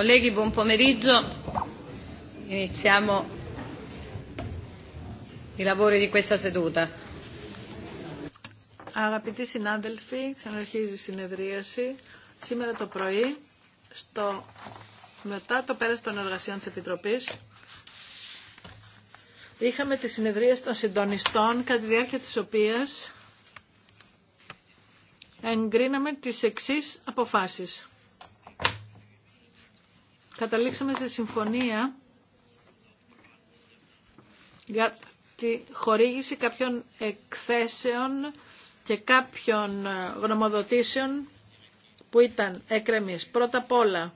Colleghi, buon pomeriggio. Iniziamo i lavori di questa seduta. Αγαπητοί συνάδελφοι, ξαναρχίζει η συνεδρίαση. Σήμερα το πρωί, στο... μετά το πέρας των εργασιών της Επιτροπής, είχαμε τη συνεδρίαση των συντονιστών, κατά τη διάρκεια της οποίας εγκρίναμε τις εξής αποφάσεις καταλήξαμε σε συμφωνία για τη χορήγηση κάποιων εκθέσεων και κάποιων ε, γνωμοδοτήσεων που ήταν έκρεμης. Πρώτα απ' όλα,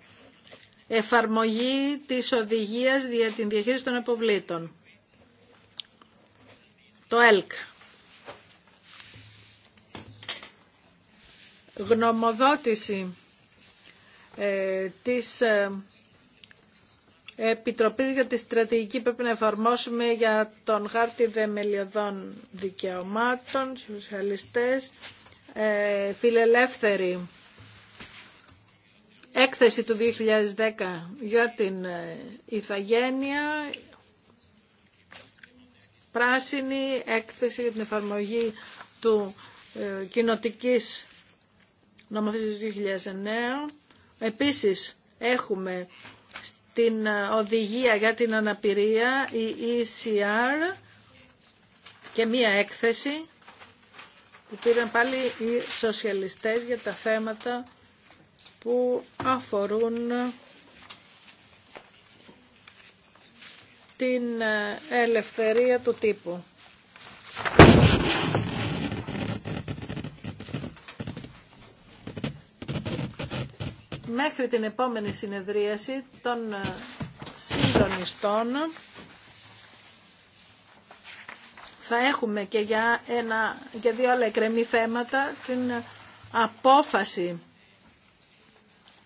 εφαρμογή της οδηγίας για την διαχείριση των αποβλήτων. Το ΕΛΚ. Γνωμοδότηση ε, της ε, Επιτροπή για τη στρατηγική πρέπει να εφαρμόσουμε για τον χάρτη δεμελιωδών δικαιωμάτων, σοσιαλιστές, ε, Φιλελεύθερη Έκθεση του 2010 για την ηθαγένεια ε, πράσινη έκθεση για την εφαρμογή του ε, κοινοτικής του 2009. Επίσης, έχουμε την ε, οδηγία για την αναπηρία, η ECR, και μία έκθεση που πήραν πάλι οι σοσιαλιστές για τα θέματα που αφορούν ε, την ε, ελευθερία του τύπου. μέχρι την επόμενη συνεδρίαση των ε, συντονιστών θα έχουμε και για, ένα, για δύο άλλα εκρεμή θέματα την απόφαση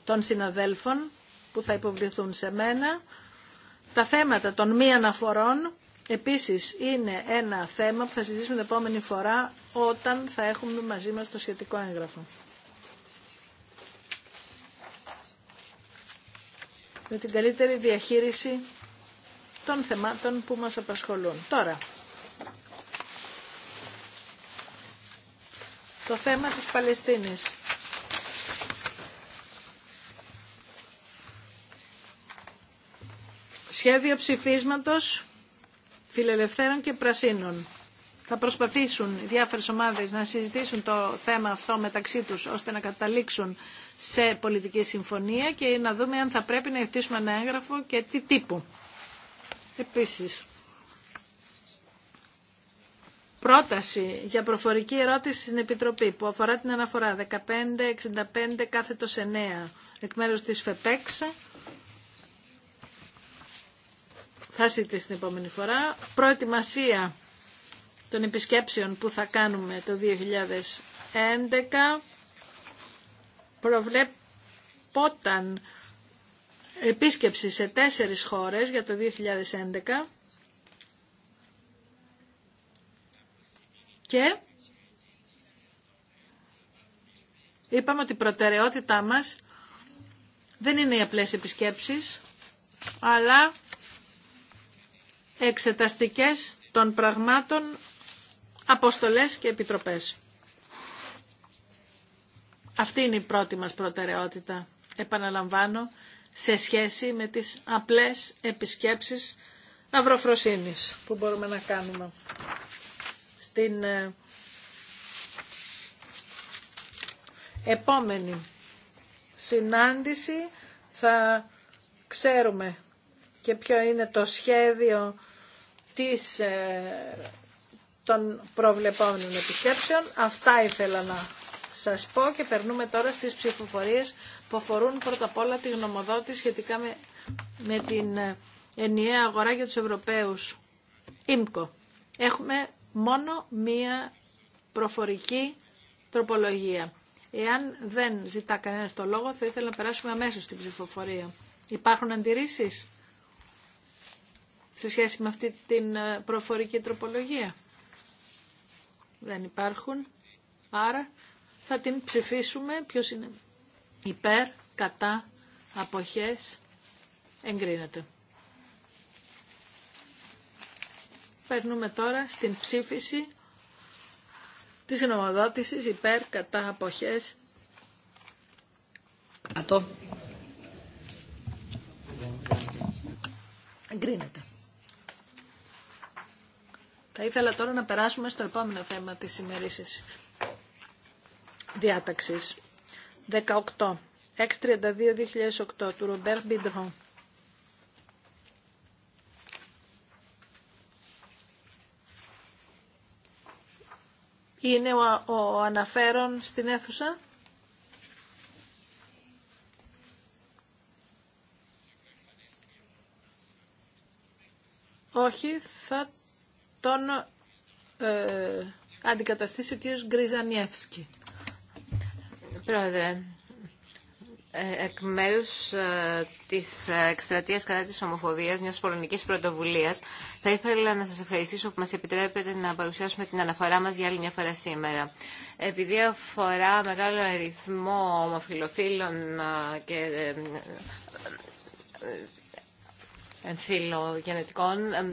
των συναδέλφων που θα υποβληθούν σε μένα. Τα θέματα των μη αναφορών επίσης είναι ένα θέμα που θα συζητήσουμε την επόμενη φορά όταν θα έχουμε μαζί μας το σχετικό έγγραφο. με την καλύτερη διαχείριση των θεμάτων που μας απασχολούν. Τώρα, το θέμα της Παλαιστίνης. Σχέδιο ψηφίσματος φιλελευθέρων και πρασίνων. Θα προσπαθήσουν οι διάφορες ομάδες να συζητήσουν το θέμα αυτό μεταξύ τους ώστε να καταλήξουν σε πολιτική συμφωνία και να δούμε αν θα πρέπει να ειδήσουμε ένα έγγραφο και τι τύπου. Επίσης, πρόταση για προφορική ερώτηση στην Επιτροπή που αφορά την αναφορά 1565 κάθετο 9 εκ μέρους της ΦΕΠΕΞ. Θα ζητήσει την επόμενη φορά. Προετοιμασία των επισκέψεων που θα κάνουμε το 2011 προβλέπονταν επίσκεψη σε τέσσερις χώρες για το 2011 και είπαμε ότι η προτεραιότητά μας δεν είναι οι απλές επισκέψεις, αλλά εξεταστικές των πραγμάτων αποστολές και επιτροπές. Αυτή είναι η πρώτη μας προτεραιότητα, επαναλαμβάνω, σε σχέση με τις απλές επισκέψεις αυροφροσύνης που μπορούμε να κάνουμε στην ε, επόμενη συνάντηση θα ξέρουμε και ποιο είναι το σχέδιο της ε, των προβλεπόμενων επισκέψεων. Αυτά ήθελα να σας πω και περνούμε τώρα στις ψηφοφορίες που αφορούν πρώτα απ' όλα τη γνωμοδότη σχετικά με, με την ε, ενιαία αγορά για τους Ευρωπαίους. ΙΜΚΟ. Έχουμε μόνο μία προφορική τροπολογία. Εάν δεν ζητά κανένα το λόγο, θα ήθελα να περάσουμε αμέσως στην ψηφοφορία. Υπάρχουν αντιρρήσεις σε σχέση με αυτή την ε, προφορική τροπολογία. Δεν υπάρχουν. Άρα θα την ψηφίσουμε. Ποιος είναι υπέρ, κατά, αποχές, εγκρίνεται. Περνούμε τώρα στην ψήφιση της νομοδότησης υπέρ, κατά, αποχές. ατό Εγκρίνεται. Θα ήθελα τώρα να περάσουμε στο επόμενο θέμα της ημερήσης διάταξης. 18. 632-2008 του Ρομπέρ Μπιντρον. Είναι ο, ο αναφέρον στην αίθουσα. Όχι, θα τον ε, αντικαταστήσει ο κ. Γκριζανιεύσκη. Πρόεδρε, ε, εκ μέρου ε, τη εκστρατεία κατά τη ομοφοβία, μια πολωνική πρωτοβουλία, θα ήθελα να σα ευχαριστήσω που μα επιτρέπετε να παρουσιάσουμε την αναφορά μα για άλλη μια φορά σήμερα. Επειδή αφορά μεγάλο αριθμό ομοφυλοφίλων ε, και φιλογενετικών ε,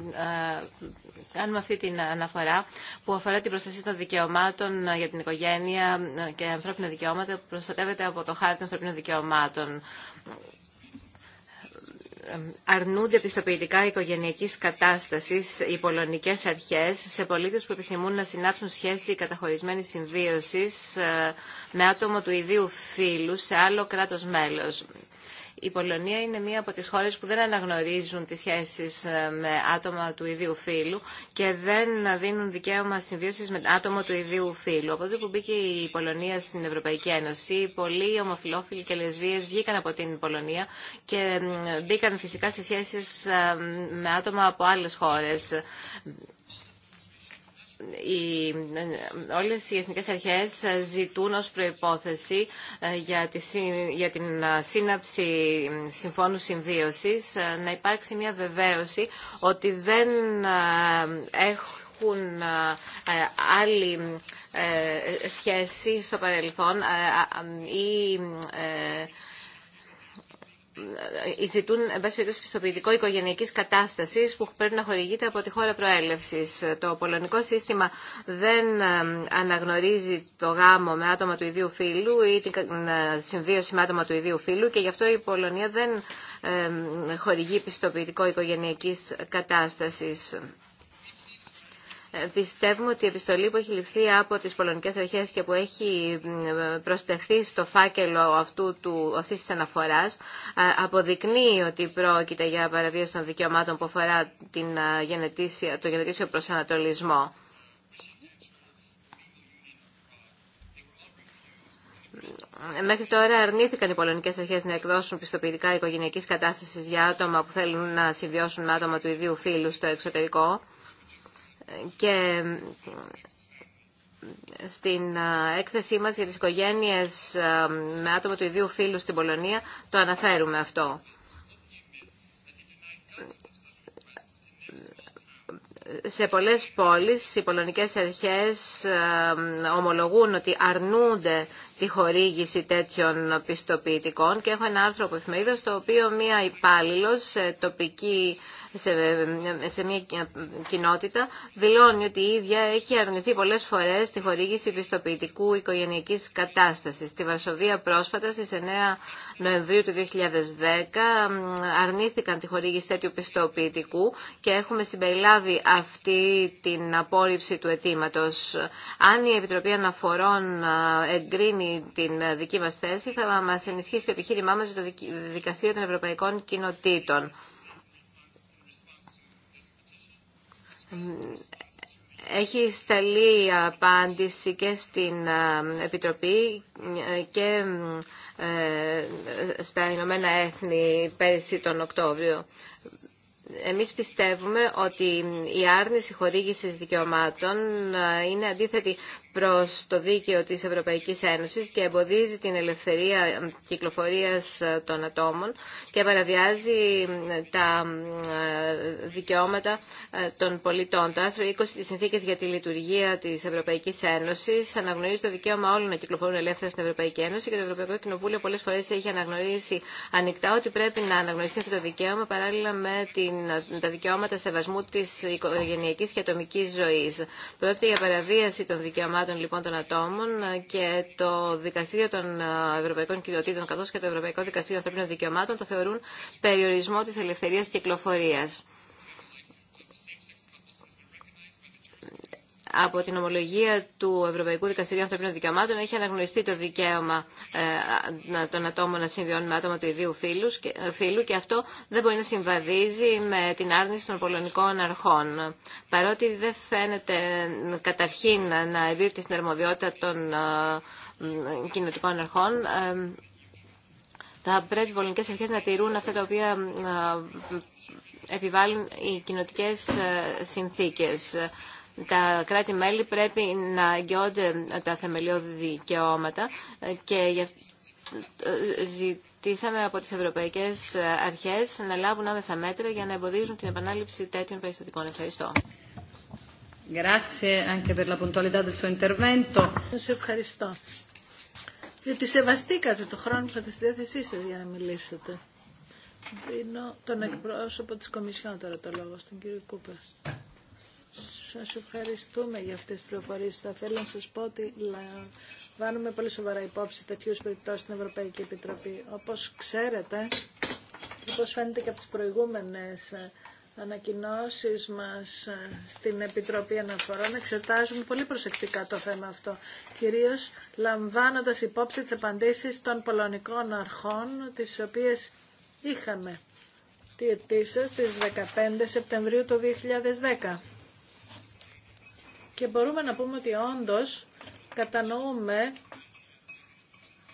κάνουμε αυτή την αναφορά που αφορά την προστασία των δικαιωμάτων ε, για την οικογένεια ε, και ανθρώπινα δικαιώματα που προστατεύεται από το χάρτη ανθρώπινων δικαιωμάτων αρνούνται επιστοποιητικά οικογένειακή κατάσταση, οι πολωνικέ αρχέ σε πολίτε που επιθυμούν να συνάψουν σχέση καταχωρισμένη συμβίωση με άτομο του ιδίου φύλου σε άλλο κράτο μέλο η Πολωνία είναι μία από τις χώρες που δεν αναγνωρίζουν τις σχέσεις ε, με άτομα του ίδιου φύλου και δεν δίνουν δικαίωμα συμβίωσης με άτομα του ίδιου φύλου. Από τότε που μπήκε η Πολωνία στην Ευρωπαϊκή Ένωση, πολλοί ομοφιλόφιλοι και λεσβείες βγήκαν από την Πολωνία και μπήκαν φυσικά σε σχέσεις ε, με άτομα από άλλες χώρες οι, όλες οι εθνικές αρχές ζητούν ως προϋπόθεση ε, για, τη, την ε, σύναψη συμφώνου συμβίωσης ε, να υπάρξει μια βεβαίωση ότι δεν έχουν άλλη σχέση στο παρελθόν ζητούν εν πάση περιπτώσει πιστοποιητικό οικογενειακής κατάστασης που πρέπει να χορηγείται από τη χώρα προέλευσης. Το πολωνικό σύστημα δεν ε, αναγνωρίζει το γάμο με άτομα του ιδίου φύλου ή την ε, συμβίωση με άτομα του ιδίου φύλου και γι' αυτό η Πολωνία δεν ε, χορηγεί πιστοποιητικό οικογενειακής κατάστασης. Ε, πιστεύουμε ότι η επιστολή που έχει ληφθεί από τις πολωνικές αρχές και που έχει προστεθεί στο φάκελο αυτού του, αυτής της αναφοράς ε, αποδεικνύει ότι πρόκειται για παραβίαση των δικαιωμάτων που αφορά την ε, γενετήσια, το γενετήσιο προσανατολισμό. Μέχρι τώρα αρνήθηκαν οι πολωνικέ αρχέ να εκδώσουν πιστοποιητικά οικογενειακή κατάσταση για άτομα που θέλουν να συμβιώσουν με άτομα του ιδίου φίλου στο εξωτερικό και στην ε, έκθεσή μας για τις οικογένειες ε, με άτομα του ιδίου φίλου στην Πολωνία το αναφέρουμε αυτό. Σε πολλές πόλεις οι πολωνικές αρχές ε, ομολογούν ότι αρνούνται τη χορήγηση τέτοιων πιστοποιητικών και έχω ένα άρθρο από το στο οποίο μία υπάλληλος τοπική σε μια κοινότητα δηλώνει ότι η ίδια έχει αρνηθεί πολλές φορές τη χορήγηση πιστοποιητικού οικογενειακής κατάστασης. Στη Βαρσοβία πρόσφατα στις 9 Νοεμβρίου του 2010 αρνήθηκαν τη χορήγηση τέτοιου πιστοποιητικού και έχουμε συμπεριλάβει αυτή την απόρριψη του αιτήματο. Αν η Επιτροπή Αναφορών ε, εγκρίνει την ε, δική μας θέση θα μας ενισχύσει το επιχείρημά μας για το Δικαστήριο των Ευρωπαϊκών Κοινοτήτων. Έχει σταλεί απάντηση και στην ε, Επιτροπή ε, και ε, στα Ηνωμένα Έθνη πέρυσι τον Οκτώβριο. Εμείς πιστεύουμε ότι η άρνηση χορήγησης δικαιωμάτων είναι αντίθετη προς το δίκαιο της Ευρωπαϊκής Ένωσης και εμποδίζει την ελευθερία κυκλοφορίας ε, των ατόμων και παραβιάζει ε, τα ε, δικαιώματα των πολιτών. Το άρθρο 20 της Συνθήκης για τη Λειτουργία της Ευρωπαϊκής Ένωσης αναγνωρίζει το δικαίωμα όλων να κυκλοφορούν ελεύθερα στην Ευρωπαϊκή Ένωση και το Ευρωπαϊκό Κοινοβούλιο πολλές φορές έχει αναγνωρίσει ανοιχτά ότι πρέπει να αναγνωριστεί αυτό το δικαίωμα παράλληλα με τα δικαιώματα σεβασμού της οικογενειακής και ατομικής ζωής. Πρώτη παραβίαση των δικαιωμάτων Δικαιωμάτων λοιπόν των Ατόμων και το Δικαστήριο των ε, Ευρωπαϊκών Κυριοτήτων καθώς και το Ευρωπαϊκό Δικαστήριο Ανθρωπίνων Δικαιωμάτων το θεωρούν περιορισμό της ελευθερίας κυκλοφορίας. από την ομολογία του Ευρωπαϊκού Δικαστηρίου Ανθρωπίνων Δικαιωμάτων έχει αναγνωριστεί το δικαίωμα ε, των ατόμων να συμβιώνουν με άτομα του ιδίου φύλου ε, και αυτό δεν μπορεί να συμβαδίζει με την άρνηση των πολωνικών αρχών. Παρότι δεν φαίνεται ε, καταρχήν να εμπίπτει στην αρμοδιότητα των κοινωτικών αρχών, θα πρέπει οι πολωνικές αρχές να τηρούν αυτά τα οποία επιβάλλουν οι κοινωτικές συνθήκες. Τα κράτη-μέλη πρέπει να αγκιώνται τα θεμελιώδη δικαιώματα και ζητήσαμε από τις ευρωπαϊκές αρχές να λάβουν άμεσα μέτρα για να εμποδίζουν την επανάληψη τέτοιων περιστατικών. Ευχαριστώ. ευχαριστώ. Διότι σεβαστήκατε το χρόνο που είχατε στη διάθεσή σα για να μιλήσετε. Δίνω τον εκπρόσωπο της Κομισιόν τώρα το λόγο, στον κύριο Κούπερ. Σας ευχαριστούμε για αυτές τις πληροφορίες. Θα θέλω να σας πω ότι λαμβάνουμε πολύ σοβαρά υπόψη τέτοιους περιπτώσεις στην Ευρωπαϊκή Επιτροπή. Όπως ξέρετε, όπως φαίνεται και από τις προηγούμενες ε, ανακοινώσεις μας ε, στην Επιτροπή Αναφορών εξετάζουμε πολύ προσεκτικά το θέμα αυτό, κυρίως λαμβάνοντας υπόψη τις απαντήσεις των πολωνικών αρχών, τις οποίες είχαμε τη αιτήσεις στις 15 Σεπτεμβρίου του 2010 και μπορούμε να πούμε ότι όντως κατανοούμε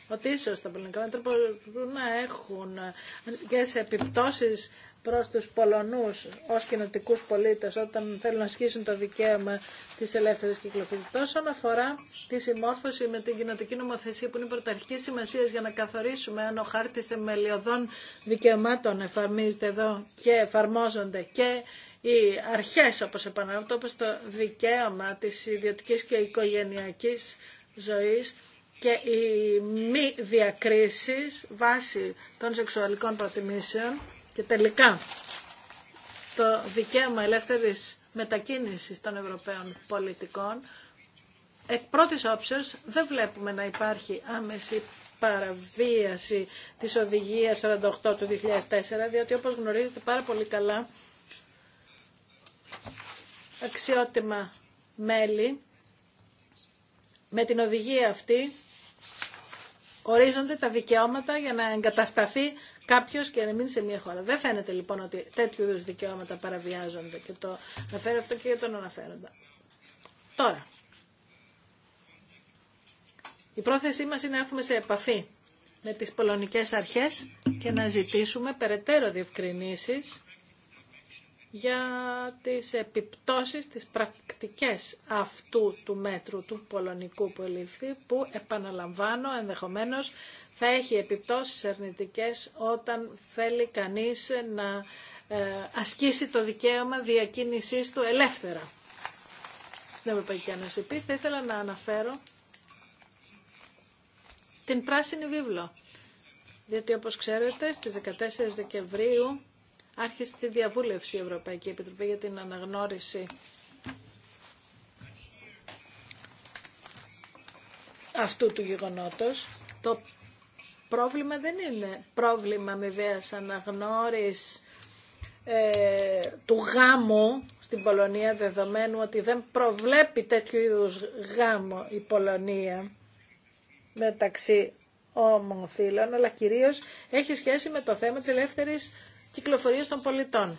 ότι ίσως τα πολιτικά μέτρα μπορούν να έχουν σε επιπτώσεις προς τους Πολωνούς ως κοινοτικού πολίτες όταν θέλουν να ασκήσουν το δικαίωμα της ελεύθερης κυκλοφορίας. Τόσο αφορά τη συμμόρφωση με την κοινοτική νομοθεσία που είναι πρωταρχική σημασία για να καθορίσουμε αν ο χάρτης θεμελιωδών δικαιωμάτων εφαρμίζεται εδώ και εφαρμόζονται και οι αρχές, όπως επαναλαμβάνω, όπως το δικαίωμα της ιδιωτικής και οικογενειακής ζωής και η μη διακρίσεις βάσει των σεξουαλικών προτιμήσεων και τελικά το δικαίωμα ελεύθερης μετακίνησης των Ευρωπαίων πολιτικών, εκ πρώτης όψεως δεν βλέπουμε να υπάρχει άμεση παραβίαση της οδηγίας 48 του 2004, διότι όπως γνωρίζετε πάρα πολύ καλά αξιότιμα μέλη, με την οδηγία αυτή ορίζονται τα δικαιώματα για να εγκατασταθεί κάποιος και να μείνει σε μια χώρα. Δεν φαίνεται λοιπόν ότι τέτοιου είδους δικαιώματα παραβιάζονται και το αναφέρω αυτό και για τον αναφέροντα. Τώρα, η πρόθεσή μας είναι να έρθουμε σε επαφή με τις πολωνικές αρχές και να ζητήσουμε περαιτέρω διευκρινήσεις για τις επιπτώσεις, τις πρακτικές αυτού του μέτρου του πολωνικού πολίθη που επαναλαμβάνω ενδεχομένως θα έχει επιπτώσεις αρνητικές όταν θέλει κανείς να ε, ασκήσει το δικαίωμα διακίνησής του ελεύθερα. Στην Ευρωπαϊκή Ένωση επίσης θα ήθελα να αναφέρω την πράσινη βίβλο. Διότι όπως ξέρετε στις 14 Δεκεμβρίου άρχισε τη διαβούλευση η Ευρωπαϊκή Επιτροπή για την αναγνώριση αυτού του γεγονότος. Το πρόβλημα δεν είναι πρόβλημα με βέας αναγνώριση ε, του γάμου στην Πολωνία δεδομένου ότι δεν προβλέπει τέτοιου είδους γάμο η Πολωνία μεταξύ ομοφύλων αλλά κυρίως έχει σχέση με το θέμα της ελεύθερης κυκλοφορίες των πολιτών.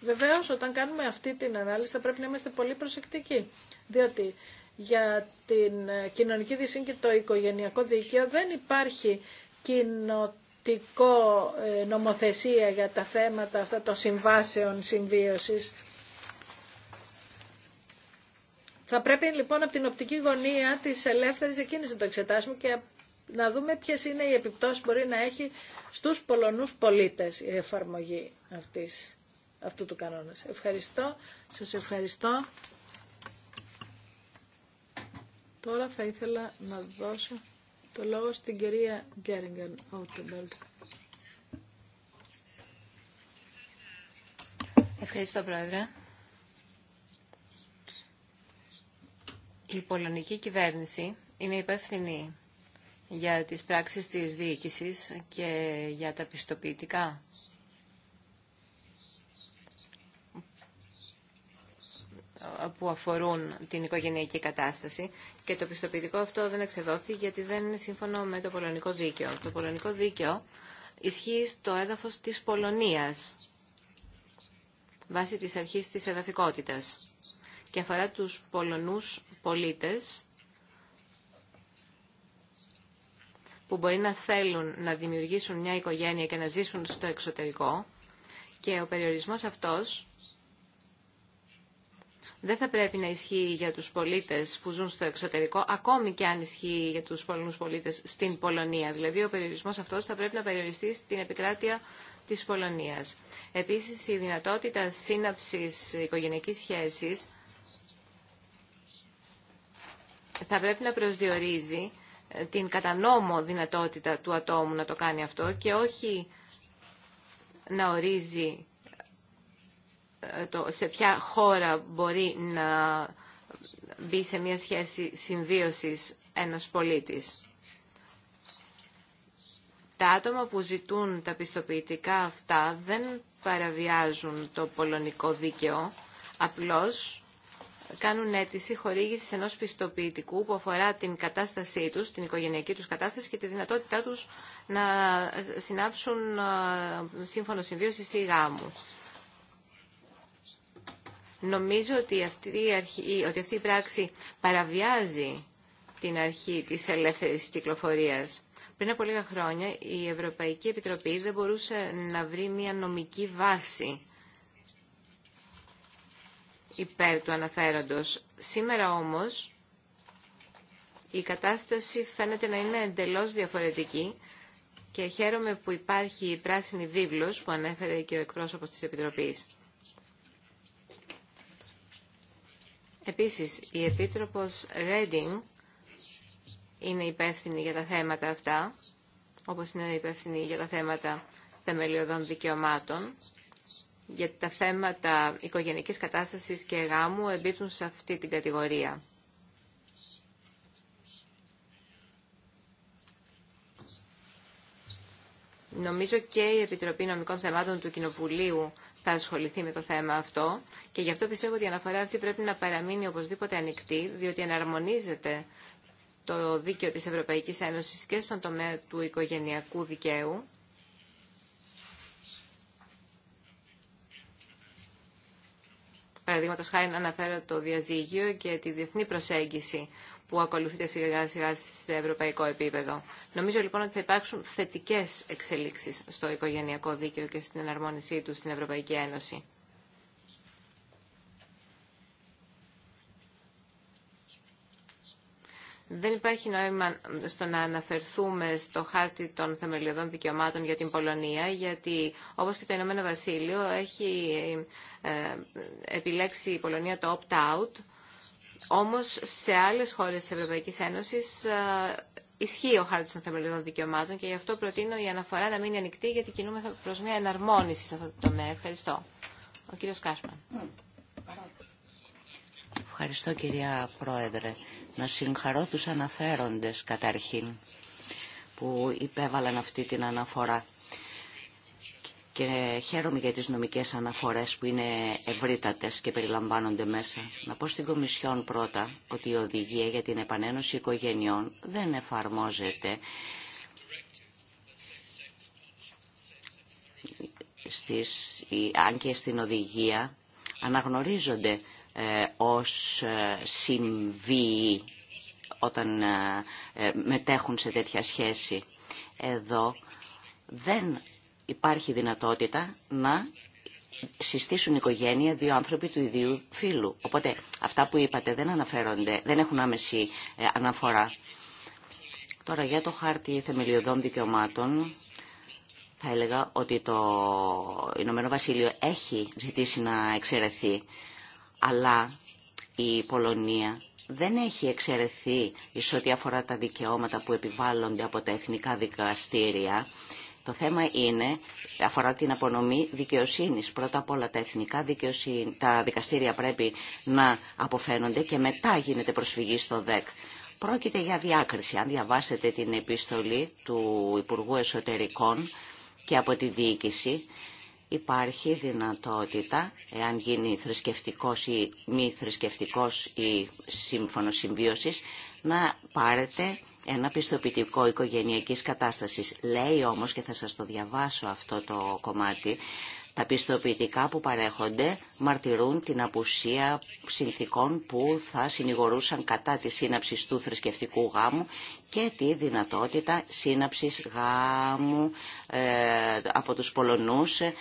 Βεβαίως, όταν κάνουμε αυτή την ανάλυση θα πρέπει να είμαστε πολύ προσεκτικοί, διότι για την ε, κοινωνική δυσύνη και το οικογενειακό δίκαιο δεν υπάρχει κοινοτικό ε, νομοθεσία για τα θέματα αυτά των συμβάσεων συμβίωσης. Θα πρέπει λοιπόν από την οπτική γωνία της ελεύθερης εκείνης να το εξετάσουμε και να δούμε ποιες είναι οι επιπτώσεις που μπορεί να έχει στους Πολωνούς πολίτες η εφαρμογή αυτής, αυτού του κανόνα. Ευχαριστώ. Σας ευχαριστώ. Τώρα θα ήθελα να δώσω το λόγο στην κυρία Γκέριγκαν Ότεμπελτ. Ευχαριστώ, Πρόεδρε. Η πολωνική κυβέρνηση είναι υπεύθυνη για τις πράξεις της διοίκησης και για τα πιστοποιητικά. που αφορούν την οικογενειακή κατάσταση και το πιστοποιητικό αυτό δεν εξεδόθη γιατί δεν είναι σύμφωνο με το πολωνικό δίκαιο. Το πολωνικό δίκαιο ισχύει στο έδαφος της Πολωνίας βάσει της αρχής της εδαφικότητας και αφορά τους Πολωνούς πολίτες που μπορεί να θέλουν να δημιουργήσουν μια οικογένεια και να ζήσουν στο εξωτερικό και ο περιορισμός αυτός δεν θα πρέπει να ισχύει για τους πολίτες που ζουν στο εξωτερικό, ακόμη και αν ισχύει για τους πολλούς πολίτες στην Πολωνία. Δηλαδή, ο περιορισμός αυτός θα πρέπει να περιοριστεί στην επικράτεια της Πολωνίας. Επίσης, η δυνατότητα σύναψης οικογενειακής σχέσης θα πρέπει να προσδιορίζει την κατανόμο δυνατότητα του ατόμου να το κάνει αυτό και όχι να ορίζει ε, το σε ποια χώρα μπορεί να μπει σε μια σχέση συμβίωσης ένας πολίτης. Τα άτομα που ζητούν τα πιστοποιητικά αυτά δεν παραβιάζουν το πολωνικό δίκαιο, απλώς κάνουν αίτηση χορήγησης ενός πιστοποιητικού που αφορά την κατάστασή του, την οικογενειακή του κατάσταση και τη δυνατότητά του να συνάψουν σύμφωνο συμβίωσης ή γάμου. Νομίζω ότι αυτή, η αρχή, ότι αυτή η πράξη παραβιάζει την αρχή της ελεύθερης κυκλοφορίας. Πριν από λίγα χρόνια η Ευρωπαϊκή Επιτροπή δεν μπορούσε να βρει μια νομική βάση υπέρ του αναφέροντος. Σήμερα όμως η κατάσταση φαίνεται να είναι εντελώς διαφορετική και χαίρομαι που υπάρχει η πράσινη βίβλος που ανέφερε και ο εκπρόσωπος της Επιτροπής. Επίσης, η Επίτροπος Reading είναι υπεύθυνη για τα θέματα αυτά, όπως είναι υπεύθυνη για τα θέματα θεμελιωδών δικαιωμάτων γιατί τα θέματα οικογενικής κατάστασης και γάμου εμπίπτουν σε αυτή την κατηγορία. Νομίζω και η Επιτροπή Νομικών Θεμάτων του Κοινοβουλίου θα ασχοληθεί με το θέμα αυτό και γι' αυτό πιστεύω ότι η αναφορά αυτή πρέπει να παραμείνει οπωσδήποτε ανοιχτή, διότι εναρμονίζεται το δίκαιο της Ευρωπαϊκής Ένωσης και στον τομέα του οικογενειακού δικαίου Παραδείγματο χάρη να αναφέρω το διαζύγιο και τη διεθνή προσέγγιση που ακολουθείται σιγά σιγά σε ευρωπαϊκό επίπεδο. Νομίζω λοιπόν ότι θα υπάρξουν θετικές εξελίξεις στο οικογενειακό δίκαιο και στην εναρμόνισή του στην Ευρωπαϊκή Ένωση. Δεν υπάρχει νόημα στο να αναφερθούμε στο χάρτη των θεμελιωδών δικαιωμάτων για την Πολωνία, γιατί όπως και το Ηνωμένο Βασίλειο έχει ε, επιλέξει η Πολωνία το opt-out, όμως σε άλλες χώρες της Ευρωπαϊκής Ένωσης ε, ισχύει ο χάρτης των θεμελιωδών δικαιωμάτων και γι' αυτό προτείνω η αναφορά να μείνει ανοιχτή γιατί κινούμε προ μια εναρμόνιση σε αυτό το τομέα. Ευχαριστώ. Ο κύριος Κάσμαν. Ευχαριστώ κυρία Πρόεδρε να συγχαρώ τους αναφέροντες καταρχήν που υπέβαλαν αυτή την αναφορά και χαίρομαι για τις νομικές αναφορές που είναι ευρύτατες και περιλαμβάνονται μέσα. Να πω στην Κομισιόν πρώτα ότι η οδηγία για την επανένωση οικογενειών δεν εφαρμόζεται στις, αν και στην οδηγία αναγνωρίζονται ε, ως ε, συμβεί όταν ε, μετέχουν σε τέτοια σχέση. Εδώ δεν υπάρχει δυνατότητα να συστήσουν οικογένεια δύο άνθρωποι του ιδίου φίλου. Οπότε αυτά που είπατε δεν αναφέρονται, δεν έχουν άμεση αναφορά. Τώρα για το χάρτη θεμελιωδών δικαιωμάτων θα έλεγα ότι το Ηνωμένο Βασίλειο έχει ζητήσει να εξαιρεθεί αλλά η Πολωνία δεν έχει εξαιρεθεί σε ό,τι αφορά τα δικαιώματα που επιβάλλονται από τα εθνικά δικαστήρια. Το θέμα είναι, αφορά την απονομή δικαιοσύνης. Πρώτα απ' όλα τα εθνικά δικαιοσύνη, τα δικαστήρια πρέπει να αποφαίνονται και μετά γίνεται προσφυγή στο ΔΕΚ. Πρόκειται για διάκριση. Αν διαβάσετε την επιστολή του Υπουργού Εσωτερικών και από τη διοίκηση, υπάρχει δυνατότητα, εάν γίνει θρησκευτικός ή μη θρησκευτικός ή σύμφωνο συμβίωσης, να πάρετε ένα πιστοποιητικό οικογενειακής κατάστασης. Λέει όμως, και θα σας το διαβάσω αυτό το κομμάτι, τα πιστοποιητικά που παρέχονται μαρτυρούν την απουσία συνθήκων που θα συνηγορούσαν κατά τη σύναψη του θρησκευτικού γάμου και τη δυνατότητα σύναψης γάμου ε, από τους Πολωνούς ε,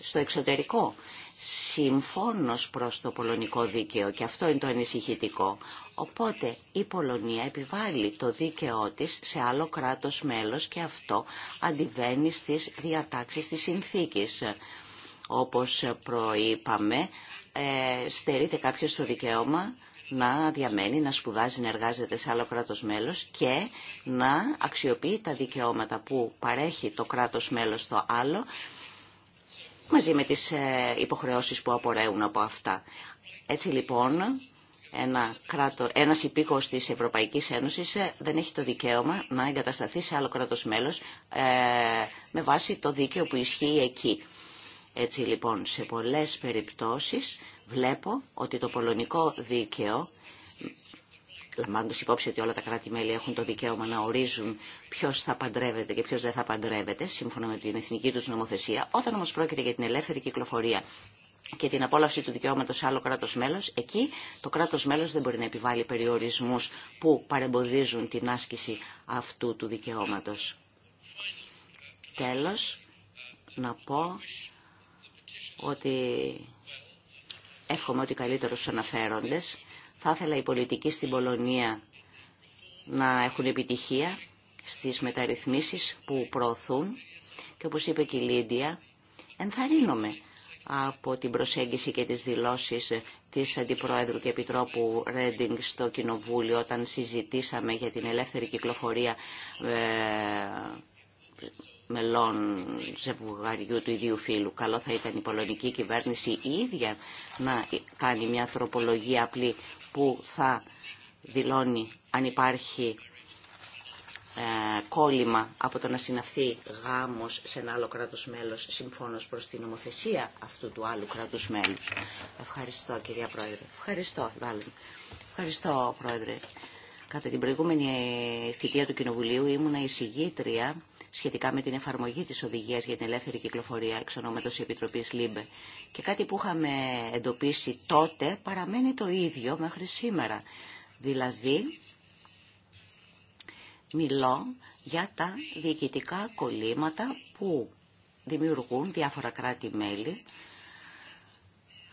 στο εξωτερικό συμφώνος προς το πολωνικό δίκαιο και αυτό είναι το ανησυχητικό. Οπότε η Πολωνία επιβάλλει το δίκαιό της σε άλλο κράτος μέλος και αυτό αντιβαίνει στις διατάξεις της συνθήκης. Όπως προείπαμε, ε, στερείται κάποιος το δικαίωμα να διαμένει, να σπουδάζει, να εργάζεται σε άλλο κράτος μέλος και να αξιοποιεί τα δικαιώματα που παρέχει το κράτος μέλος στο άλλο μαζί με τις ε, υποχρεώσεις που απορρέουν από αυτά. Έτσι λοιπόν, ένα κράτο, ένας υπήκος της Ευρωπαϊκής Ένωσης ε, δεν έχει το δικαίωμα να εγκατασταθεί σε άλλο κράτος μέλος ε, με βάση το δίκαιο που ισχύει εκεί. Έτσι λοιπόν, σε πολλές περιπτώσεις βλέπω ότι το πολωνικό δίκαιο λαμβάνοντα υπόψη ότι όλα τα κράτη-μέλη έχουν το δικαίωμα να ορίζουν ποιο θα παντρεύεται και ποιο δεν θα παντρεύεται, σύμφωνα με την εθνική του νομοθεσία. Όταν όμω πρόκειται για την ελεύθερη κυκλοφορία και την απόλαυση του δικαιώματο σε άλλο κράτο μέλο, εκεί το κράτο μέλο δεν μπορεί να επιβάλλει περιορισμού που παρεμποδίζουν την άσκηση αυτού του δικαιώματο. Τέλο, να πω ότι εύχομαι ότι καλύτερο στου αναφέροντες θα ήθελα οι πολιτικοί στην Πολωνία να έχουν επιτυχία στις μεταρρυθμίσεις που προωθούν και όπως είπε και η Λίντια, ενθαρρύνομαι από την προσέγγιση και τις δηλώσεις της Αντιπρόεδρου και Επιτρόπου Ρέντινγκ στο Κοινοβούλιο όταν συζητήσαμε για την ελεύθερη κυκλοφορία ε, μελών ζευγαριού του ίδιου φίλου. Καλό θα ήταν η πολωνική κυβέρνηση η ίδια να κάνει μια τροπολογία απλή που θα δηλώνει αν υπάρχει ε, κόλλημα από το να συναυθεί γάμος σε ένα άλλο κράτος μέλος συμφώνως προς την νομοθεσία αυτού του άλλου κράτους μέλους. Ευχαριστώ κυρία Πρόεδρε. Ευχαριστώ, Βάλλον. Ευχαριστώ Πρόεδρε. Κατά την προηγούμενη θητεία του Κοινοβουλίου ήμουνα εισηγήτρια σχετικά με την εφαρμογή της οδηγίας για την ελεύθερη κυκλοφορία εξ ονόματος Επιτροπής ΛΥΜΠΕ. Και κάτι που είχαμε εντοπίσει τότε παραμένει το ίδιο μέχρι σήμερα. Δηλαδή, μιλώ για τα διοικητικά κολλήματα που δημιουργούν διάφορα κράτη-μέλη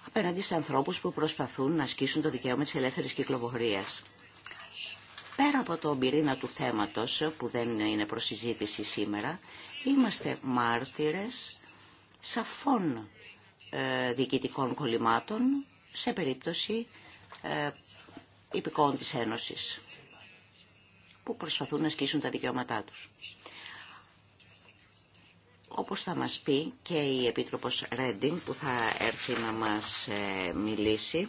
απέναντι σε ανθρώπους που προσπαθούν να ασκήσουν το δικαίωμα της ελεύθερης κυκλοφορίας. Πέρα από τον πυρήνα του θέματος, που δεν είναι προσυζήτηση σήμερα, είμαστε μάρτυρες σαφών ε, διοικητικών κολλημάτων σε περίπτωση ε, της Ένωσης που προσπαθούν να ασκήσουν τα δικαιώματά τους. Όπως θα μας πει και η Επίτροπος Ρέντινγκ που θα έρθει να μας ε, μιλήσει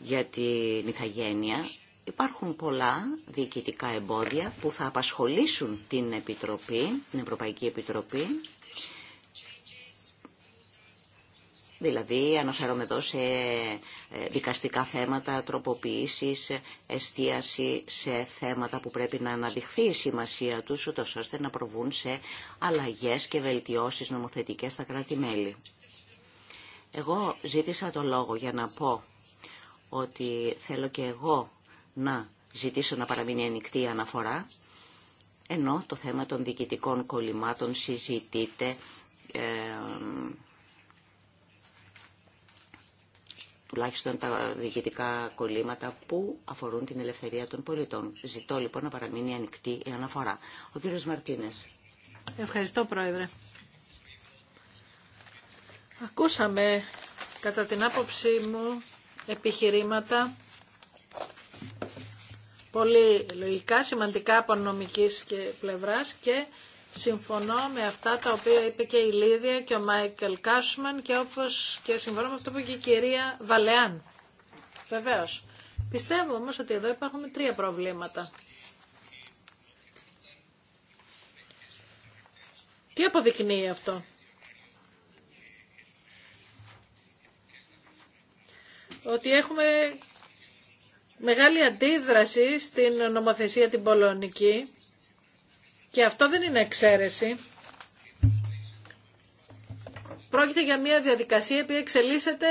για την ηθαγένεια, Υπάρχουν πολλά διοικητικά εμπόδια που θα απασχολήσουν την, Επιτροπή, την Ευρωπαϊκή Επιτροπή. Δηλαδή αναφέρομαι εδώ σε ε, δικαστικά θέματα, τροποποιήσεις, εστίαση σε θέματα που πρέπει να αναδειχθεί η σημασία τους, ούτως ώστε να προβούν σε αλλαγές και βελτιώσεις νομοθετικές στα κράτη-μέλη. Εγώ ζήτησα το λόγο για να πω ότι θέλω και εγώ να ζητήσω να παραμείνει ανοιχτή η αναφορά, ενώ το θέμα των διοικητικών κολλημάτων συζητείται ε, τουλάχιστον τα διοικητικά κολλήματα που αφορούν την ελευθερία των πολιτών. Ζητώ λοιπόν να παραμείνει ανοιχτή η αναφορά. Ο κύριος Μαρτίνες. Ευχαριστώ Πρόεδρε. Ακούσαμε κατά την άποψή μου επιχειρήματα πολύ λογικά, σημαντικά από νομικής και πλευράς και συμφωνώ με αυτά τα οποία είπε και η Λίδια και ο Μάικελ Κάσμαν και όπως και συμφωνώ με αυτό που είπε και η κυρία Βαλεάν. Βεβαίω. Πιστεύω όμως ότι εδώ υπάρχουν τρία προβλήματα. Τι αποδεικνύει αυτό. Ότι έχουμε μεγάλη αντίδραση στην νομοθεσία την πολωνική και αυτό δεν είναι εξαίρεση. Πρόκειται για μια διαδικασία που εξελίσσεται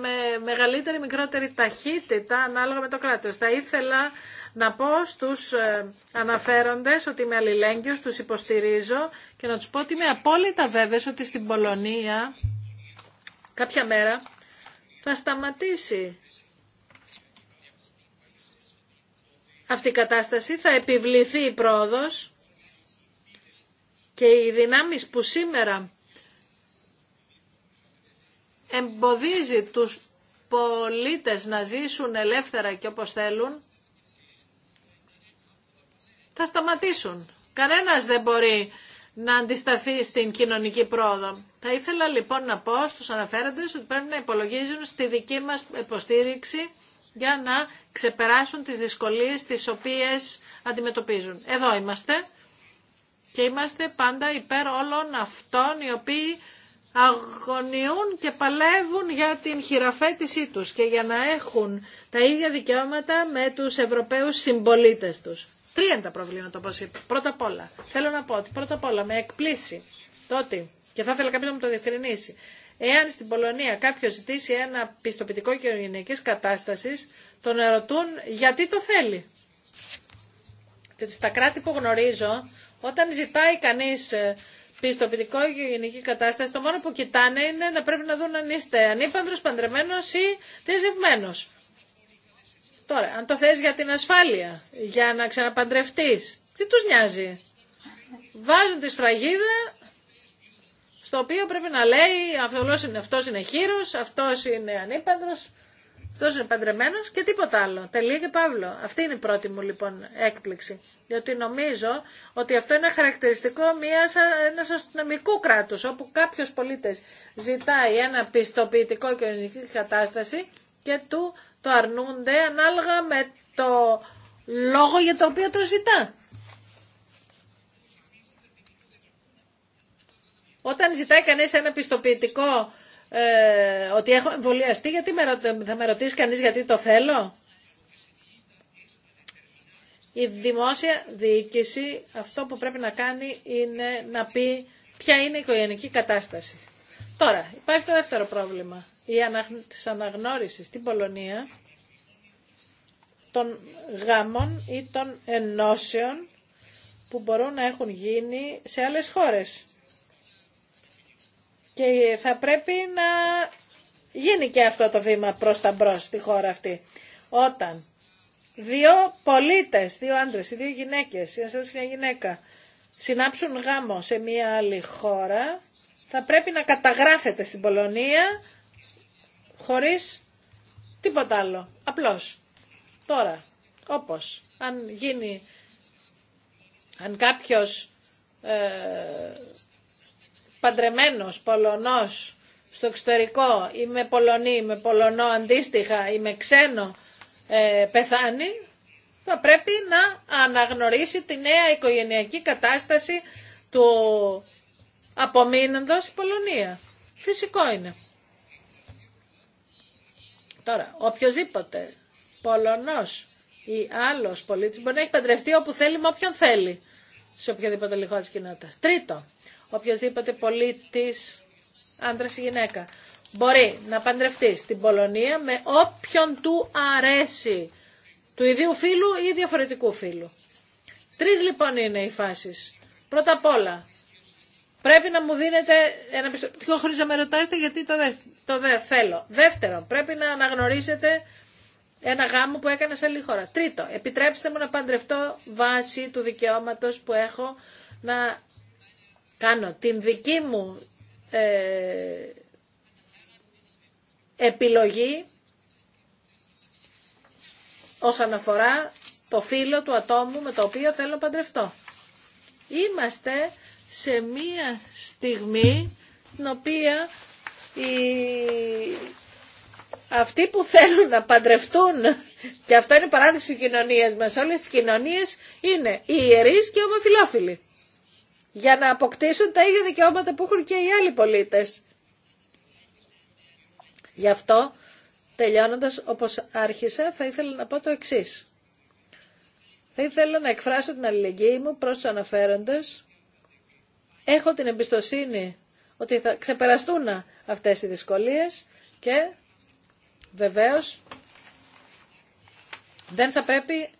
με μεγαλύτερη μικρότερη ταχύτητα ανάλογα με το κράτος. Θα ήθελα να πω στους ε, αναφέροντες ότι είμαι αλληλέγγυος, τους υποστηρίζω και να τους πω ότι είμαι απόλυτα βέβαιος ότι στην Πολωνία κάποια μέρα θα σταματήσει αυτή η κατάσταση, θα επιβληθεί η πρόοδος και οι δυνάμεις που σήμερα εμποδίζει τους πολίτες να ζήσουν ελεύθερα και όπως θέλουν, θα σταματήσουν. Κανένας δεν μπορεί να αντισταθεί στην κοινωνική πρόοδο. Θα ήθελα λοιπόν να πω στους αναφέροντες ότι πρέπει να υπολογίζουν στη δική μας υποστήριξη για να ξεπεράσουν τις δυσκολίες τις οποίες αντιμετωπίζουν. Εδώ είμαστε και είμαστε πάντα υπέρ όλων αυτών οι οποίοι αγωνιούν και παλεύουν για την χειραφέτησή τους και για να έχουν τα ίδια δικαιώματα με τους Ευρωπαίους συμπολίτες τους. Τρία είναι τα προβλήματα, όπως είπα. Πρώτα απ' όλα, θέλω να πω ότι πρώτα απ' όλα με εκπλήσει τότε, και θα ήθελα κάποιος να μου το διευκρινίσει, Εάν στην Πολωνία κάποιος ζητήσει ένα πιστοποιητικό κοινωνικής κατάστασης, τον ερωτούν γιατί το θέλει. Διότι στα κράτη που γνωρίζω, όταν ζητάει κανείς ε, πιστοποιητικό κοινωνική κατάσταση, το μόνο που κοιτάνε είναι να πρέπει να δουν αν είστε ανήπανδρος, παντρεμένος ή διαζευμένος. Τώρα, αν το θες για την ασφάλεια, για να ξαναπαντρευτείς, τι τους νοιάζει. Βάζουν τη σφραγίδα στο οποίο πρέπει να λέει αυτός είναι, αυτός είναι χείρος, αυτός είναι ανήπαντρος, αυτός είναι παντρεμένος και τίποτα άλλο. Τελεία και παύλο. Αυτή είναι η πρώτη μου λοιπόν έκπληξη. Διότι νομίζω ότι αυτό είναι χαρακτηριστικό μιας, ένας αστυνομικού κράτους, όπου κάποιος πολίτης ζητάει ένα πιστοποιητικό κοινωνική κατάσταση και του το αρνούνται ανάλογα με το λόγο για το οποίο το ζητά. Όταν ζητάει κανείς ένα πιστοποιητικό ε, ότι έχω εμβολιαστεί, γιατί με, θα με ρωτήσει κανείς γιατί το θέλω. Η δημόσια διοίκηση αυτό που πρέπει να κάνει είναι να πει ποια είναι η οικογενική κατάσταση. Τώρα, υπάρχει το δεύτερο πρόβλημα η αναγνώριση της στην Πολωνία των γάμων ή των ενώσεων που μπορούν να έχουν γίνει σε άλλες χώρες. Και θα πρέπει να γίνει και αυτό το βήμα προς τα μπρος στη χώρα αυτή. Όταν δύο πολίτες, δύο άντρες, δύο γυναίκες, ένας μια γυναίκα, συνάψουν γάμο σε μια άλλη χώρα, θα πρέπει να καταγράφεται στην Πολωνία χωρίς τίποτα άλλο. Απλώς. Τώρα, όπως, αν γίνει, αν κάποιος ε, παντρεμένος Πολωνός στο εξωτερικό ή με Πολωνή, με Πολωνό αντίστοιχα ή με ξένο ε, πεθάνει, θα πρέπει να αναγνωρίσει τη νέα οικογενειακή κατάσταση του απομείνοντος η Πολωνία. Φυσικό είναι. Τώρα, οποιοδήποτε Πολωνός ή άλλος πολίτης μπορεί να έχει παντρευτεί όπου θέλει με πολωνη με πολωνο αντιστοιχα η με ξενο πεθανει θα πρεπει να αναγνωρισει τη νεα οικογενειακη κατασταση του απομεινοντος πολωνια φυσικο ειναι τωρα οποιοδηποτε πολωνος η αλλος πολιτης μπορει να εχει παντρευτει οπου θελει με οποιον θελει σε οποιαδήποτε λιχό της κοινότητας. Τρίτο, οποιοδήποτε πολίτης, άντρα ή γυναίκα, μπορεί να παντρευτεί στην Πολωνία με όποιον του αρέσει, του ιδίου φίλου ή διαφορετικού φίλου. Τρει λοιπόν είναι οι φάσει. Πρώτα απ' όλα, πρέπει να μου δίνετε ένα πιστοποιητικό χωρίς να με ρωτάσετε γιατί το το θέλω. Δεύτερον, πρέπει να αναγνωρίσετε ένα γάμο που έκανα σε άλλη χώρα. Τρίτο, επιτρέψτε μου να παντρευτώ βάσει του δικαιώματος που έχω να κάνω την δική μου ε, επιλογή όσον αφορά το φίλο του ατόμου με το οποίο θέλω να παντρευτώ. Είμαστε σε μία στιγμή την οποία οι... αυτοί που θέλουν να παντρευτούν και αυτό είναι παράδειγμα της κοινωνίας μας, όλες τις κοινωνίες είναι οι ιερείς και ομοφιλόφιλοι για να αποκτήσουν τα ίδια δικαιώματα που έχουν και οι άλλοι πολίτες. Γι' αυτό, τελειώνοντας όπως άρχισα, θα ήθελα να πω το εξής. Θα ήθελα να εκφράσω την αλληλεγγύη μου προς τους αναφέροντες. Έχω την εμπιστοσύνη ότι θα ξεπεραστούν αυτές οι δυσκολίες και βεβαίως δεν θα πρέπει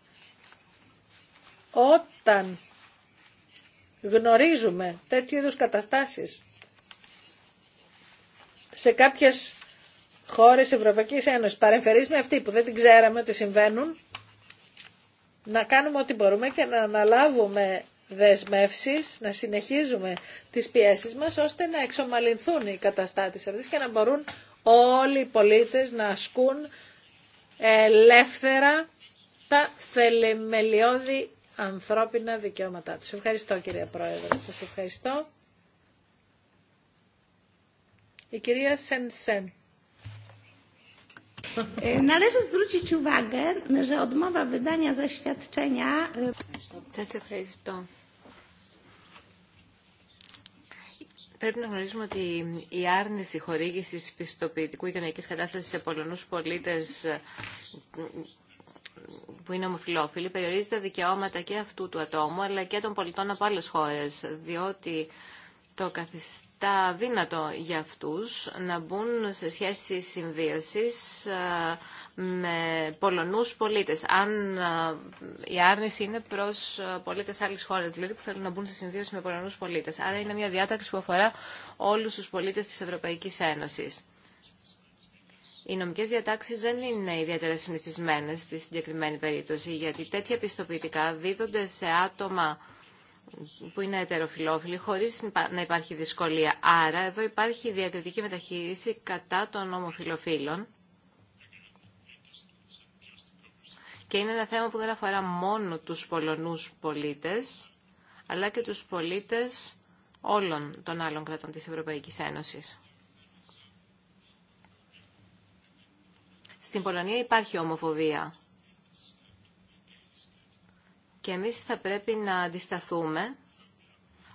όταν Γνωρίζουμε τέτοιου είδους καταστάσεις. Σε κάποιες χώρες Ευρωπαϊκής Ένωσης παρεμφερείς με αυτή που δεν την ξέραμε ότι συμβαίνουν, να κάνουμε ό,τι μπορούμε και να αναλάβουμε δεσμεύσεις, να συνεχίζουμε τις πιέσεις μας, ώστε να εξομαλυνθούν οι καταστάσεις αυτές και να μπορούν όλοι οι πολίτες να ασκούν ελεύθερα τα θελεμελιώδη ανθρώπινα δικαιώματά τους. Ευχαριστώ κυρία Πρόεδρε. Σας ευχαριστώ. Η κυρία Σενσέν. Ε, Należy zwrócić uwagę, że odmowa wydania e, Ευχαριστώ. Πρέπει να γνωρίζουμε ότι η άρνηση χορήγηση πιστοποιητικού υγειονομική κατάσταση σε Πολωνού πολίτε που είναι ομοφυλόφιλοι, περιορίζει τα δικαιώματα και αυτού του ατόμου αλλά και των πολιτών από άλλες χώρες διότι το καθιστά δύνατο για αυτούς να μπουν σε σχέση συμβίωσης με Πολωνούς πολίτες αν η άρνηση είναι προς πολίτες άλλης χώρας δηλαδή που θέλουν να μπουν σε συμβίωση με Πολωνούς πολίτες άρα είναι μια διάταξη που αφορά όλους τους πολίτες της Ευρωπαϊκής Ένωσης. Οι νομικέ διατάξει δεν είναι ιδιαίτερα συνηθισμένε στη συγκεκριμένη περίπτωση, γιατί τέτοια πιστοποιητικά δίδονται σε άτομα που είναι ετεροφιλόφιλοι, χωρίς να υπάρχει δυσκολία. Άρα, εδώ υπάρχει διακριτική μεταχείριση κατά των ομοφιλοφίλων. Και είναι ένα θέμα που δεν αφορά μόνο τους Πολωνούς πολίτες, αλλά και τους πολίτες όλων των άλλων κρατών της Ευρωπαϊκής Ένωσης. Στην Πολωνία υπάρχει ομοφοβία. Και εμείς θα πρέπει να αντισταθούμε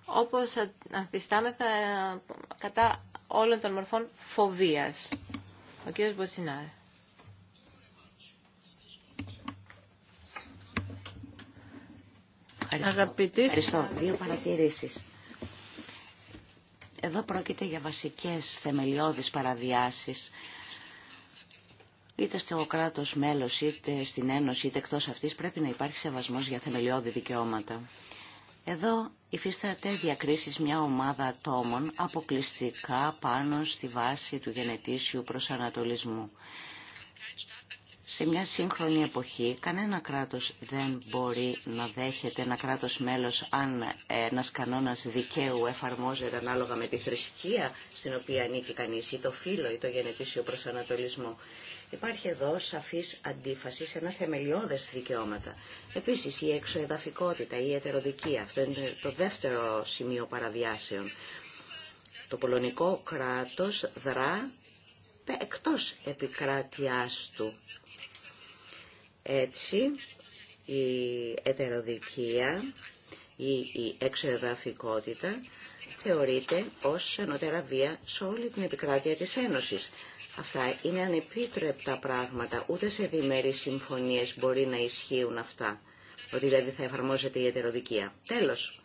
όπως αντιστάμεθα ε, κατά όλων των μορφών φοβίας. Ο κύριος Μποτσινάρ. Αγαπητοί. Ευχαριστώ. Δύο παρατηρήσει. Εδώ πρόκειται για βασικές θεμελιώδεις παραβιάσεις είτε στο κράτο μέλο είτε στην Ένωση, είτε εκτό αυτή πρέπει να υπάρχει σεβασμό για θεμελιώδη δικαιώματα. Εδώ υφίσταται διακρίσεις μια ομάδα ατόμων αποκλειστικά πάνω στη βάση του γενετήσιου προσανατολισμού. Σε μια σύγχρονη εποχή, κανένα κράτος δεν μπορεί να δέχεται ένα κράτος μέλος αν ένας κανόνας δικαίου εφαρμόζεται ανάλογα με τη θρησκεία στην οποία ανήκει κανείς, ή το φύλλο ή το γενετήσιο προσανατολισμό. Υπάρχει εδώ σαφή αντίφαση σε ένα θεμελιώδε δικαιώματα. Επίσης η εξοεδαφικότητα, η ετεροδικία, αυτό είναι το δεύτερο σημείο παραβιάσεων. Το πολωνικό κράτος δρά εκτός επικράτειά του. Έτσι, η ετεροδικία ή η εξοεδαφικότητα θεωρείται ως ανωτέρα βία σε όλη την επικράτεια της Ένωσης. Αυτά είναι ανεπίτρεπτα πράγματα. Ούτε σε διμερείς συμφωνίες μπορεί να ισχύουν αυτά. Ότι δηλαδή θα εφαρμόζεται η ετεροδικία. Τέλος.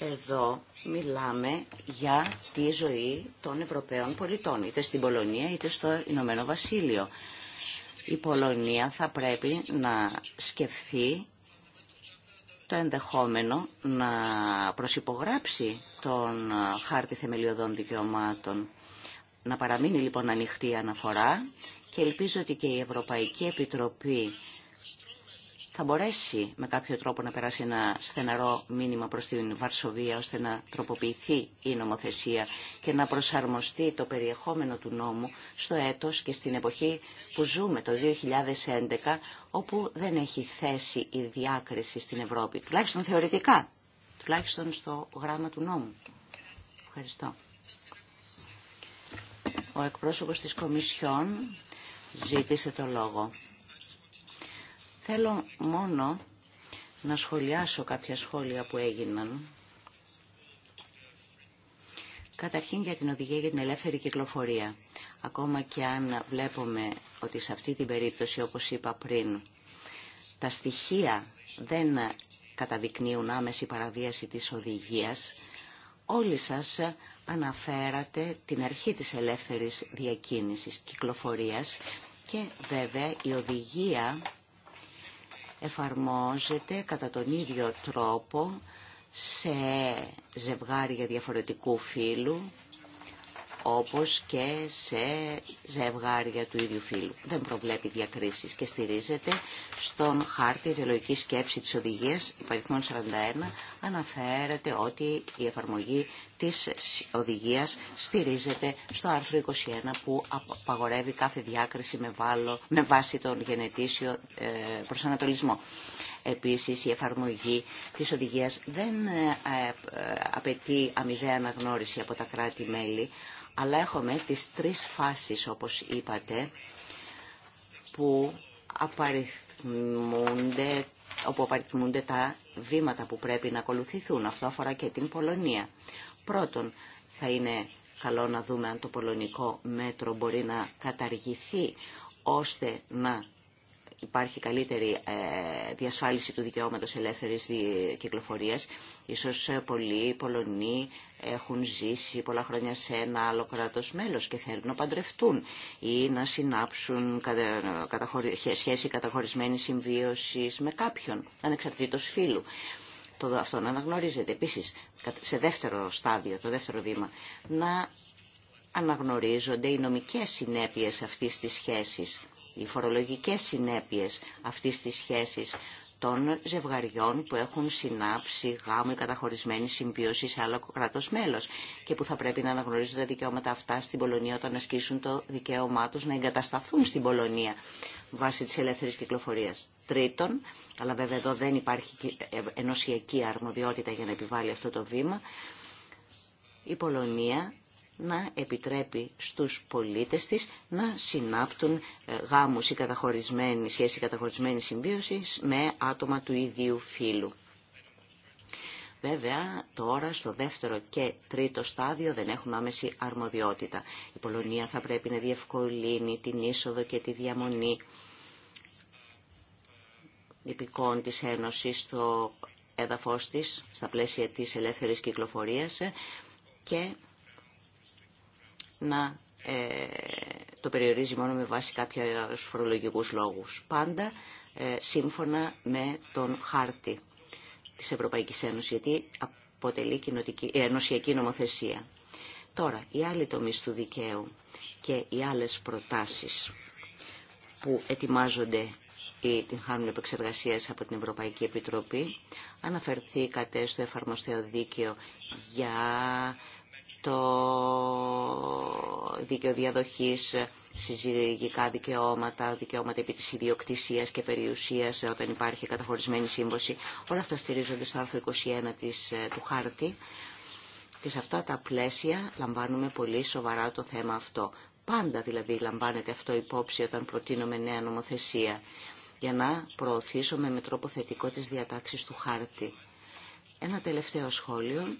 Εδώ μιλάμε για τη ζωή των Ευρωπαίων πολιτών, είτε στην Πολωνία είτε στο Ηνωμένο Βασίλειο. Η Πολωνία θα πρέπει να σκεφτεί το ενδεχόμενο να προσυπογράψει τον χάρτη θεμελιωδών δικαιωμάτων. Να παραμείνει λοιπόν ανοιχτή η αναφορά και ελπίζω ότι και η Ευρωπαϊκή Επιτροπή θα μπορέσει με κάποιο τρόπο να περάσει ένα στεναρό μήνυμα προς την Βαρσοβία ώστε να τροποποιηθεί η νομοθεσία και να προσαρμοστεί το περιεχόμενο του νόμου στο έτος και στην εποχή που ζούμε το 2011 όπου δεν έχει θέση η διάκριση στην Ευρώπη, τουλάχιστον θεωρητικά, τουλάχιστον στο γράμμα του νόμου. Ευχαριστώ. Ο εκπρόσωπος της Κομισιόν ζήτησε το λόγο. Θέλω μόνο να σχολιάσω κάποια σχόλια που έγιναν Καταρχήν για την οδηγία για την ελεύθερη κυκλοφορία. Ακόμα και αν βλέπουμε ότι σε αυτή την περίπτωση, όπως είπα πριν, τα στοιχεία δεν καταδεικνύουν άμεση παραβίαση της οδηγίας, όλοι σας αναφέρατε την αρχή της ελεύθερης διακίνησης, κυκλοφορίας και βέβαια η οδηγία εφαρμόζεται κατά τον ίδιο τρόπο σε ζευγάρια διαφορετικού φύλου όπως και σε ζευγάρια του ίδιου φύλου. Δεν προβλέπει διακρίσεις και στηρίζεται στον χάρτη ιδεολογική σκέψη της οδηγίας υπαριθμών 41 αναφέρεται ότι η εφαρμογή της οδηγίας στηρίζεται στο άρθρο 21 που απαγορεύει κάθε διάκριση με, με βάση τον γενετήσιο ε, προσανατολισμό. Επίσης, η εφαρμογή της οδηγίας δεν ε, ε, απαιτεί αμοιβαία αναγνώριση από τα κράτη-μέλη, αλλά έχουμε τις τρεις φάσεις, όπως είπατε, που απαριθμούνται, όπου απαριθμούνται τα βήματα που πρέπει να ακολουθηθούν. Αυτό αφορά και την Πολωνία. Πρώτον, θα είναι καλό να δούμε αν το πολωνικό μέτρο μπορεί να καταργηθεί ώστε να υπάρχει καλύτερη ε, διασφάλιση του δικαιώματος ελεύθερης κυκλοφορίας. Ίσως ε, πολλοί Πολωνοί έχουν ζήσει πολλά χρόνια σε ένα άλλο κράτος μέλος και θέλουν να παντρευτούν ή να συνάψουν σχέση καταχωρισμένης συμβίωσης με κάποιον, ανεξαρτήτως φίλου. Το, αυτό να αναγνωρίζεται. Επίσης, σε δεύτερο στάδιο, το δεύτερο βήμα, να αναγνωρίζονται οι νομικές συνέπειες αυτής της σχέσης οι φορολογικές συνέπειες αυτής της σχέσης των ζευγαριών που έχουν συνάψει γάμο ή καταχωρισμένη συμπίωση σε άλλο κράτος μέλος και που θα πρέπει να αναγνωρίζουν τα δικαιώματα αυτά στην Πολωνία όταν ασκήσουν το δικαίωμά τους να εγκατασταθούν στην Πολωνία βάσει της ελεύθερης κυκλοφορίας. Τρίτον, αλλά βέβαια εδώ δεν υπάρχει ενωσιακή αρμοδιότητα για να επιβάλλει αυτό το βήμα, η Πολωνία να επιτρέπει στους πολίτες της να συνάπτουν ε, γάμους ή καταχωρισμένη, σχέση καταχωρισμένη συμβίωσης με άτομα του ίδιου φύλου. Βέβαια, τώρα στο δεύτερο και τρίτο στάδιο δεν έχουμε άμεση αρμοδιότητα. Η Πολωνία θα πρέπει να διευκολύνει την είσοδο και τη διαμονή υπηκών της Ένωσης στο έδαφος της, στα πλαίσια της ελεύθερης κυκλοφορίας και να ε, το περιορίζει μόνο με βάση κάποιους φορολογικούς λόγους. Πάντα ε, σύμφωνα με τον χάρτη της Ευρωπαϊκής Ένωσης, γιατί αποτελεί ε, ενωσιακή νομοθεσία. Τώρα, οι άλλοι τομεί του δικαίου και οι άλλες προτάσεις που ετοιμάζονται ή την χάνουν επεξεργασία από την Ευρωπαϊκή Επιτροπή. Αναφερθήκατε στο εφαρμοστέο δίκαιο για το δίκαιο διαδοχής, συζυγικά δικαιώματα, δικαιώματα επί της ιδιοκτησίας και περιουσίας όταν υπάρχει καταχωρισμένη σύμβαση. Όλα αυτά στηρίζονται στο άρθρο 21 της, ε, του χάρτη και σε αυτά τα πλαίσια λαμβάνουμε πολύ σοβαρά το θέμα αυτό. Πάντα δηλαδή λαμβάνεται αυτό υπόψη όταν προτείνουμε νέα νομοθεσία για να προωθήσουμε με τρόπο θετικό τις διατάξεις του χάρτη. Ένα τελευταίο σχόλιο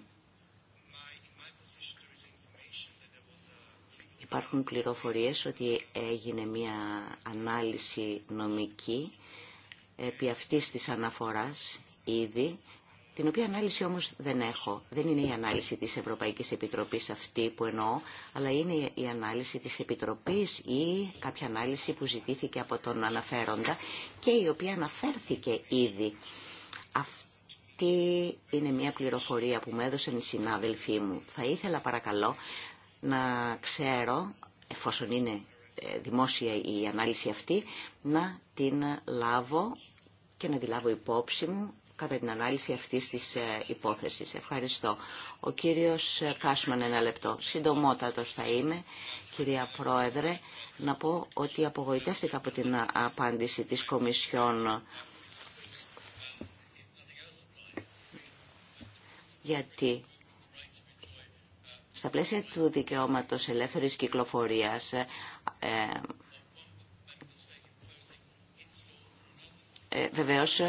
Υπάρχουν πληροφορίες ότι έγινε μια ανάλυση νομική επί αυτής της αναφοράς ήδη, την οποία ανάλυση όμως δεν έχω. Δεν είναι η ανάλυση της Ευρωπαϊκής Επιτροπής αυτή που εννοώ, αλλά είναι η ανάλυση της Επιτροπής ή κάποια ανάλυση που ζητήθηκε από τον αναφέροντα και η οποία αναφέρθηκε ήδη. Αυτή είναι μια πληροφορία που μου έδωσαν οι συνάδελφοί μου. Θα ήθελα παρακαλώ να ξέρω, εφόσον είναι ε, δημόσια η ανάλυση αυτή, να την λάβω και να τη λάβω υπόψη μου κατά την ανάλυση αυτής της ε, υπόθεσης. Ευχαριστώ. Ο κύριος ε, Κάσμαν ένα λεπτό. Συντομότατος θα είμαι, κυρία Πρόεδρε, να πω ότι απογοητεύτηκα από την απάντηση της Κομισιόν γιατί στα πλαίσια του δικαιώματος ελεύθερης κυκλοφορίας ε, ε, ε, βεβαίως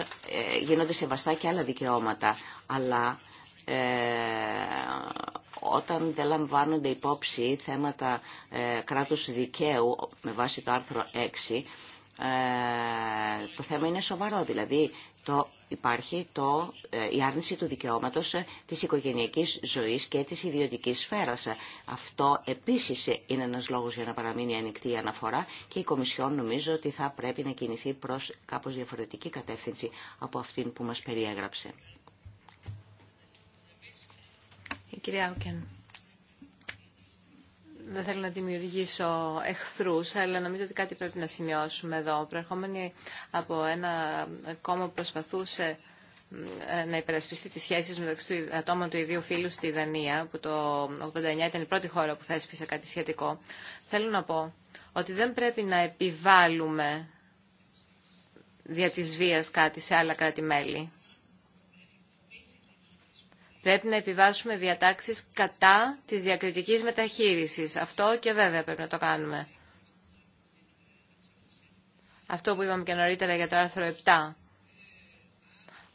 γίνονται σεβαστά και άλλα δικαιώματα, αλλά όταν δεν λαμβάνονται υπόψη θέματα ε, κράτους δικαίου με βάση το άρθρο 6, το θέμα είναι σοβαρό. Δηλαδή το, υπάρχει το, ε, η άρνηση του δικαιώματος ε, της οικογενειακής ζωής και της ιδιωτικής σφαίρας. Ε, αυτό επίσης είναι ένας λόγος για να παραμείνει ανοιχτή η αναφορά και η Κομισιόν νομίζω ότι θα πρέπει να κινηθεί προς κάπως διαφορετική κατεύθυνση από αυτήν που μας περιέγραψε. Η κυρία δεν θέλω να δημιουργήσω εχθρού, αλλά νομίζω ότι κάτι πρέπει να σημειώσουμε εδώ. Προερχόμενοι από ένα κόμμα που προσπαθούσε να υπερασπιστεί τις σχέσεις μεταξύ του ατόμων του ιδίου φίλου στη Δανία, που το 89 ήταν η πρώτη χώρα που θέσπισε κάτι σχετικό, θέλω να πω ότι δεν πρέπει να επιβάλλουμε δια της βίας κάτι σε άλλα κράτη-μέλη. Πρέπει να επιβάσουμε διατάξεις κατά της διακριτικής μεταχείρισης. Αυτό και βέβαια πρέπει να το κάνουμε. Αυτό που είπαμε και νωρίτερα για το άρθρο 7.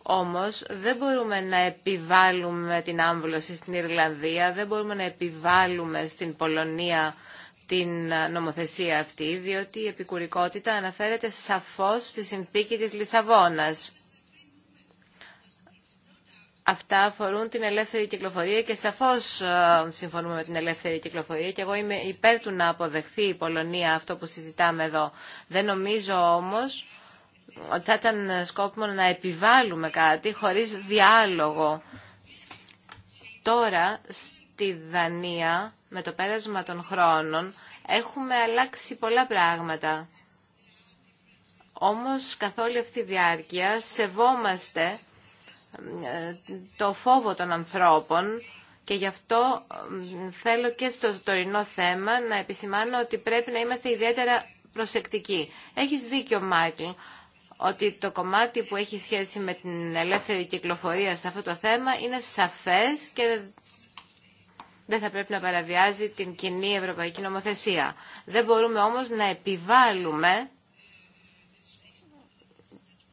Όμως δεν μπορούμε να επιβάλλουμε την άμβλωση στην Ιρλανδία, δεν μπορούμε να επιβάλλουμε στην Πολωνία την νομοθεσία αυτή, διότι η επικουρικότητα αναφέρεται σαφώς στη συνθήκη της Λισαβόνας. Αυτά αφορούν την ελεύθερη κυκλοφορία και σαφώς ε, συμφωνούμε με την ελεύθερη κυκλοφορία και εγώ είμαι υπέρ του να αποδεχθεί η Πολωνία αυτό που συζητάμε εδώ. Δεν νομίζω όμως ότι θα ήταν σκόπιμο να επιβάλλουμε κάτι χωρίς διάλογο. Τώρα στη Δανία με το πέρασμα των χρόνων έχουμε αλλάξει πολλά πράγματα. Όμως καθ' όλη αυτή τη διάρκεια σεβόμαστε το φόβο των ανθρώπων και γι' αυτό θέλω και στο τωρινό θέμα να επισημάνω ότι πρέπει να είμαστε ιδιαίτερα προσεκτικοί. Έχεις δίκιο, Μάικλ, ότι το κομμάτι που έχει σχέση με την ελεύθερη κυκλοφορία σε αυτό το θέμα είναι σαφές και δεν θα πρέπει να παραβιάζει την κοινή ευρωπαϊκή νομοθεσία. Δεν μπορούμε όμως να επιβάλλουμε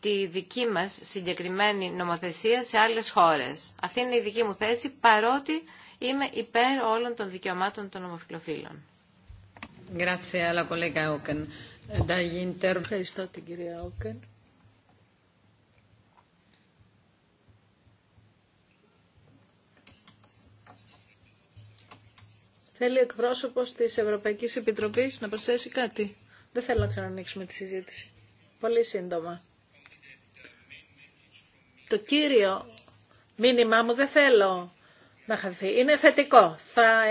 τη δική μας συγκεκριμένη νομοθεσία σε άλλες χώρες. Αυτή είναι η δική μου θέση, παρότι είμαι υπέρ όλων των δικαιωμάτων των ομοφυλοφίλων. Ευχαριστώ την κυρία Όκεν. Θέλει εκπρόσωπος της Ευρωπαϊκής Επιτροπής να προσθέσει κάτι. Δεν θέλω να ξανανοίξουμε τη συζήτηση. Πολύ σύντομα το κύριο μήνυμά μου δεν θέλω να χαθεί. Είναι θετικό. Θα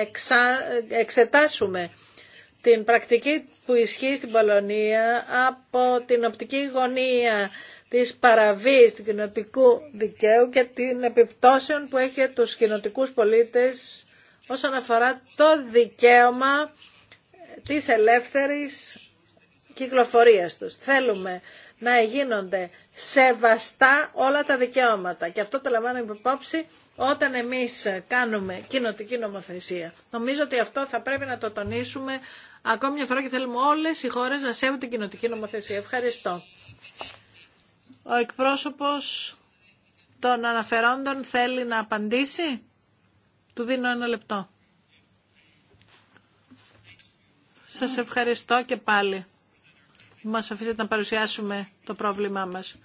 εξετάσουμε την πρακτική που ισχύει στην Πολωνία από την οπτική γωνία της παραβής του κοινοτικού δικαίου και την επιπτώσεων που έχει τους κοινοτικού πολίτες όσον αφορά το δικαίωμα της ελεύθερης κυκλοφορίας τους. Θέλουμε να γίνονται σεβαστά όλα τα δικαιώματα. Και αυτό το λαμβάνουμε υπόψη όταν εμείς κάνουμε κοινοτική νομοθεσία. Νομίζω ότι αυτό θα πρέπει να το τονίσουμε ακόμη μια φορά και θέλουμε όλες οι χώρες να σέβουν την κοινοτική νομοθεσία. Ευχαριστώ. Ο εκπρόσωπος των αναφερόντων θέλει να απαντήσει. Του δίνω ένα λεπτό. Σας ευχαριστώ και πάλι. Μα αφήσετε να παρουσιάσουμε το πρόβλημά μας.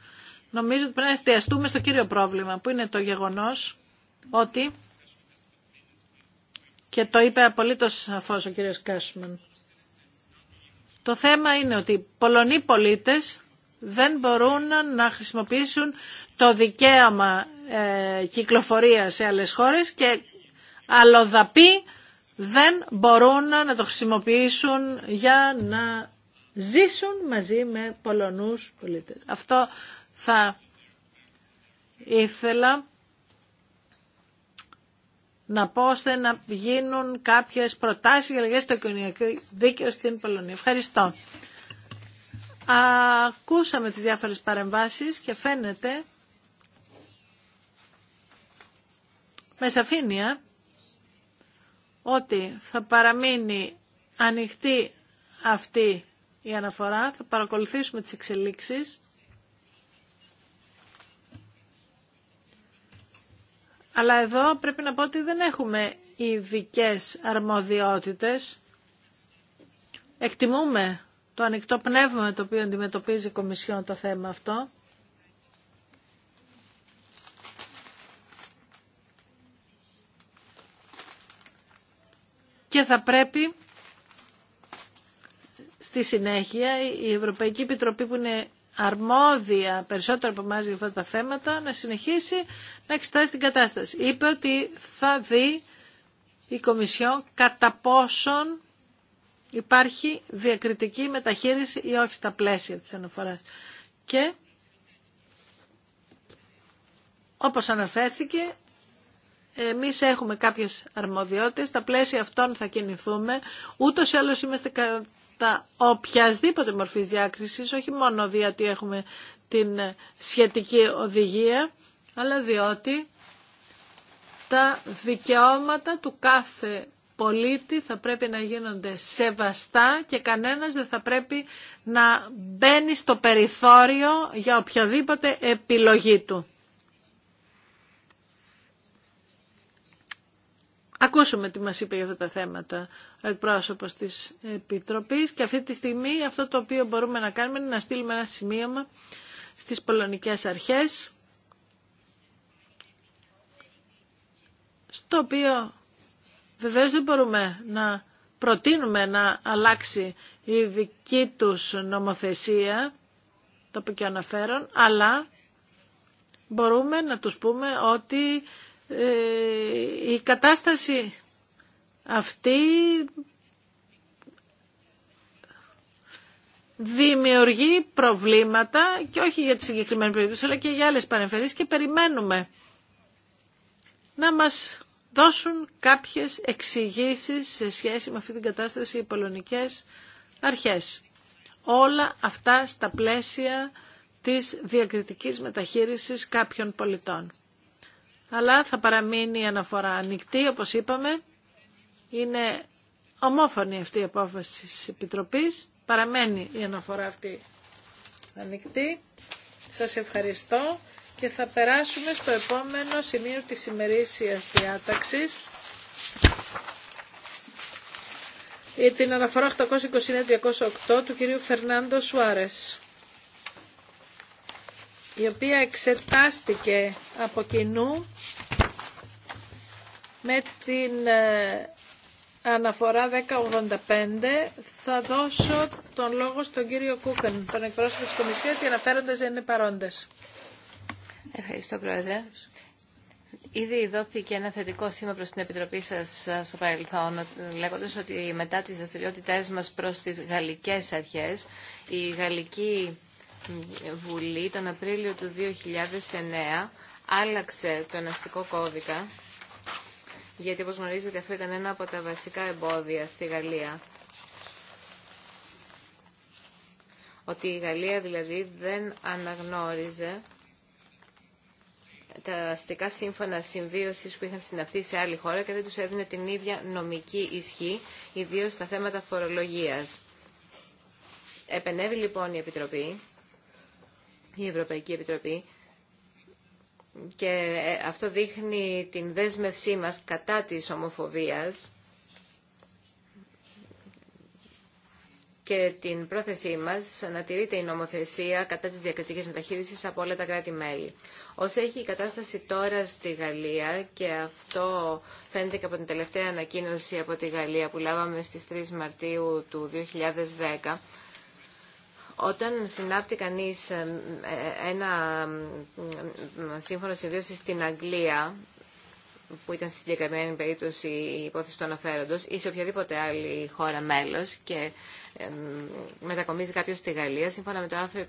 Νομίζω ότι πρέπει να εστιαστούμε στο κύριο πρόβλημα, που είναι το γεγονός ότι, και το είπε απολύτω σαφώ ο κύριος Κάσμαν, το θέμα είναι ότι οι Πολωνοί πολίτες δεν μπορούν να χρησιμοποιήσουν το δικαίωμα ε, κυκλοφορία σε άλλες χώρες και αλλοδαποί δεν μπορούν να το χρησιμοποιήσουν για να ζήσουν μαζί με Πολωνούς πολίτες. Αυτό θα ήθελα να πω ώστε να γίνουν κάποιες προτάσεις για λεγές στο οικονομικό δίκαιο στην Πολωνία. Ευχαριστώ. Ακούσαμε τις διάφορες παρεμβάσεις και φαίνεται με σαφήνεια ότι θα παραμείνει ανοιχτή αυτή η αναφορά. Θα παρακολουθήσουμε τις εξελίξεις. Αλλά εδώ πρέπει να πω ότι δεν έχουμε ειδικέ αρμοδιότητες. Εκτιμούμε το ανοιχτό πνεύμα με το οποίο αντιμετωπίζει η Κομισιόν το θέμα αυτό. Και θα πρέπει Στη συνέχεια η Ευρωπαϊκή Επιτροπή που είναι αρμόδια περισσότερο από εμάς για αυτά τα θέματα να συνεχίσει να εξετάζει την κατάσταση. Είπε ότι θα δει η Κομισιόν κατά πόσον υπάρχει διακριτική μεταχείριση ή όχι στα πλαίσια της αναφοράς. Και όπως αναφέρθηκε, εμείς έχουμε κάποιες αρμοδιότητες, τα πλαίσια αυτών θα κινηθούμε, ούτως ή άλλως είμαστε τα οποιασδήποτε μορφής διάκρισης, όχι μόνο διότι έχουμε την σχετική οδηγία, αλλά διότι τα δικαιώματα του κάθε πολίτη θα πρέπει να γίνονται σεβαστά και κανένας δεν θα πρέπει να μπαίνει στο περιθώριο για οποιαδήποτε επιλογή του. ακούσουμε τι μας είπε για αυτά τα θέματα ο εκπρόσωπος της Επιτροπής και αυτή τη στιγμή αυτό το οποίο μπορούμε να κάνουμε είναι να στείλουμε ένα σημείωμα στις πολωνικές αρχές στο οποίο βεβαίως δεν μπορούμε να προτείνουμε να αλλάξει η δική τους νομοθεσία, το οποίο και αναφέρον, αλλά μπορούμε να τους πούμε ότι ε, η κατάσταση αυτή δημιουργεί προβλήματα και όχι για τη συγκεκριμένη περίπτωση αλλά και για άλλες παρεμφερείς και περιμένουμε να μας δώσουν κάποιες εξηγήσεις σε σχέση με αυτή την κατάσταση οι πολωνικές αρχές. Όλα αυτά στα πλαίσια της διακριτικής μεταχείρισης κάποιων πολιτών αλλά θα παραμείνει η αναφορά ανοιχτή, όπως είπαμε. Είναι ομόφωνη αυτή η απόφαση της Επιτροπής. Παραμένει η αναφορά αυτή ανοιχτή. Σας ευχαριστώ και θα περάσουμε στο επόμενο σημείο της ημερήσιας διάταξης. Ε, την αναφορά 829-208 του κυρίου Φερνάντο Σουάρες η οποία εξετάστηκε από κοινού με την ε, αναφορά 1085. Θα δώσω τον λόγο στον κύριο Κούκεν, τον εκπρόσωπο της Κομισιόν, γιατί αναφέροντας δεν είναι παρόντες. Ευχαριστώ, Πρόεδρε. Ήδη δόθηκε ένα θετικό σήμα προς την Επιτροπή σας ε, στο παρελθόν, ε, λέγοντας ότι μετά τις δραστηριότητε μας προς τις γαλλικές αρχές, η γαλλική Βουλή τον Απρίλιο του 2009 άλλαξε τον αστικό κώδικα γιατί όπως γνωρίζετε αυτό ήταν ένα από τα βασικά εμπόδια στη Γαλλία. Ότι η Γαλλία δηλαδή δεν αναγνώριζε τα αστικά σύμφωνα συμβίωσης που είχαν συναυθεί σε άλλη χώρα και δεν τους έδινε την ίδια νομική ισχύ, ιδίως στα θέματα φορολογίας. Επενέβη λοιπόν η Επιτροπή η Ευρωπαϊκή Επιτροπή και ε, αυτό δείχνει την δέσμευσή μας κατά της ομοφοβίας και την πρόθεσή μας να τηρείται η νομοθεσία κατά της διακριτικής μεταχείρισης από όλα τα κράτη-μέλη. Όσο έχει η κατάσταση τώρα στη Γαλλία και αυτό φαίνεται και από την τελευταία ανακοίνωση από τη Γαλλία που λάβαμε στις 3 Μαρτίου του 2010, όταν συνάπτει κανείς ε, ένα σύμφωνο συμβίωση στην Αγγλία, που ήταν στη συγκεκριμένη περίπτωση η υπόθεση του αναφέροντος ή σε οποιαδήποτε άλλη χώρα μέλος και ε, μετακομίζει κάποιος στη Γαλλία, σύμφωνα με το άρθρο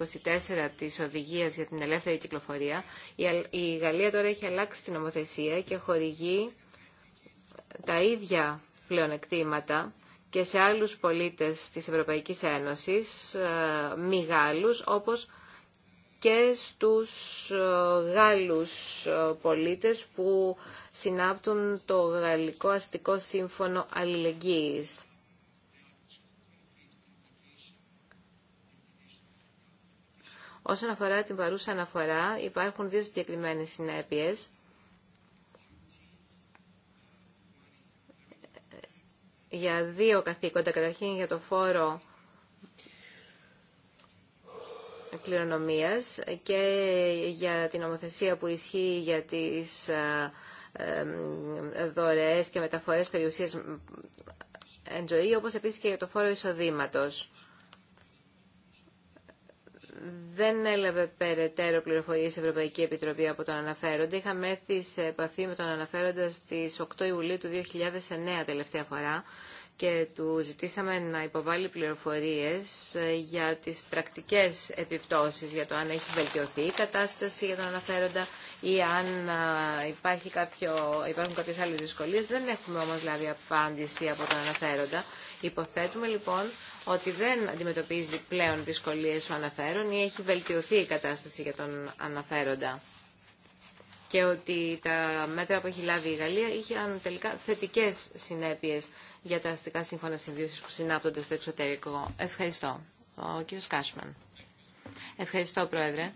24 της Οδηγίας για την Ελεύθερη Κυκλοφορία, η Γαλλία τώρα έχει αλλάξει την νομοθεσία και χορηγεί τα ίδια πλεονεκτήματα και σε άλλους πολίτες της Ευρωπαϊκής Ένωσης, ε, μη Γάλλους, όπως και στους ε, Γάλλους ε, πολίτες που συνάπτουν το Γαλλικό Αστικό Σύμφωνο Αλληλεγγύης. Όσον αφορά την παρούσα αναφορά, υπάρχουν δύο συγκεκριμένες συνέπειες. για δύο καθήκοντα. Καταρχήν για το φόρο κληρονομίας και για την νομοθεσία που ισχύει για τις ε, ε, ε, δωρεές και μεταφορές περιουσίας εν ζωή, όπως επίσης και για το φόρο εισοδήματος δεν έλαβε περαιτέρω πληροφορίες η Ευρωπαϊκή Επιτροπή από τον αναφέροντα. Είχαμε έρθει σε επαφή με τον αναφέροντα στις 8 Ιουλίου του 2009 τελευταία φορά και του ζητήσαμε να υποβάλει πληροφορίες ε, για τις πρακτικές επιπτώσεις, για το αν έχει βελτιωθεί η κατάσταση για τον αναφέροντα ή αν ε, υπάρχει κάποιο, υπάρχουν κάποιες άλλες δυσκολίες. Δεν έχουμε όμως λάβει απάντηση από τον αναφέροντα Υποθέτουμε λοιπόν ότι δεν αντιμετωπίζει πλέον δυσκολίες ο αναφέρον ή έχει βελτιωθεί η κατάσταση για τον αναφέροντα και ότι τα μέτρα που έχει λάβει η Γαλλία είχαν τελικά θετικές συνέπειες για τα αστικά σύμφωνα συμβίωσης που συνάπτονται στο εξωτερικό. Ευχαριστώ. Ο κ. Κάσμαν. Ευχαριστώ, Πρόεδρε.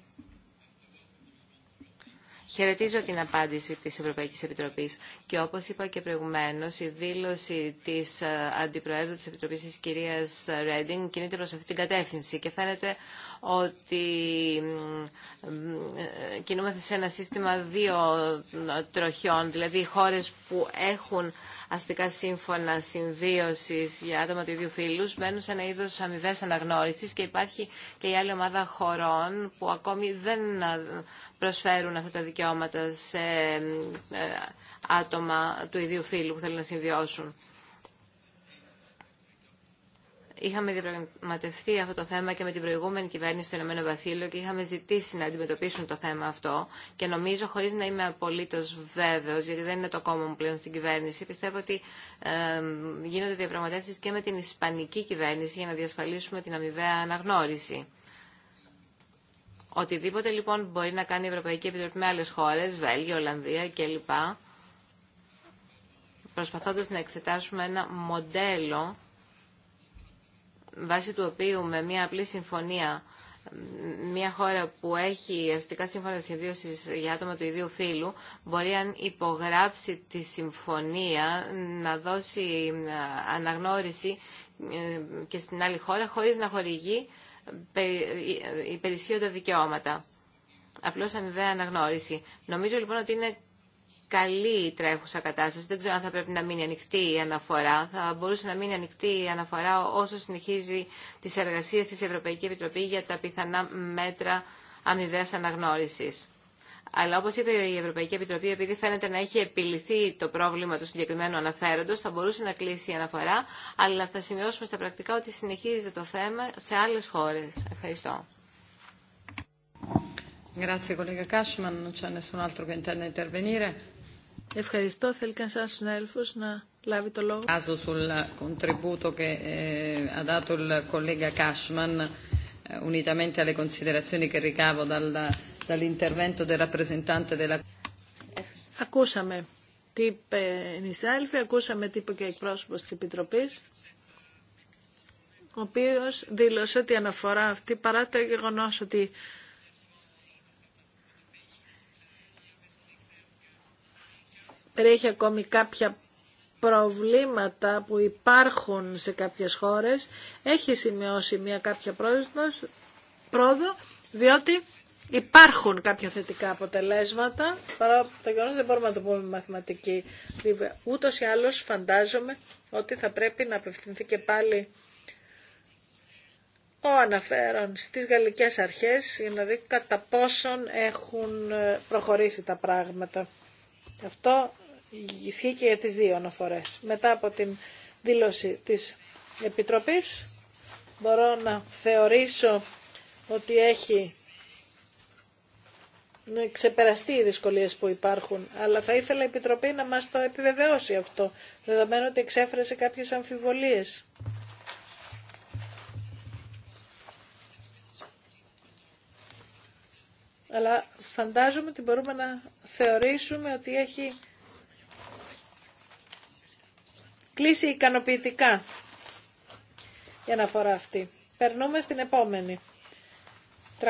Χαιρετίζω την απάντηση της Ευρωπαϊκής Επιτροπής και όπως είπα και προηγουμένως η δήλωση της ε, Αντιπροέδρου της Επιτροπής της κυρίας Ρέντινγκ κινείται προς αυτή την κατεύθυνση και φαίνεται ότι ε, κινούμαστε σε ένα σύστημα δύο ε, τροχιών, δηλαδή οι χώρες που έχουν αστικά σύμφωνα συμβίωση για άτομα του ίδιου φίλου. μπαίνουν σε ένα είδος αμοιβέ αναγνώρισης και υπάρχει και η άλλη ομάδα χωρών που ακόμη δεν προσφέρουν αυτά τα δικαιώματα σε ε, άτομα του ίδιου φίλου που θέλουν να συμβιώσουν. Είχαμε διαπραγματευτεί αυτό το θέμα και με την προηγούμενη κυβέρνηση του Ηνωμένου Βασίλειου και είχαμε ζητήσει να αντιμετωπίσουν το θέμα αυτό. Και νομίζω, χωρί να είμαι απολύτω βέβαιο, γιατί δεν είναι το κόμμα μου πλέον στην κυβέρνηση, πιστεύω ότι ε, γίνονται διαπραγματεύσει και με την Ισπανική κυβέρνηση για να διασφαλίσουμε την αμοιβαία αναγνώριση. Οτιδήποτε λοιπόν μπορεί να κάνει η Ευρωπαϊκή Επιτροπή με άλλε χώρε, Βέλγιο, Ολλανδία κλπ. Προσπαθώντας να εξετάσουμε ένα μοντέλο βάσει του οποίου με μια απλή συμφωνία μια χώρα που έχει αστικά σύμφωνα συμβίωσης για άτομα του ιδίου φύλου μπορεί αν υπογράψει τη συμφωνία να δώσει αναγνώριση και στην άλλη χώρα χωρίς να χορηγεί υπερισχύοντα δικαιώματα. Απλώς αμοιβαία αναγνώριση. Νομίζω λοιπόν ότι είναι καλή η τρέχουσα κατάσταση. Δεν ξέρω αν θα πρέπει να μείνει ανοιχτή η αναφορά. Θα μπορούσε να μείνει ανοιχτή η αναφορά όσο συνεχίζει τι εργασίε τη Ευρωπαϊκή Επιτροπή για τα πιθανά μέτρα αμοιβέ αναγνώριση. Αλλά όπω είπε η Ευρωπαϊκή Επιτροπή, επειδή φαίνεται να έχει επιληθεί το πρόβλημα του συγκεκριμένου αναφέροντο, θα μπορούσε να κλείσει η αναφορά, αλλά θα σημειώσουμε στα πρακτικά ότι συνεχίζεται το θέμα σε άλλε χώρε. Ευχαριστώ. Grazie collega Cashman, non c'è nessun altro che intervenire. Ευχαριστώ. Θέλει κανένα συνάδελφο να λάβει το λόγο. Ακούσαμε τι είπε η συνάδελφη, ακούσαμε τι είπε και ο εκπρόσωπο τη Επιτροπή, ο οποίο δήλωσε ότι αναφορά αυτή παρά το γεγονό ότι περιέχει ακόμη κάποια προβλήματα που υπάρχουν σε κάποιες χώρες, έχει σημειώσει μια κάποια πρόοδο, διότι υπάρχουν κάποια θετικά αποτελέσματα, παρά το γεγονός δεν μπορούμε να το πούμε με μαθηματική βίβλια. Ούτως ή άλλως φαντάζομαι ότι θα πρέπει να απευθυνθεί και πάλι ο αναφέρον στις γαλλικές αρχές για να δει κατά πόσον έχουν προχωρήσει τα πράγματα. Αυτό ισχύει και για τις δύο αναφορές. Μετά από την δήλωση της Επιτροπής μπορώ να θεωρήσω ότι έχει ναι, ξεπεραστεί οι δυσκολίες που υπάρχουν, αλλά θα ήθελα η Επιτροπή να μας το επιβεβαιώσει αυτό, δεδομένου ότι εξέφρασε κάποιες αμφιβολίες. αλλά φαντάζομαι ότι μπορούμε να θεωρήσουμε ότι έχει κλείσει ικανοποιητικά η αναφορά αυτή. Περνούμε στην επόμενη. 305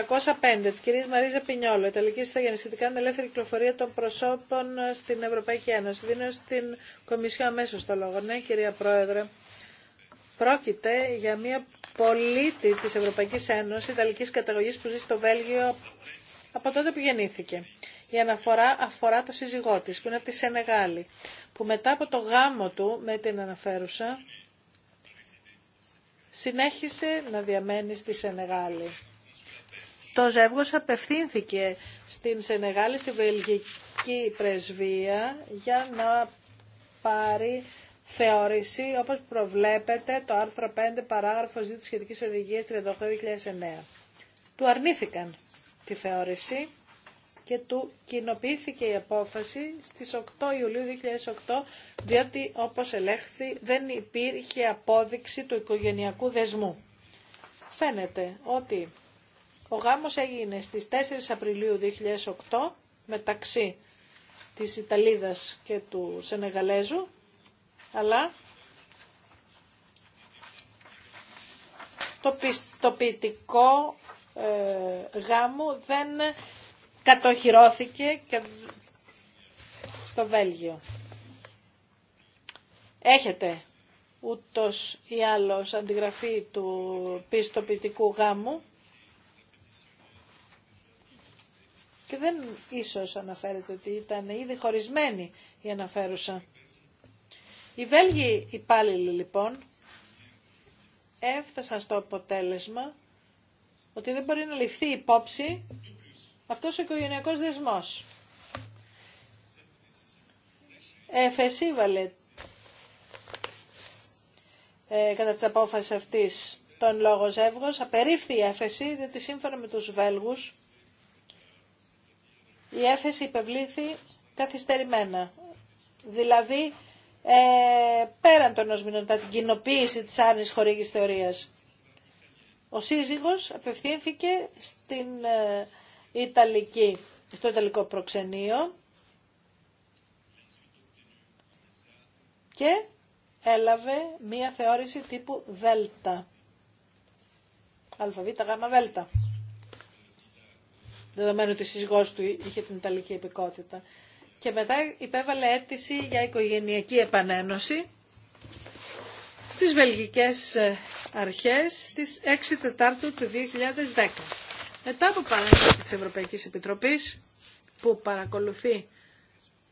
τη κυρία Μαρίζα Πινιόλο, Ιταλική Συνταγενιστικά είναι ελεύθερη κυκλοφορία των προσώπων στην Ευρωπαϊκή Ένωση. Δίνω στην Κομισιό αμέσω το λόγο. Ναι, κυρία Πρόεδρε, πρόκειται για μια πολίτη τη Ευρωπαϊκή Ένωση, Ιταλική καταγωγή που ζει στο Βέλγιο από τότε που γεννήθηκε. Η αναφορά αφορά το σύζυγό της που είναι από τη Σενεγάλη που μετά από το γάμο του με την αναφέρουσα συνέχισε να διαμένει στη Σενεγάλη. Το ζεύγος απευθύνθηκε στην Σενεγάλη, στη Βελγική Πρεσβεία για να πάρει θεώρηση όπως προβλέπεται το άρθρο 5 παράγραφος 2 της σχετικής οδηγίας 38-2009. Του αρνήθηκαν τη θεώρηση και του κοινοποιήθηκε η απόφαση στις 8 Ιουλίου 2008 διότι όπως ελέγχθη δεν υπήρχε απόδειξη του οικογενειακού δεσμού. Φαίνεται ότι ο γάμος έγινε στις 4 Απριλίου 2008 μεταξύ της Ιταλίδας και του Σενεγαλέζου αλλά το πιστοποιητικό ε, γάμου δεν κατοχυρώθηκε και στο Βέλγιο. Έχετε ούτως ή άλλως αντιγραφή του πιστοποιητικού γάμου και δεν ίσως αναφέρεται ότι ήταν ήδη χωρισμένη η αναφέρουσα. Οι Βέλγοι υπάλληλοι λοιπόν έφτασαν στο αποτέλεσμα ότι δεν μπορεί να ληφθεί υπόψη αυτός ο οικογενειακός δεσμός. Εφεσίβαλε ε, κατά της απόφασης αυτής τον λόγο ζεύγος, απερίφθη η έφεση, διότι σύμφωνα με τους Βέλγους η έφεση υπευλήθη καθυστερημένα. Δηλαδή, ε, πέραν των τα την κοινοποίηση της άρνης χορήγης θεωρίας. Ο σύζυγος απευθύνθηκε στην ε, Ιταλική, στο Ιταλικό προξενείο και έλαβε μία θεώρηση τύπου Δέλτα. Αλφαβήτα γάμα Δέλτα. Δεδομένου ότι η σύζυγός του είχε την Ιταλική επικότητα. Και μετά υπέβαλε αίτηση για οικογενειακή επανένωση στις βελγικές ε, αρχές της 6 Τετάρτου του 2010. Μετά από παρέμβαση της Ευρωπαϊκής Επιτροπής που παρακολουθεί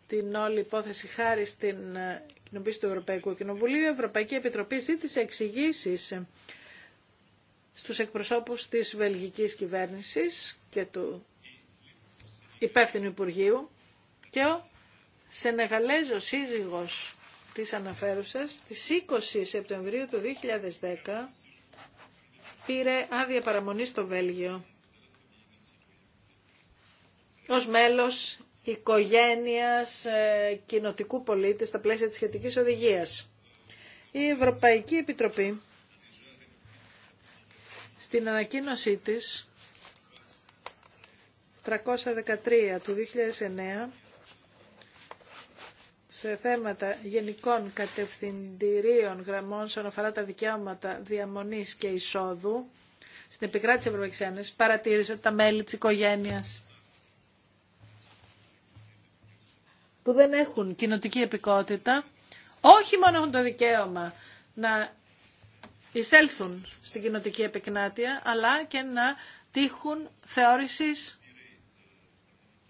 την όλη υπόθεση χάρη στην ε, κοινοποίηση του Ευρωπαϊκού Κοινοβουλίου, η Ευρωπαϊκή Επιτροπή ζήτησε εξηγήσει ε, στους εκπροσώπους της βελγικής κυβέρνησης και του υπεύθυνου Υπουργείου και ο Σενεγαλέζος σύζυγος της αναφέρουσας, στις 20 Σεπτεμβρίου του 2010, πήρε άδεια παραμονή στο Βέλγιο. Ως μέλος οικογένειας ε, κοινοτικού πολίτη στα πλαίσια της σχετικής οδηγίας. Η Ευρωπαϊκή Επιτροπή στην ανακοίνωσή της 313 του 2009 σε θέματα γενικών κατευθυντηρίων γραμμών σχετικά αφορά τα δικαιώματα διαμονής και εισόδου στην επικράτηση της Ευρωπαϊκής Ένωσης παρατήρησε ότι τα μέλη της οικογένειας που δεν έχουν κοινοτική επικότητα όχι μόνο έχουν το δικαίωμα να εισέλθουν στην κοινοτική επικνάτεια αλλά και να τύχουν θεώρησης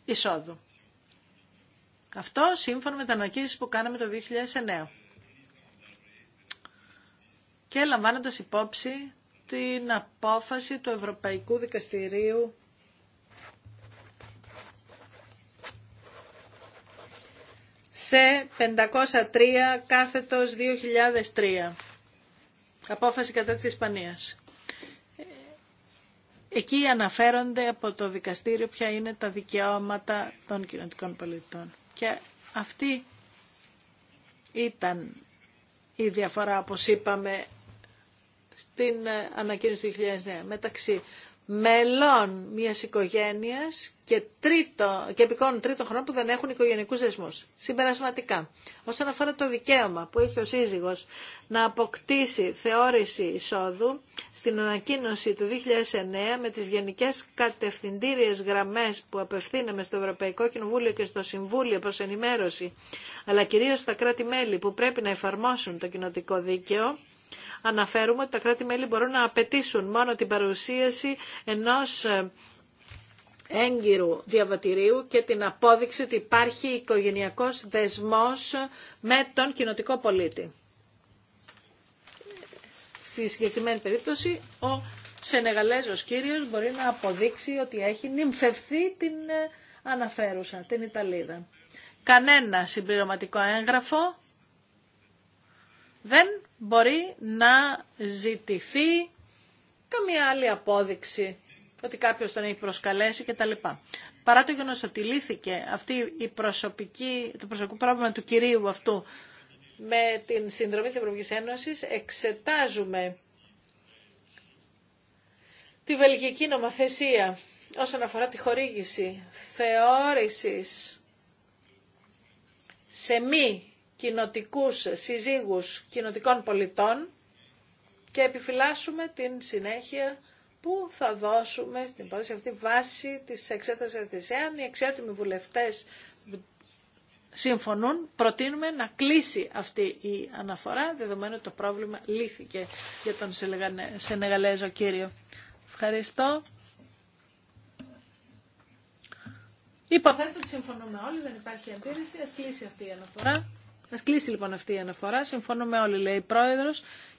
εισόδου. Αυτό σύμφωνα με τα ανακοίνωση που κάναμε το 2009. Και λαμβάνοντας υπόψη την απόφαση του Ευρωπαϊκού Δικαστηρίου σε 503 κάθετος 2003. Απόφαση κατά της Ισπανίας. Εκεί αναφέρονται από το δικαστήριο ποια είναι τα δικαιώματα των κοινωνικών πολιτών. Και αυτή ήταν η διαφορά, όπως είπαμε, στην ε, ανακοίνωση του 2009 μεταξύ μελών μιας οικογένειας και, τρίτο, και επικών τρίτων χρόνων που δεν έχουν οικογενειακούς δεσμούς. Συμπερασματικά, όσον αφορά το δικαίωμα που έχει ο σύζυγος να αποκτήσει θεώρηση εισόδου, στην ανακοίνωση του 2009 με τις γενικές κατευθυντήριες γραμμές που απευθύνεμε στο Ευρωπαϊκό Κοινοβούλιο και στο Συμβούλιο προς ενημέρωση, αλλά κυρίως στα κράτη-μέλη που πρέπει να εφαρμόσουν το κοινοτικό δίκαιο, Αναφέρουμε ότι τα κράτη-μέλη μπορούν να απαιτήσουν μόνο την παρουσίαση ενός ε, έγκυρου διαβατηρίου και την απόδειξη ότι υπάρχει οικογενειακός δεσμός με τον κοινοτικό πολίτη. Στη συγκεκριμένη περίπτωση, ο Σενεγαλέζος κύριος μπορεί να αποδείξει ότι έχει νυμφευθεί την ε, αναφέρουσα, την Ιταλίδα. Κανένα συμπληρωματικό έγγραφο δεν μπορεί να ζητηθεί καμία άλλη απόδειξη ότι κάποιος τον έχει προσκαλέσει κτλ. Παρά το γεγονός ότι λύθηκε αυτή η προσωπική, το προσωπικό πρόβλημα του κυρίου αυτού με την συνδρομή της Ευρωπαϊκής Ένωσης, εξετάζουμε τη βελγική νομοθεσία όσον αφορά τη χορήγηση θεώρησης σε μη κοινοτικούς συζύγους κοινοτικών πολιτών και επιφυλάσσουμε την συνέχεια που θα δώσουμε στην υπόθεση αυτή βάση της εξέτασης αυτής. Εάν οι αξιότιμοι βουλευτές συμφωνούν, προτείνουμε να κλείσει αυτή η αναφορά, δεδομένου ότι το πρόβλημα λύθηκε για τον Σενεγαλέζο κύριο. Ευχαριστώ. Υποθέτω ότι συμφωνούμε όλοι, δεν υπάρχει αντίρρηση, ας κλείσει αυτή η αναφορά. Να κλείσει λοιπόν αυτή η αναφορά. Συμφώνουμε όλοι, λέει η πρόεδρο.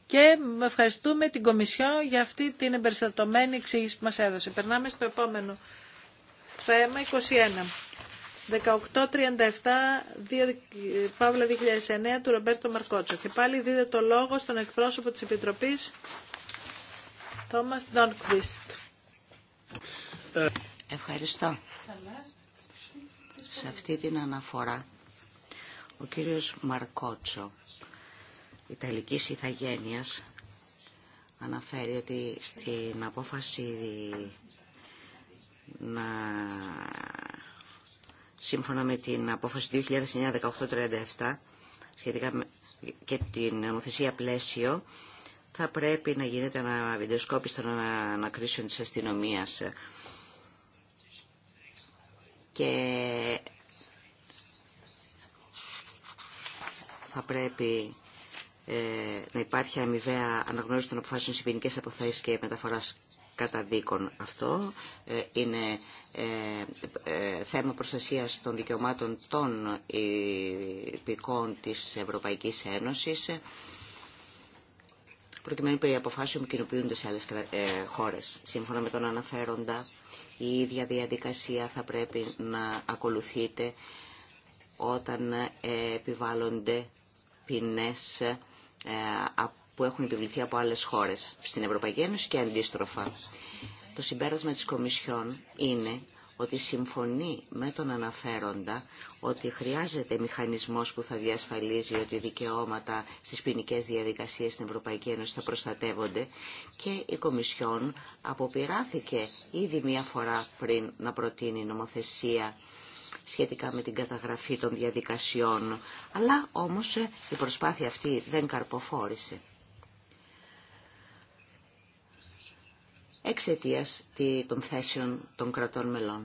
Και ευχαριστούμε την Κομισιό για αυτή την εμπεριστατωμένη εξήγηση που μας έδωσε. Περνάμε στο επόμενο θέμα 21. 1837 Παύλα 2009 του Ρομπέρτο Μαρκότσο. Και πάλι δίδε το λόγο στον εκπρόσωπο της Επιτροπής, Τόμας Ντόνκβιστ. Ε, ευχαριστώ. Σε αυτή την αναφορά ο κύριος Μαρκότσο, Ιταλικής Ιθαγένειας, αναφέρει ότι στην απόφαση να... Σύμφωνα με την απόφαση 2009-1837 σχετικά με... και την νομοθεσία πλαίσιο, θα πρέπει να γίνεται ένα βιντεοσκόπηση των ανακρίσεων της αστυνομίας. Και θα πρέπει ε, να υπάρχει αμοιβαία αναγνώριση των αποφάσεων σε ποινικέ αποθέσει και μεταφορά κατά δίκον. Αυτό ε, είναι ε, θέμα προστασίας των δικαιωμάτων των υπηκών της Ευρωπαϊκής Ένωσης προκειμένου περί αποφάσεων που κοινοποιούνται σε άλλες χώρες. Σύμφωνα με τον αναφέροντα, η ίδια διαδικασία θα πρέπει να ακολουθείται όταν επιβάλλονται ποινές ε, που έχουν επιβληθεί από άλλες χώρες στην Ευρωπαϊκή Ένωση και αντίστροφα. Το συμπέρασμα της Κομισιόν είναι ότι συμφωνεί με τον αναφέροντα ότι χρειάζεται μηχανισμός που θα διασφαλίζει ότι δικαιώματα στις ποινικέ διαδικασίες στην Ευρωπαϊκή Ένωση θα προστατεύονται και η Κομισιόν αποπειράθηκε ήδη μία φορά πριν να προτείνει νομοθεσία σχετικά με την καταγραφή των διαδικασιών. Αλλά όμως ε, η προσπάθεια αυτή δεν καρποφόρησε. εξαιτίας των θέσεων των κρατών μελών.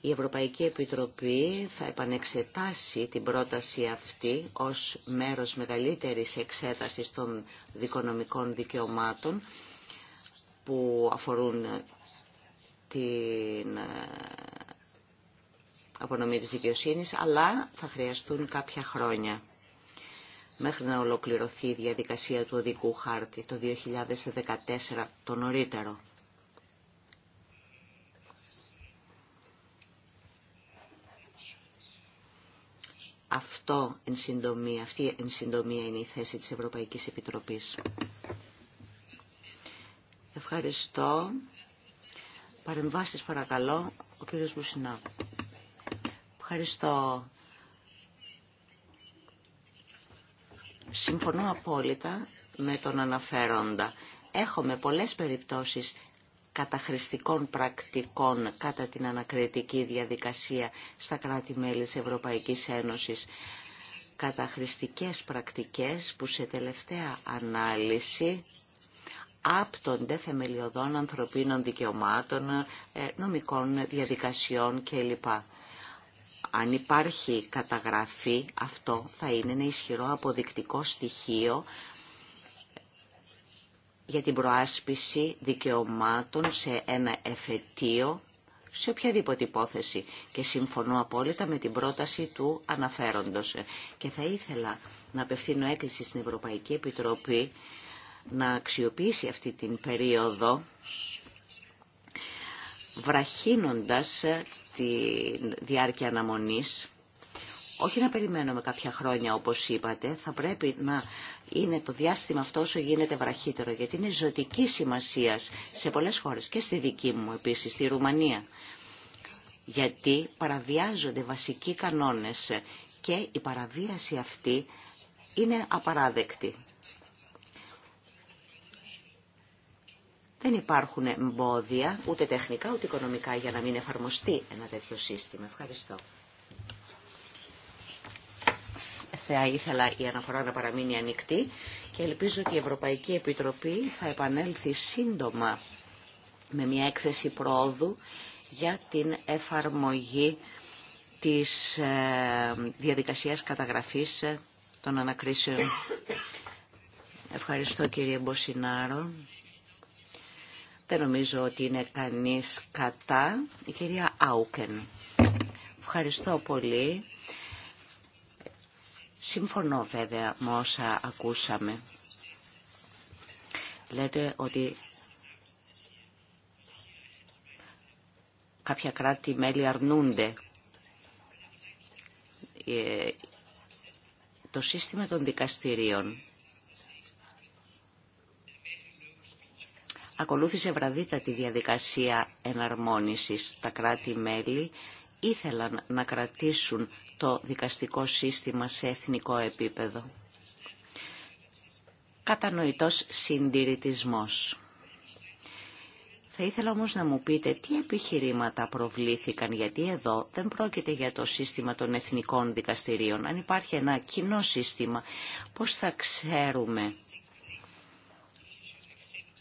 Η Ευρωπαϊκή Επιτροπή θα επανεξετάσει την πρόταση αυτή ως μέρος μεγαλύτερης εξέτασης των δικονομικών δικαιωμάτων που αφορούν την ε, απονομή της δικαιοσύνης, αλλά θα χρειαστούν κάποια χρόνια μέχρι να ολοκληρωθεί η διαδικασία του οδικού χάρτη το 2014 το νωρίτερο. Αυτό εν συντομία, αυτή εν συντομία είναι η θέση της Ευρωπαϊκής Επιτροπής. Ευχαριστώ. Παρεμβάσεις παρακαλώ, ο κύριος Μπουσινά. Ευχαριστώ. Συμφωνώ απόλυτα με τον αναφέροντα. Έχουμε πολλές περιπτώσεις καταχρηστικών πρακτικών κατά την ανακριτική διαδικασία στα κράτη-μέλη της Ευρωπαϊκής Ένωσης. Καταχρηστικές πρακτικές που σε τελευταία ανάλυση άπτονται θεμελιωδών ανθρωπίνων δικαιωμάτων, ε, νομικών διαδικασιών κλπ. Αν υπάρχει καταγραφή, αυτό θα είναι ένα ισχυρό αποδεικτικό στοιχείο για την προάσπιση δικαιωμάτων σε ένα εφετείο σε οποιαδήποτε υπόθεση και συμφωνώ απόλυτα με την πρόταση του αναφέροντος. Και θα ήθελα να απευθύνω έκκληση στην Ευρωπαϊκή Επιτροπή να αξιοποιήσει αυτή την περίοδο βραχύνοντας ε, τη διάρκεια αναμονής όχι να περιμένουμε κάποια χρόνια όπως είπατε, θα πρέπει να είναι το διάστημα αυτό όσο γίνεται βραχύτερο, γιατί είναι ζωτική σημασία σε πολλές χώρες και στη δική μου επίσης, στη Ρουμανία. Γιατί παραβιάζονται βασικοί κανόνες ε, και η παραβίαση αυτή είναι απαράδεκτη. δεν υπάρχουν εμπόδια, ούτε τεχνικά ούτε οικονομικά, για να μην εφαρμοστεί ένα τέτοιο σύστημα. Ευχαριστώ. Θα ήθελα η αναφορά να παραμείνει ανοιχτή και ελπίζω ότι η Ευρωπαϊκή Επιτροπή θα επανέλθει σύντομα με μια έκθεση πρόοδου για την εφαρμογή της ε, διαδικασίας καταγραφής ε, των ανακρίσεων. Ευχαριστώ κύριε Μποσινάρο. Δεν νομίζω ότι είναι κανείς κατά. Η κυρία Άουκεν. Ευχαριστώ πολύ. Συμφωνώ βέβαια με όσα ακούσαμε. Λέτε ότι κάποια κράτη-μέλη αρνούνται ε, το σύστημα των δικαστηρίων ακολούθησε τη διαδικασία εναρμόνισης. Τα κράτη-μέλη ήθελαν να κρατήσουν το δικαστικό σύστημα σε εθνικό επίπεδο. Κατανοητός συντηρητισμός. Θα ήθελα όμως να μου πείτε τι επιχειρήματα προβλήθηκαν, γιατί εδώ δεν πρόκειται για το σύστημα των εθνικών δικαστηρίων. Αν υπάρχει ένα κοινό σύστημα, πώς θα ξέρουμε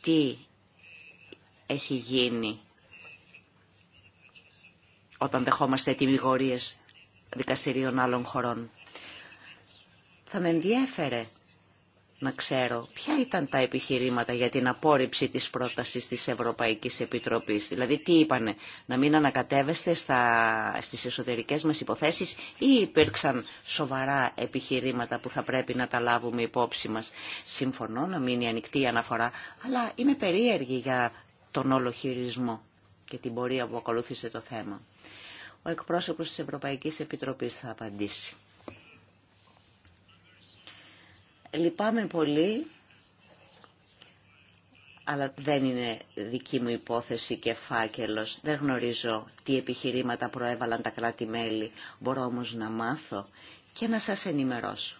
τι έχει γίνει όταν δεχόμαστε ετοιμιγορίες δικαστηρίων άλλων χωρών. Θα με ενδιέφερε να ξέρω ποια ήταν τα επιχειρήματα για την απόρριψη της πρότασης της Ευρωπαϊκής Επιτροπής. Δηλαδή τι είπανε, να μην ανακατεύεστε στα, στις εσωτερικές μας υποθέσεις ή υπήρξαν σοβαρά επιχειρήματα που θα πρέπει να τα λάβουμε υπόψη μας. Συμφωνώ να μείνει ανοιχτή η αναφορά, αλλά είμαι περίεργη για τον όλο χειρισμό και την πορεία που ακολούθησε το θέμα. Ο εκπρόσωπος της Ευρωπαϊκής Επιτροπής θα απαντήσει. Λυπάμαι πολύ, αλλά δεν είναι δική μου υπόθεση και φάκελος. Δεν γνωρίζω τι επιχειρήματα προέβαλαν τα κράτη-μέλη. Μπορώ όμως να μάθω και να σας ενημερώσω.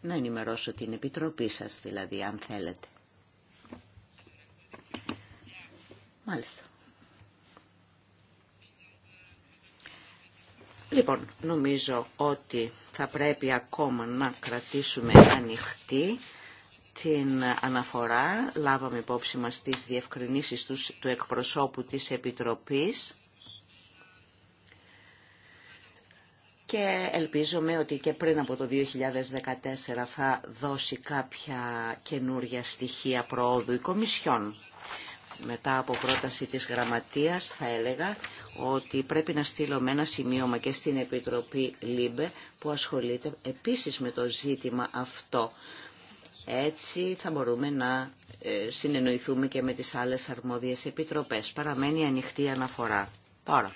Να ενημερώσω την Επιτροπή σας δηλαδή, αν θέλετε. Μάλιστα. Λοιπόν, νομίζω ότι θα πρέπει ακόμα να κρατήσουμε ανοιχτή την αναφορά. Λάβαμε υπόψη μας τις διευκρινήσεις του εκπροσώπου της Επιτροπής. και ελπίζομαι ότι και πριν από το 2014 θα δώσει κάποια καινούργια στοιχεία προόδου η Κομισιόν μετά από πρόταση της γραμματείας θα έλεγα ότι πρέπει να στείλουμε ένα σημείωμα και στην Επιτροπή ΛΥΜΠΕ που ασχολείται επίσης με το ζήτημα αυτό. Έτσι θα μπορούμε να ε, συνεννοηθούμε και με τις άλλες αρμόδιες επιτροπές. Παραμένει ανοιχτή αναφορά. Τώρα.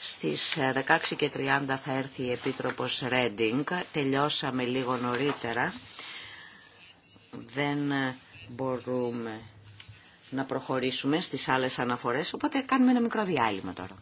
Στις 16.30 ε, θα έρθει η Επίτροπος Ρέντινγκ. Τελειώσαμε λίγο νωρίτερα δεν μπορούμε να προχωρήσουμε στις άλλες αναφορές, οπότε κάνουμε ένα μικρό διάλειμμα τώρα.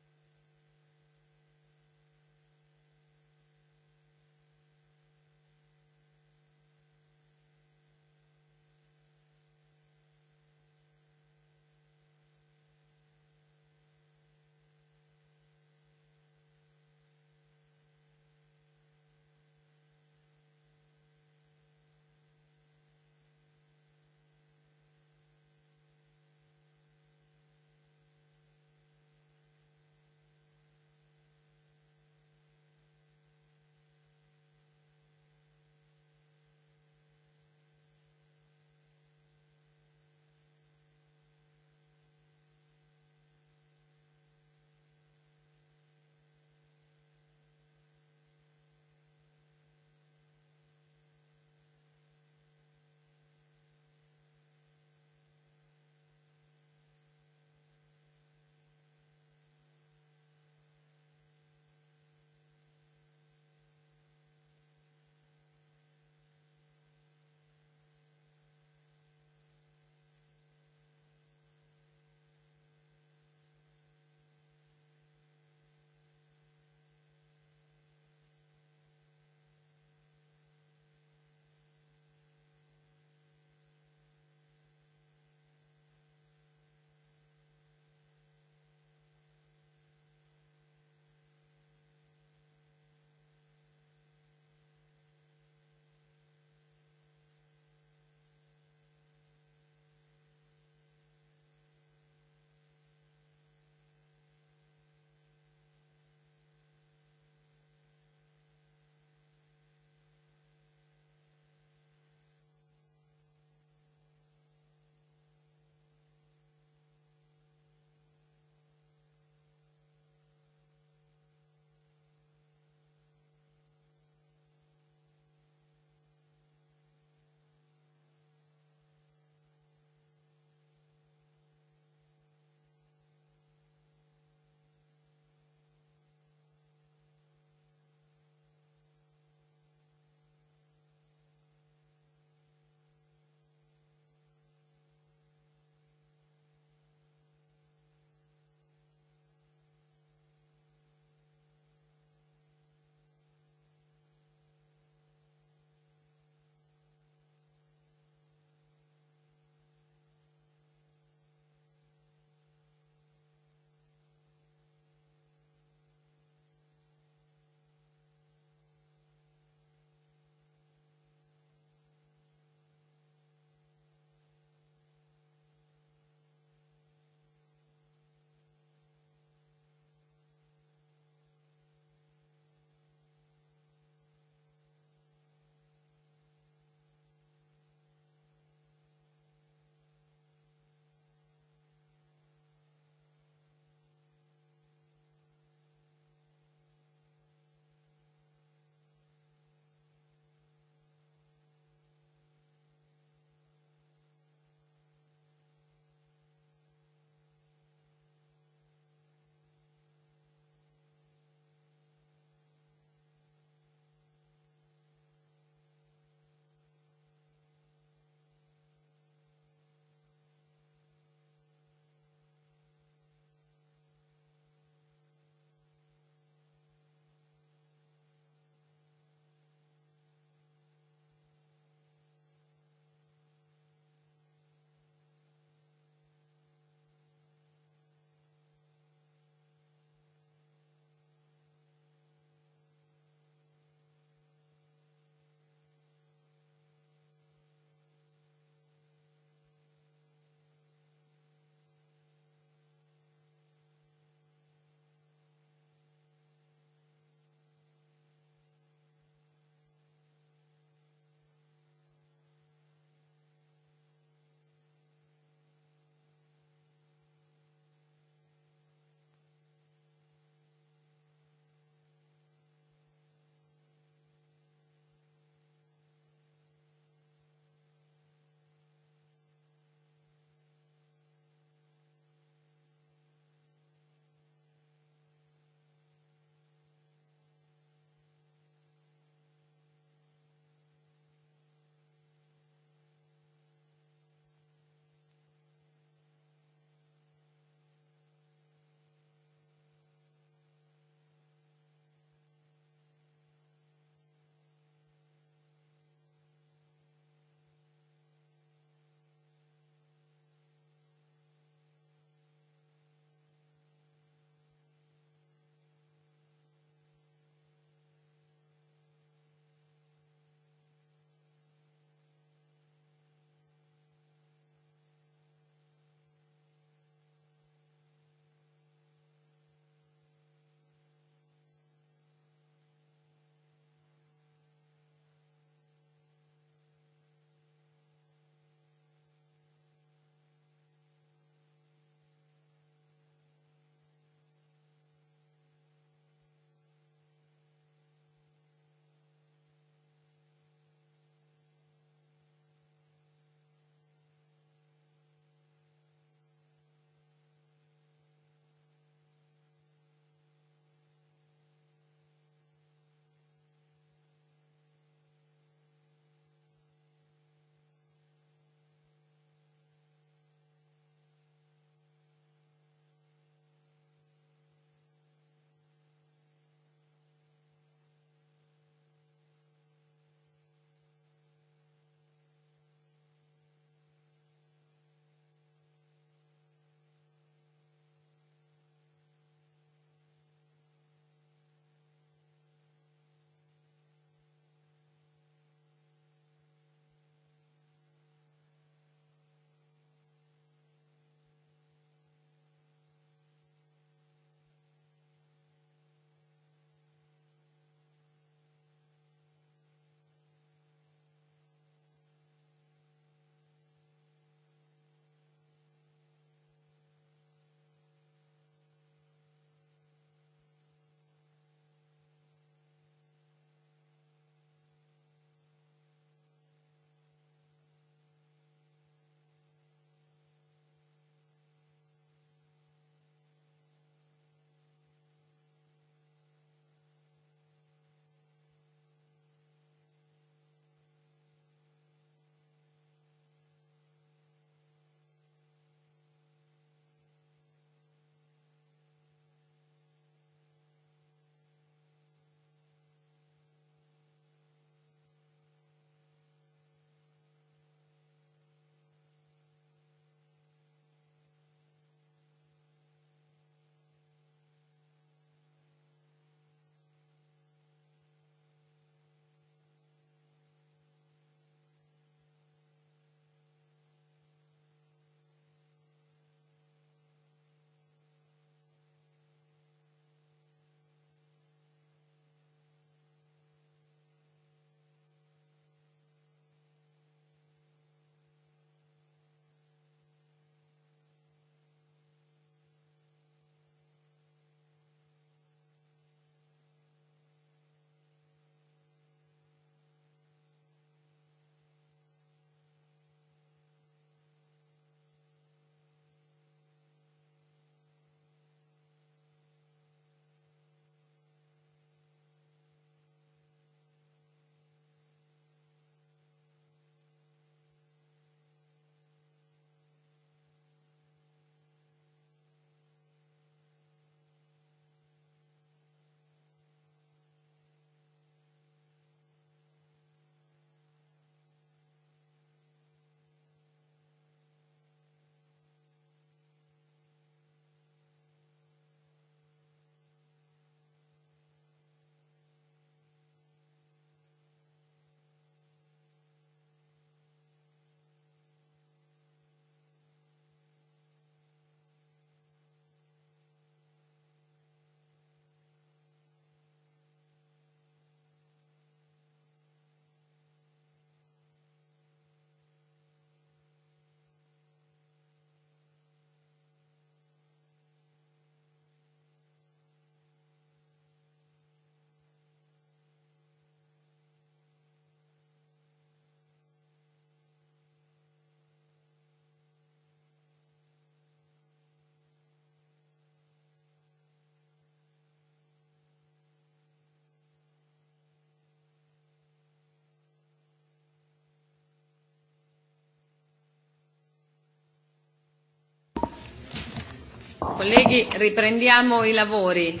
Colleghi, riprendiamo i lavori.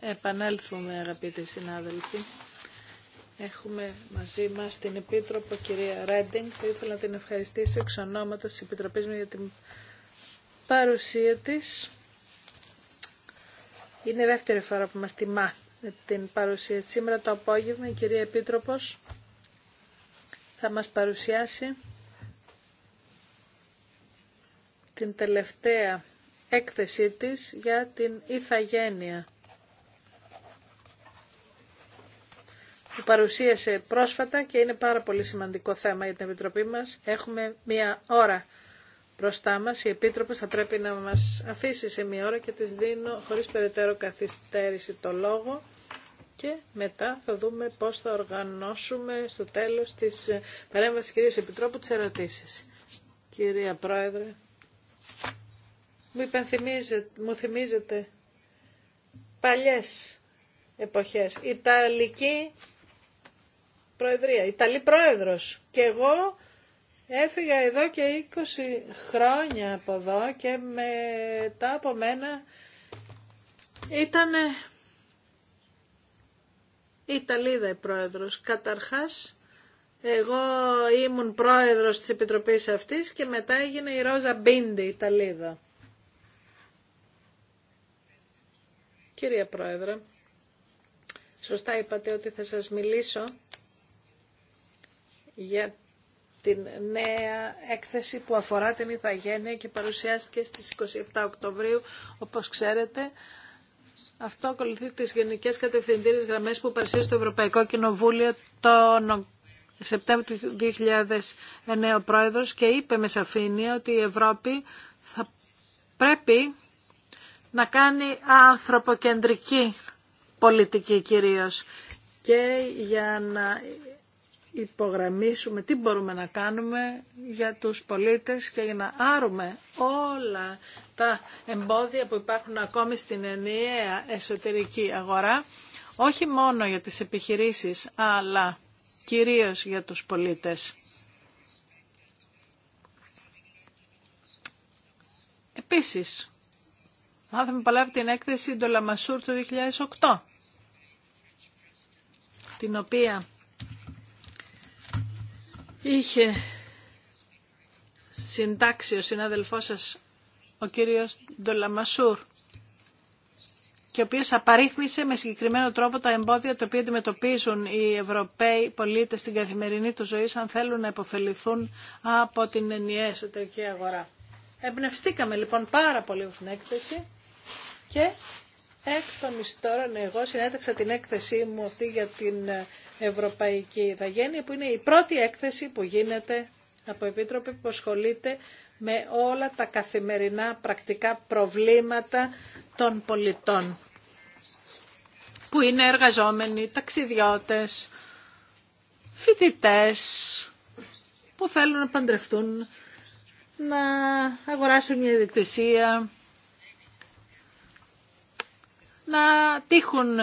Επανέλθουμε αγαπητοί συνάδελφοι. Έχουμε μαζί μα την Επίτροπο κυρία Ρέντινγκ. Θα ήθελα να την ευχαριστήσω εξ ονόματο τη Επιτροπή μου για την παρουσία τη. Είναι η δεύτερη φορά που μα τιμά με την παρουσία. Σήμερα το απόγευμα η κυρία Επίτροπος θα μας παρουσιάσει την τελευταία έκθεσή της για την Ιθαγένεια που παρουσίασε πρόσφατα και είναι πάρα πολύ σημαντικό θέμα για την Επιτροπή μας. Έχουμε μία ώρα μπροστά μας. Η Επίτροπος θα πρέπει να μας αφήσει σε μία ώρα και της δίνω χωρίς περαιτέρω καθυστέρηση το λόγο και μετά θα δούμε πώς θα οργανώσουμε στο τέλος της παρέμβασης κυρίας Επιτρόπου τις ερωτήσεις. Κυρία Πρόεδρε. Μου, μου θυμίζετε παλιές εποχές. Ιταλική Προεδρία, Ιταλή Πρόεδρος. Και εγώ έφυγα εδώ και 20 χρόνια από εδώ και μετά από μένα ήταν Ιταλίδα η Πρόεδρος. Καταρχάς εγώ ήμουν πρόεδρος της Επιτροπής αυτής και μετά έγινε η Ρόζα Μπίντι, Ιταλίδα. Κυρία Πρόεδρε, σωστά είπατε ότι θα σας μιλήσω για την νέα έκθεση που αφορά την Ιθαγένεια και παρουσιάστηκε στις 27 Οκτωβρίου, όπως ξέρετε. Αυτό ακολουθεί τις γενικές κατευθυντήριες γραμμές που παρουσίασε το Ευρωπαϊκό Κοινοβούλιο τον Σεπτέμβριο του 2009 ο πρόεδρος και είπε με σαφήνεια ότι η Ευρώπη θα πρέπει να κάνει ανθρωποκεντρική πολιτική κυρίως και για να υπογραμμίσουμε τι μπορούμε να κάνουμε για τους πολίτες και για να άρουμε όλα τα εμπόδια που υπάρχουν ακόμη στην ενιαία εσωτερική αγορά, όχι μόνο για τις επιχειρήσεις, αλλά κυρίως για τους πολίτες. Επίσης, μάθαμε πολλά από την έκθεση Ντολαμασούρ του 2008, την οποία είχε συντάξει ο συνάδελφός σας, ο κύριος Ντολαμασούρ και ο οποίο απαρίθμησε με συγκεκριμένο τρόπο τα εμπόδια τα οποία αντιμετωπίζουν οι Ευρωπαίοι πολίτε στην καθημερινή του ζωή αν θέλουν να υποφεληθούν από την ενιαία εσωτερική αγορά. Εμπνευστήκαμε λοιπόν πάρα πολύ από την έκθεση και εκ τώρα εγώ συνέταξα την έκθεσή μου αυτή για την Ευρωπαϊκή Ιθαγένεια που είναι η πρώτη έκθεση που γίνεται από Επίτροπη που ασχολείται με όλα τα καθημερινά πρακτικά προβλήματα των πολιτών που είναι εργαζόμενοι, ταξιδιώτες, φοιτητές που θέλουν να παντρευτούν, να αγοράσουν μια διεκτησία, να τύχουν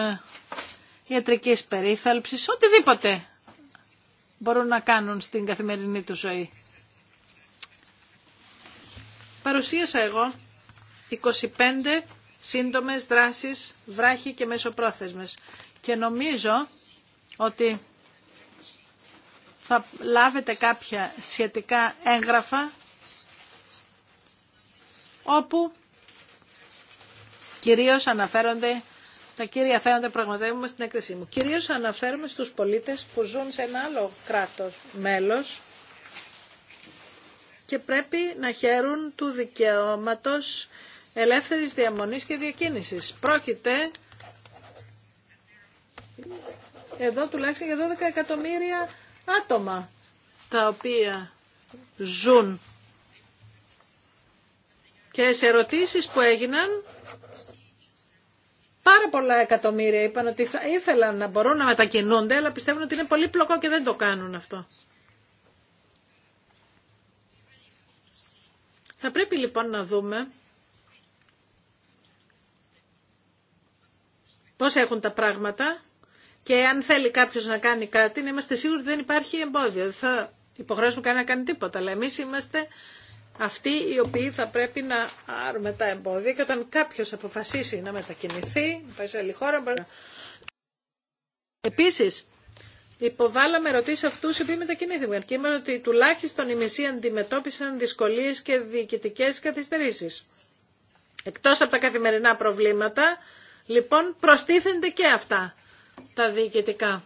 ιατρικής περίθαλψης, οτιδήποτε μπορούν να κάνουν στην καθημερινή του ζωή. Παρουσίασα εγώ 25 σύντομες δράσεις, βράχοι και μεσοπρόθεσμες. Και νομίζω ότι θα λάβετε κάποια σχετικά έγγραφα όπου κυρίως αναφέρονται τα κύρια θέματα πραγματεύουμε στην έκθεσή μου. Κυρίως αναφέρομαι στους πολίτες που ζουν σε ένα άλλο κράτος μέλος και πρέπει να χαίρουν του δικαιώματος ελεύθερης διαμονής και διακίνησης. Πρόκειται εδώ τουλάχιστον για 12 εκατομμύρια άτομα τα οποία ζουν. Και σε ερωτήσεις που έγιναν, πάρα πολλά εκατομμύρια είπαν ότι θα ήθελαν να μπορούν να μετακινούνται, αλλά πιστεύουν ότι είναι πολύ πλοκό και δεν το κάνουν αυτό. Θα πρέπει λοιπόν να δούμε πώς έχουν τα πράγματα και αν θέλει κάποιος να κάνει κάτι, να είμαστε σίγουροι ότι δεν υπάρχει εμπόδιο. Δεν θα υποχρεώσουμε κανένα να κάνει τίποτα, αλλά εμείς είμαστε αυτοί οι οποίοι θα πρέπει να άρουμε τα εμπόδια και όταν κάποιος αποφασίσει να μετακινηθεί, να πάει σε άλλη χώρα... Μπορεί... Επίσης, υποβάλαμε ερωτήσει αυτού οι οποίοι μετακινήθηκαν και είμαστε ότι τουλάχιστον οι μισοί αντιμετώπισαν δυσκολίε και διοικητικέ καθυστερήσει. Εκτό από τα καθημερινά προβλήματα, Λοιπόν, προστίθενται και αυτά τα διοικητικά.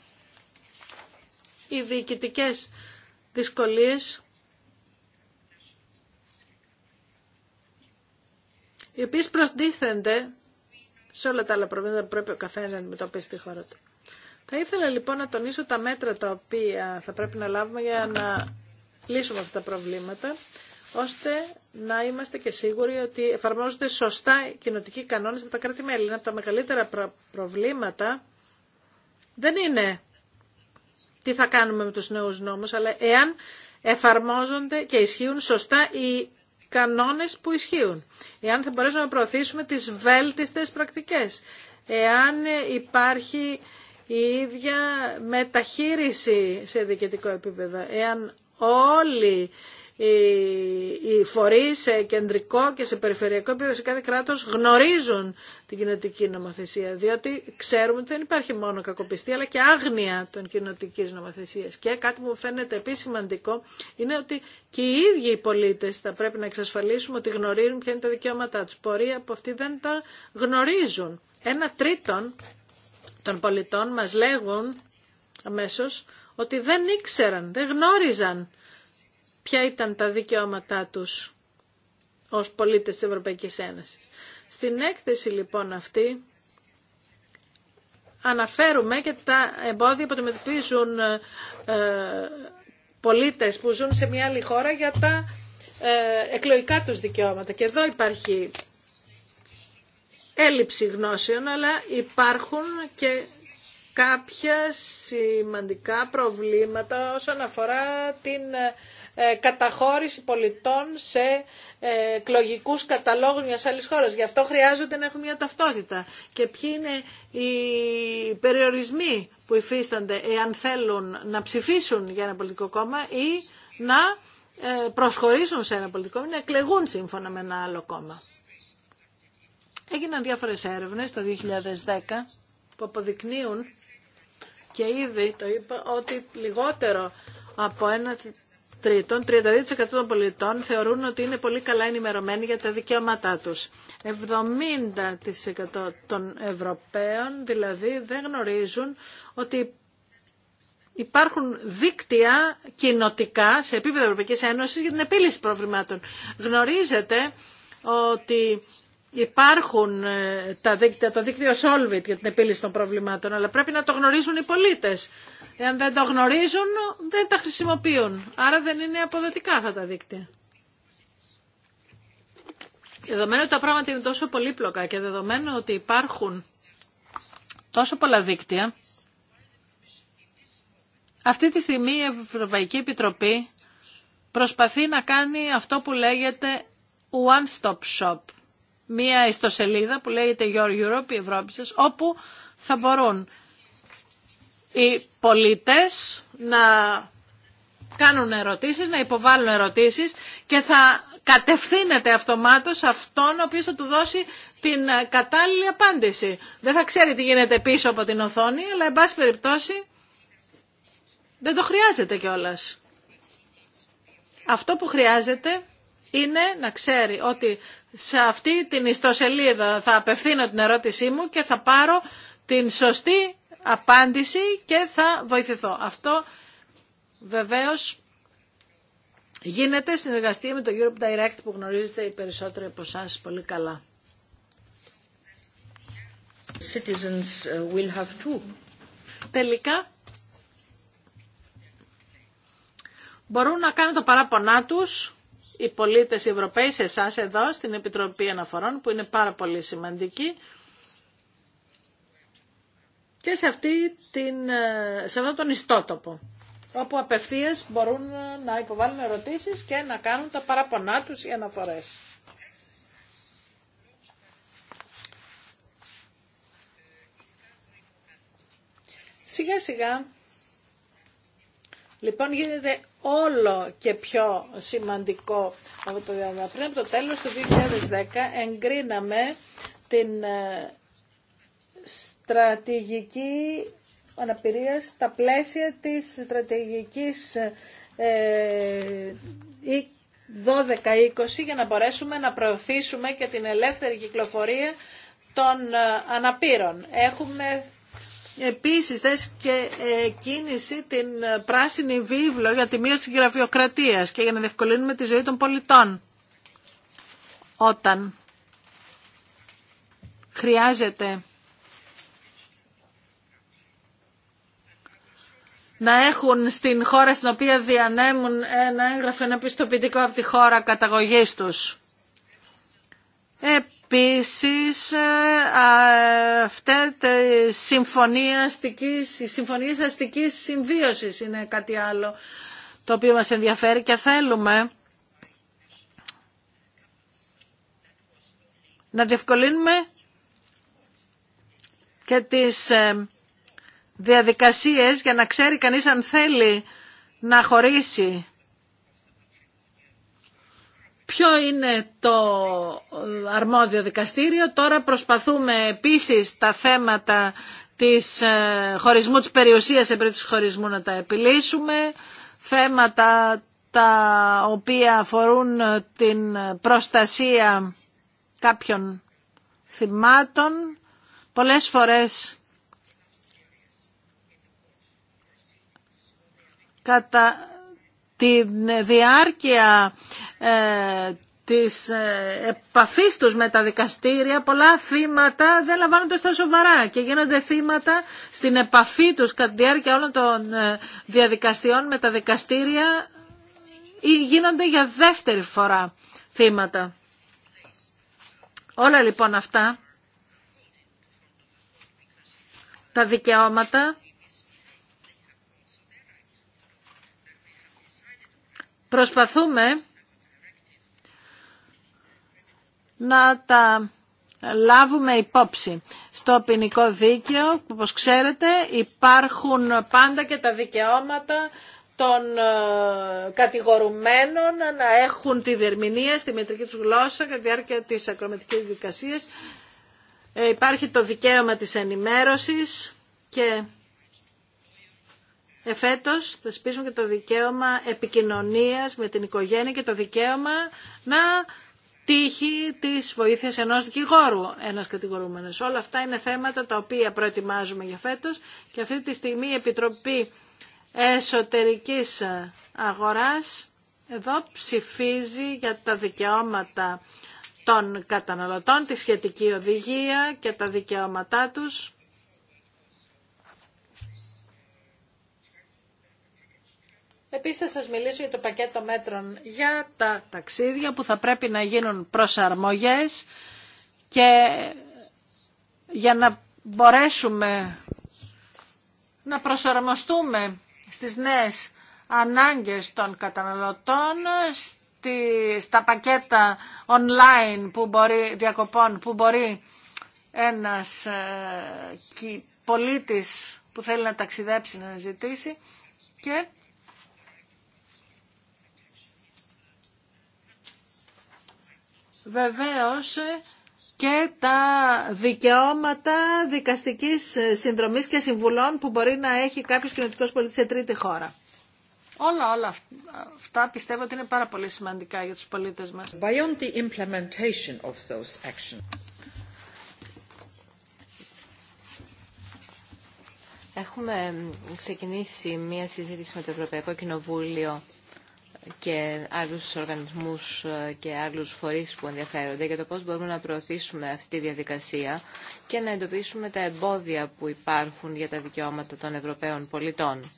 Οι διοικητικέ δυσκολίες οι οποίες προστίθενται σε όλα τα άλλα προβλήματα που πρέπει ο καθένας να αντιμετωπίσει στη χώρα του. Θα ήθελα λοιπόν να τονίσω τα μέτρα τα οποία θα πρέπει να λάβουμε για να λύσουμε αυτά τα προβλήματα ώστε να είμαστε και σίγουροι ότι εφαρμόζονται σωστά οι κοινοτικοί κανόνες από τα κράτη-μέλη. Ένα από τα μεγαλύτερα προβλήματα δεν είναι τι θα κάνουμε με τους νέους νόμους, αλλά εάν εφαρμόζονται και ισχύουν σωστά οι κανόνες που ισχύουν. Εάν θα μπορέσουμε να προωθήσουμε τις βέλτιστες πρακτικές. Εάν υπάρχει η ίδια μεταχείριση σε διοικητικό επίπεδο. Εάν όλοι οι φορεί σε κεντρικό και σε περιφερειακό επίπεδο σε κάθε κράτο γνωρίζουν την κοινοτική νομοθεσία, διότι ξέρουμε ότι δεν υπάρχει μόνο κακοπιστή αλλά και άγνοια των κοινοτική νομοθεσία. Και κάτι που μου φαίνεται επίση σημαντικό είναι ότι και οι ίδιοι οι πολίτε θα πρέπει να εξασφαλίσουμε ότι γνωρίζουν ποια είναι τα δικαιώματά του. Πορεία από αυτοί δεν τα γνωρίζουν. Ένα τρίτον των πολιτών μα λέγουν αμέσω ότι δεν ήξεραν, δεν γνώριζαν ποια ήταν τα δικαιώματά τους ως πολίτες της Ευρωπαϊκής Ένωσης. Στην έκθεση λοιπόν αυτή αναφέρουμε και τα εμπόδια που αντιμετωπίζουν ε, ε, πολίτες που ζουν σε μια άλλη χώρα για τα ε, εκλογικά τους δικαιώματα. Και εδώ υπάρχει έλλειψη γνώσεων, αλλά υπάρχουν και κάποια σημαντικά προβλήματα όσον αφορά την ε, καταχώρηση πολιτών σε ε, εκλογικού καταλόγους μιας άλλης χώρας. Γι' αυτό χρειάζονται να έχουν μια ταυτότητα. Και ποιοι είναι οι περιορισμοί που υφίστανται εάν θέλουν να ψηφίσουν για ένα πολιτικό κόμμα ή να ε, προσχωρήσουν σε ένα πολιτικό κόμμα, να εκλεγούν σύμφωνα με ένα άλλο κόμμα. Έγιναν διάφορες έρευνες το 2010 που αποδεικνύουν και ήδη το είπα ότι λιγότερο από ένα Τρίτον, 32% των πολιτών θεωρούν ότι είναι πολύ καλά ενημερωμένοι για τα δικαιώματά τους. 70% των Ευρωπαίων δηλαδή δεν γνωρίζουν ότι υπάρχουν δίκτυα κοινοτικά σε επίπεδο Ευρωπαϊκής Ένωσης για την επίλυση προβλημάτων. Γνωρίζετε ότι υπάρχουν ε, τα δίκτυα, το δίκτυο Solvit για την επίλυση των προβλημάτων, αλλά πρέπει να το γνωρίζουν οι πολίτες. Εάν δεν το γνωρίζουν, δεν τα χρησιμοποιούν. Άρα δεν είναι αποδοτικά αυτά τα δίκτυα. Δεδομένου ότι τα πράγματα είναι τόσο πολύπλοκα και δεδομένου ότι υπάρχουν τόσο πολλά δίκτυα, αυτή τη στιγμή η Ευρωπαϊκή Επιτροπή προσπαθεί να κάνει αυτό που λέγεται one-stop shop μία ιστοσελίδα που λέγεται Your Europe, η Ευρώπη σας, όπου θα μπορούν οι πολίτες να κάνουν ερωτήσεις, να υποβάλουν ερωτήσεις και θα κατευθύνεται αυτομάτως αυτόν ο οποίος θα του δώσει την κατάλληλη απάντηση. Δεν θα ξέρει τι γίνεται πίσω από την οθόνη, αλλά εν πάση περιπτώσει δεν το χρειάζεται κιόλα. Αυτό που χρειάζεται είναι να ξέρει ότι σε αυτή την ιστοσελίδα θα απευθύνω την ερώτησή μου και θα πάρω την σωστή απάντηση και θα βοηθηθώ. Αυτό βεβαίως γίνεται συνεργαστή με το Europe Direct που γνωρίζετε οι περισσότεροι από εσά πολύ καλά. Uh, have Τελικά μπορούν να κάνουν το παράπονά τους οι πολίτες Ευρωπαίοι σε εσά εδώ στην Επιτροπή Αναφορών που είναι πάρα πολύ σημαντική και σε, αυτή την, ε, σε αυτόν τον ιστότοπο όπου απευθείας μπορούν ε, να υποβάλουν ερωτήσεις και να κάνουν τα παραπονά τους οι αναφορές. Σιγά σιγά λοιπόν γίνεται όλο και πιο σημαντικό από το διάστημα. Πριν από το τέλος του 2010 εγκρίναμε την ε, στρατηγική αναπηρία στα πλαίσια της στρατηγικής 12-20 ε, για να μπορέσουμε να προωθήσουμε και την ελεύθερη κυκλοφορία των ε, αναπήρων. Έχουμε Επίσης, δες και ε, κίνηση την ε, πράσινη βίβλο για τη μείωση της γραφειοκρατίας και για να διευκολύνουμε τη ζωή των πολιτών. Όταν χρειάζεται να έχουν στην χώρα στην οποία διανέμουν ένα έγγραφο, ένα πιστοποιητικό από τη χώρα καταγωγής τους. Ε, Επίσης, ε, αυτή τη συμφωνία αστικής, οι συμφωνίες αστικής συμβίωσης είναι κάτι άλλο το οποίο μας ενδιαφέρει και θέλουμε να διευκολύνουμε και τις ε, διαδικασίες για να ξέρει κανείς αν θέλει να χωρίσει ποιο είναι το αρμόδιο δικαστήριο. Τώρα προσπαθούμε επίσης τα θέματα της ε, χωρισμού της περιουσίας σε περίπτωση χωρισμού να τα επιλύσουμε. Θέματα τα οποία αφορούν ε, την προστασία κάποιων θυμάτων. Πολλές φορές κατά την διάρκεια ε, της ε, επαφής τους με τα δικαστήρια πολλά θύματα δεν λαμβάνονται στα σοβαρά και γίνονται θύματα στην επαφή τους κατά τη διάρκεια όλων των ε, διαδικασιών με τα δικαστήρια ή γίνονται για δεύτερη φορά θύματα. Όλα λοιπόν αυτά τα δικαιώματα προσπαθούμε να τα λάβουμε υπόψη. Στο ποινικό δίκαιο, όπως ξέρετε, υπάρχουν πάντα και τα δικαιώματα των ε, κατηγορουμένων να έχουν τη διερμηνία στη μετρική τους γλώσσα κατά τη διάρκεια της ακροματικής δικασίας. Ε, υπάρχει το δικαίωμα της ενημέρωσης και Εφέτος θεσπίζουμε και το δικαίωμα επικοινωνία με την οικογένεια και το δικαίωμα να τύχει τη βοήθεια ενό δικηγόρου ένα κατηγορούμενο. Όλα αυτά είναι θέματα τα οποία προετοιμάζουμε για φέτο, και αυτή τη στιγμή η Επιτροπή Εσωτερικής Αγοράς εδώ ψηφίζει για τα δικαιώματα των καταναλωτών, τη σχετική οδηγία και τα δικαιώματά τους Επίσης θα σας μιλήσω για το πακέτο μέτρων για τα ταξίδια που θα πρέπει να γίνουν προσαρμογές και για να μπορέσουμε να προσαρμοστούμε στις νέες ανάγκες των καταναλωτών, στα πακέτα online που μπορεί, διακοπών που μπορεί ένας ε, πολίτης που θέλει να ταξιδέψει να ζητήσει και βεβαίως και τα δικαιώματα δικαστικής συνδρομής και συμβουλών που μπορεί να έχει κάποιος κοινωτικός πολίτης σε τρίτη χώρα. Όλα, όλα αυτά πιστεύω ότι είναι πάρα πολύ σημαντικά για τους πολίτες μας. Έχουμε ξεκινήσει μία συζήτηση με το Ευρωπαϊκό Κοινοβούλιο και άλλους οργανισμούς ε, και άλλους φορείς που ενδιαφέρονται για το πώς μπορούμε να προωθήσουμε αυτή τη διαδικασία και να εντοπίσουμε τα εμπόδια που υπάρχουν για τα δικαιώματα των Ευρωπαίων πολιτών.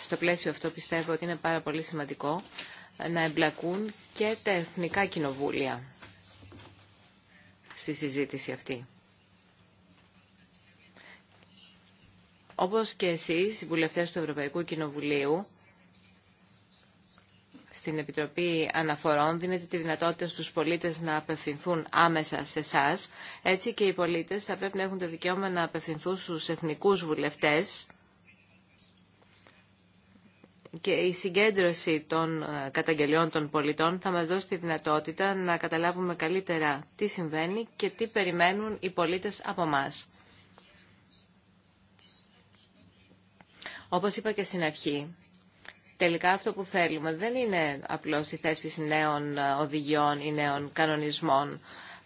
Στο πλαίσιο αυτό πιστεύω ότι είναι πάρα πολύ σημαντικό ε, να εμπλακούν και τα εθνικά κοινοβούλια στη συζήτηση αυτή. Όπως και εσείς, οι βουλευτές του Ευρωπαϊκού Κοινοβουλίου, στην Επιτροπή Αναφορών δίνεται τη δυνατότητα στους πολίτες να απευθυνθούν άμεσα σε εσά. Έτσι και οι πολίτες θα πρέπει να έχουν το δικαίωμα να απευθυνθούν στους εθνικούς βουλευτές και η συγκέντρωση των ε, καταγγελιών των πολιτών θα μας δώσει τη δυνατότητα να καταλάβουμε καλύτερα τι συμβαίνει και τι περιμένουν οι πολίτες από μας. Όπως είπα και στην αρχή, Τελικά αυτό που θέλουμε δεν είναι απλώς η θέσπιση νέων ε, οδηγιών ή νέων κανονισμών.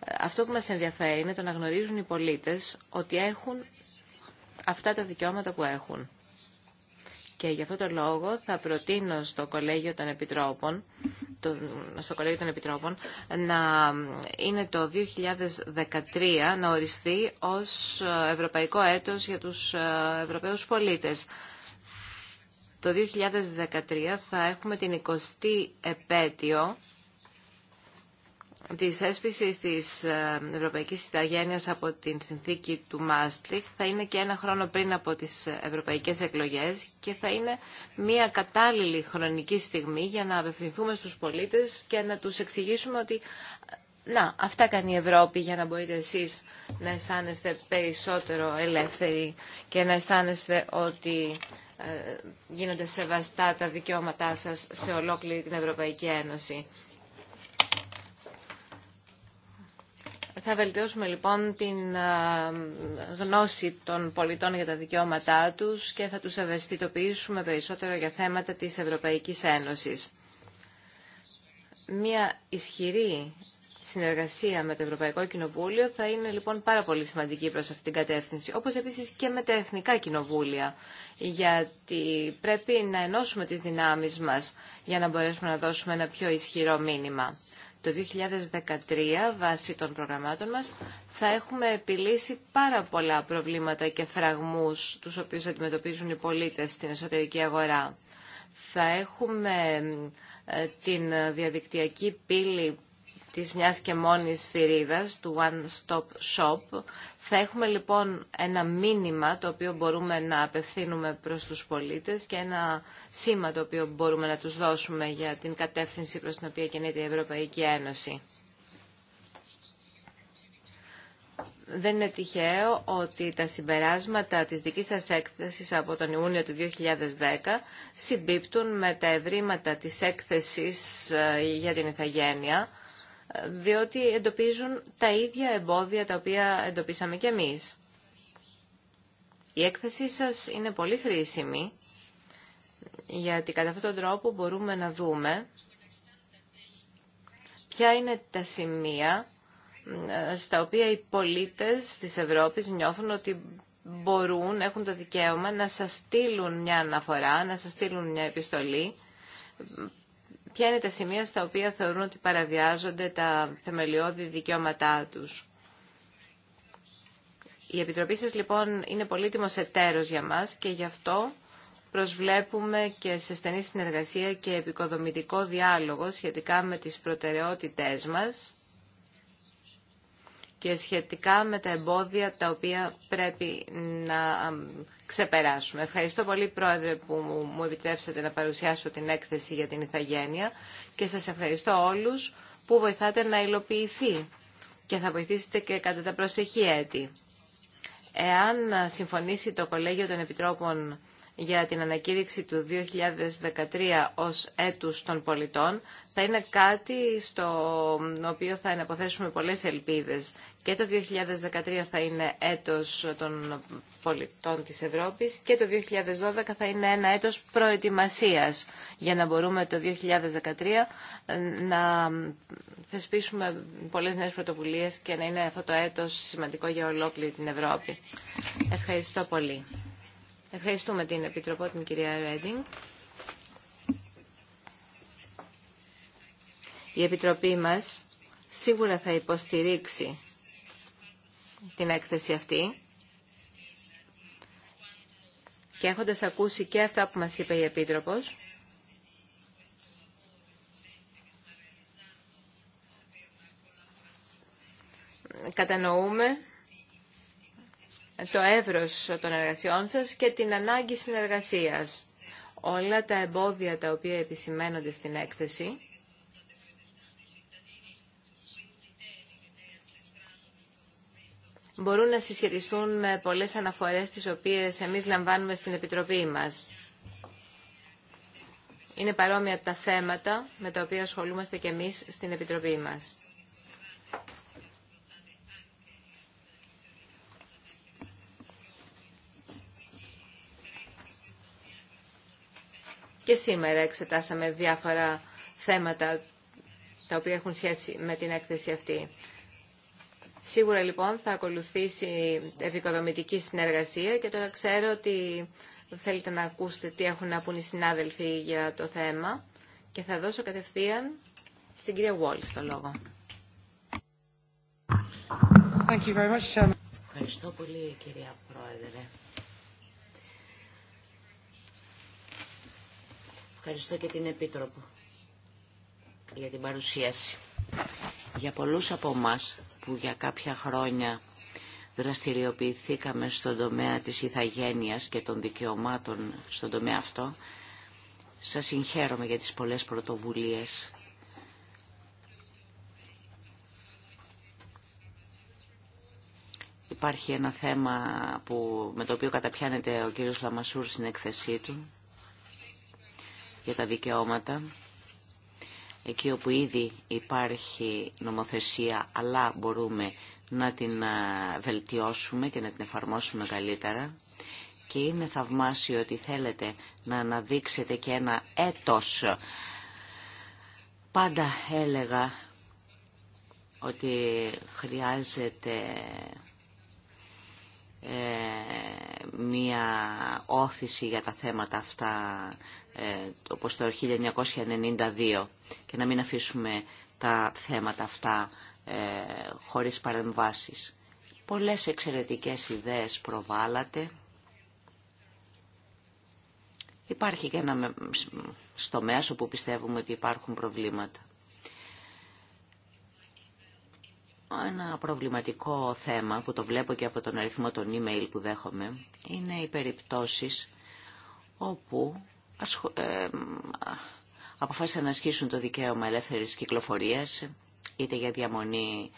Ε, αυτό που μας ενδιαφέρει είναι το να γνωρίζουν οι πολίτες ότι έχουν αυτά τα δικαιώματα που έχουν. Και γι' αυτό το λόγο θα προτείνω στο Κολέγιο των Επιτρόπων, το, στο Κολέγιο των Επιτρόπων να είναι το 2013 να οριστεί ως ε, Ευρωπαϊκό Έτος για τους Ευρωπαίους πολίτες. Το 2013 θα έχουμε την 20η επέτειο της έσπισης της ε, Ευρωπαϊκής Ιθαγένειας από την συνθήκη του Μάστριχ θα είναι και ένα χρόνο πριν από τις ευρωπαϊκές εκλογές και θα είναι μια κατάλληλη χρονική στιγμή για να απευθυνθούμε στους πολίτες και να τους εξηγήσουμε ότι να, αυτά κάνει η Ευρώπη για να μπορείτε εσείς να αισθάνεστε περισσότερο ελεύθεροι και να αισθάνεστε ότι ε, γίνονται σεβαστά τα δικαιώματά σας σε ολόκληρη την Ευρωπαϊκή Ένωση. Θα βελτιώσουμε λοιπόν την ε, γνώση των πολιτών για τα δικαιώματά τους και θα τους ευαισθητοποιήσουμε περισσότερο για θέματα της Ευρωπαϊκής Ένωσης. Μία ισχυρή συνεργασία με το Ευρωπαϊκό Κοινοβούλιο θα είναι λοιπόν πάρα πολύ σημαντική προς αυτήν την κατεύθυνση, όπως επίσης και με τα εθνικά κοινοβούλια, γιατί πρέπει να ενώσουμε τις δυνάμεις μας για να μπορέσουμε να δώσουμε ένα πιο ισχυρό μήνυμα. Το 2013, βάσει των προγραμμάτων μας, θα έχουμε επιλύσει πάρα πολλά προβλήματα και φραγμούς τους οποίους αντιμετωπίζουν οι πολίτες στην εσωτερική αγορά. Θα έχουμε ε, την διαδικτυακή πύλη της μιας και μόνης θηρίδας, του One Stop Shop. Θα έχουμε λοιπόν ένα μήνυμα το οποίο μπορούμε να απευθύνουμε προς τους πολίτες και ένα σήμα το οποίο μπορούμε να τους δώσουμε για την κατεύθυνση προς την οποία κινείται η Ευρωπαϊκή Ένωση. Δεν είναι τυχαίο ότι τα συμπεράσματα της δικής σας έκθεσης από τον Ιούνιο του 2010 συμπίπτουν με τα ευρήματα της έκθεσης ε, για την Ιθαγένεια διότι εντοπίζουν τα ίδια εμπόδια τα οποία εντοπίσαμε κι εμείς. Η έκθεσή σας είναι πολύ χρήσιμη, γιατί κατά αυτόν τον τρόπο μπορούμε να δούμε ποια είναι τα σημεία ε, στα οποία οι πολίτες της Ευρώπης νιώθουν ότι μπορούν, έχουν το δικαίωμα να σας στείλουν μια αναφορά, να σας στείλουν μια επιστολή ποια είναι τα σημεία στα οποία θεωρούν ότι παραβιάζονται τα θεμελιώδη δικαιώματά τους. Η Επιτροπή σας λοιπόν είναι πολύτιμος εταίρος για μας και γι' αυτό προσβλέπουμε και σε στενή συνεργασία και επικοδομητικό διάλογο σχετικά με τις προτεραιότητές μας και σχετικά με τα εμπόδια τα οποία πρέπει να ξεπεράσουμε. Ευχαριστώ πολύ, Πρόεδρε, που μου επιτρέψατε να παρουσιάσω την έκθεση για την Ιθαγένεια και σας ευχαριστώ όλους που βοηθάτε να υλοποιηθεί και θα βοηθήσετε και κατά τα προσεχή έτη. Εάν συμφωνήσει το Κολέγιο των Επιτρόπων για την ανακήρυξη του 2013 ως έτους των πολιτών θα είναι κάτι στο οποίο θα εναποθέσουμε πολλές ελπίδες. Και το 2013 θα είναι έτος των πολιτών της Ευρώπης και το 2012 θα είναι ένα έτος προετοιμασίας για να μπορούμε το 2013 να θεσπίσουμε πολλές νέες πρωτοβουλίες και να είναι αυτό το έτος σημαντικό για ολόκληρη την Ευρώπη. Ευχαριστώ πολύ. Ευχαριστούμε την Επιτροπό, την κυρία Ρέντινγκ. Η Επιτροπή μας σίγουρα θα υποστηρίξει την έκθεση αυτή και έχοντας ακούσει και αυτά που μας είπε η Επίτροπος κατανοούμε το εύρος των εργασιών σας και την ανάγκη συνεργασίας. Όλα τα εμπόδια τα οποία επισημαίνονται στην έκθεση μπορούν να συσχετιστούν με πολλές αναφορές τις οποίες εμείς λαμβάνουμε στην Επιτροπή μας. Είναι παρόμοια τα θέματα με τα οποία ασχολούμαστε και εμείς στην Επιτροπή μας. Και σήμερα εξετάσαμε διάφορα θέματα τα οποία έχουν σχέση με την έκθεση αυτή. Σίγουρα λοιπόν θα ακολουθήσει επικοδομητική συνεργασία και τώρα ξέρω ότι θέλετε να ακούσετε τι έχουν να πούν οι συνάδελφοι για το θέμα και θα δώσω κατευθείαν στην κυρία Βόλς το λόγο. Thank you very Ευχαριστώ πολύ κυρία Πρόεδρε. Ευχαριστώ και την Επίτροπο για την παρουσίαση. Για πολλούς από εμά που για κάποια χρόνια δραστηριοποιηθήκαμε στον τομέα της ηθαγένειας και των δικαιωμάτων στον τομέα αυτό, σας συγχαίρομαι για τις πολλές πρωτοβουλίες Υπάρχει ένα θέμα που, με το οποίο καταπιάνεται ο κύριος Λαμασούρ στην έκθεσή του για τα δικαιώματα, εκεί όπου ήδη υπάρχει νομοθεσία αλλά μπορούμε να την βελτιώσουμε και να την εφαρμόσουμε καλύτερα. Και είναι θαυμάσιο ότι θέλετε να αναδείξετε και ένα έτος. Πάντα έλεγα ότι χρειάζεται ε, μία όθηση για τα θέματα αυτά ε, όπως το 1992 και να μην αφήσουμε τα θέματα αυτά ε, χωρίς παρεμβάσεις. Πολλές εξαιρετικές ιδέες προβάλατε. Υπάρχει και ένα μέσο όπου πιστεύουμε ότι υπάρχουν προβλήματα. Ένα προβληματικό θέμα που το βλέπω και από τον αριθμό των email που δέχομαι είναι οι περιπτώσεις όπου ε, αποφάσισαν να ασκήσουν το δικαίωμα ελεύθερης κυκλοφορίας είτε για διαμονή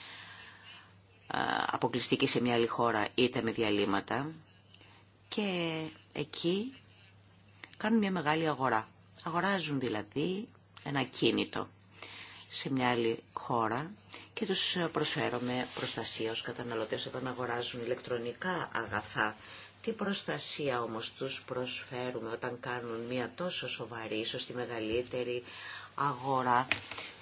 ε, αποκλειστική σε μια άλλη χώρα είτε με διαλύματα και εκεί κάνουν μια μεγάλη αγορά. Αγοράζουν δηλαδή ένα κίνητο σε μια άλλη χώρα και τους προσφέρουμε προστασία ως καταναλωτές όταν αγοράζουν ηλεκτρονικά αγαθά τι προστασία όμως τους προσφέρουμε όταν κάνουν μια τόσο σοβαρή, ίσως τη μεγαλύτερη αγορά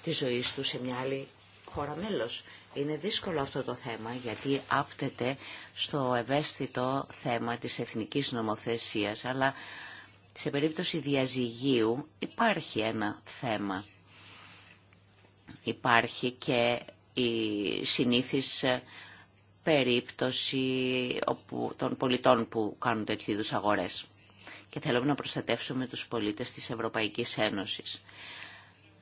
της ζωής τους σε μια άλλη χώρα μέλος. Είναι δύσκολο αυτό το θέμα γιατί άπτεται στο ευαίσθητο θέμα της εθνικής νομοθεσίας, αλλά σε περίπτωση διαζυγίου υπάρχει ένα θέμα. Υπάρχει και η συνήθις περίπτωση των πολιτών που κάνουν τέτοιου είδους αγορές. Και θέλουμε να προστατεύσουμε τους πολίτες της Ευρωπαϊκής Ένωσης.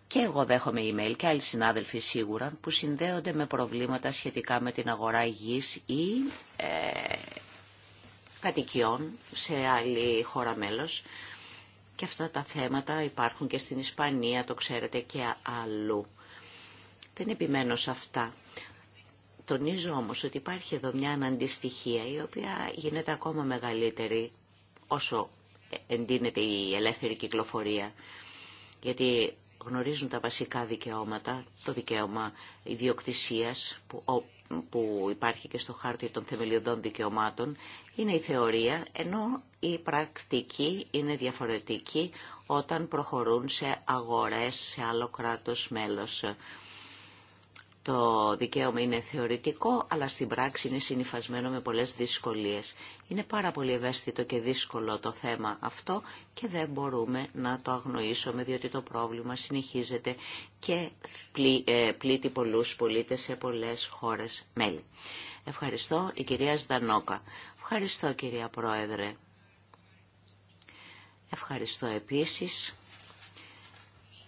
Και εγώ δέχομαι email και άλλοι συνάδελφοι σίγουρα που συνδέονται με προβλήματα σχετικά με την αγορά γης ή ε, κατοικιών σε άλλη χώρα μέλος. Και αυτά τα θέματα υπάρχουν και στην Ισπανία, το ξέρετε, και αλλού. Δεν επιμένω σε αυτά. Τονίζω όμως ότι υπάρχει εδώ μια αναντιστοιχία η οποία γίνεται ακόμα μεγαλύτερη όσο εντείνεται η ελεύθερη κυκλοφορία. Γιατί γνωρίζουν τα βασικά δικαιώματα, το δικαίωμα ιδιοκτησίας που, που υπάρχει και στο χάρτη των θεμελιωδών δικαιωμάτων, είναι η θεωρία, ενώ η πρακτική είναι διαφορετική όταν προχωρούν σε αγορές σε άλλο κράτος μέλος. Το δικαίωμα είναι θεωρητικό, αλλά στην πράξη είναι συνειφασμένο με πολλές δυσκολίες. Είναι πάρα πολύ ευαίσθητο και δύσκολο το θέμα αυτό και δεν μπορούμε να το αγνοήσουμε, διότι το πρόβλημα συνεχίζεται και ε, πλήττει πολλούς πολίτες σε πολλές χώρες μέλη. Ευχαριστώ, η κυρία Στανόκα. Ευχαριστώ, κυρία Πρόεδρε. Ευχαριστώ επίσης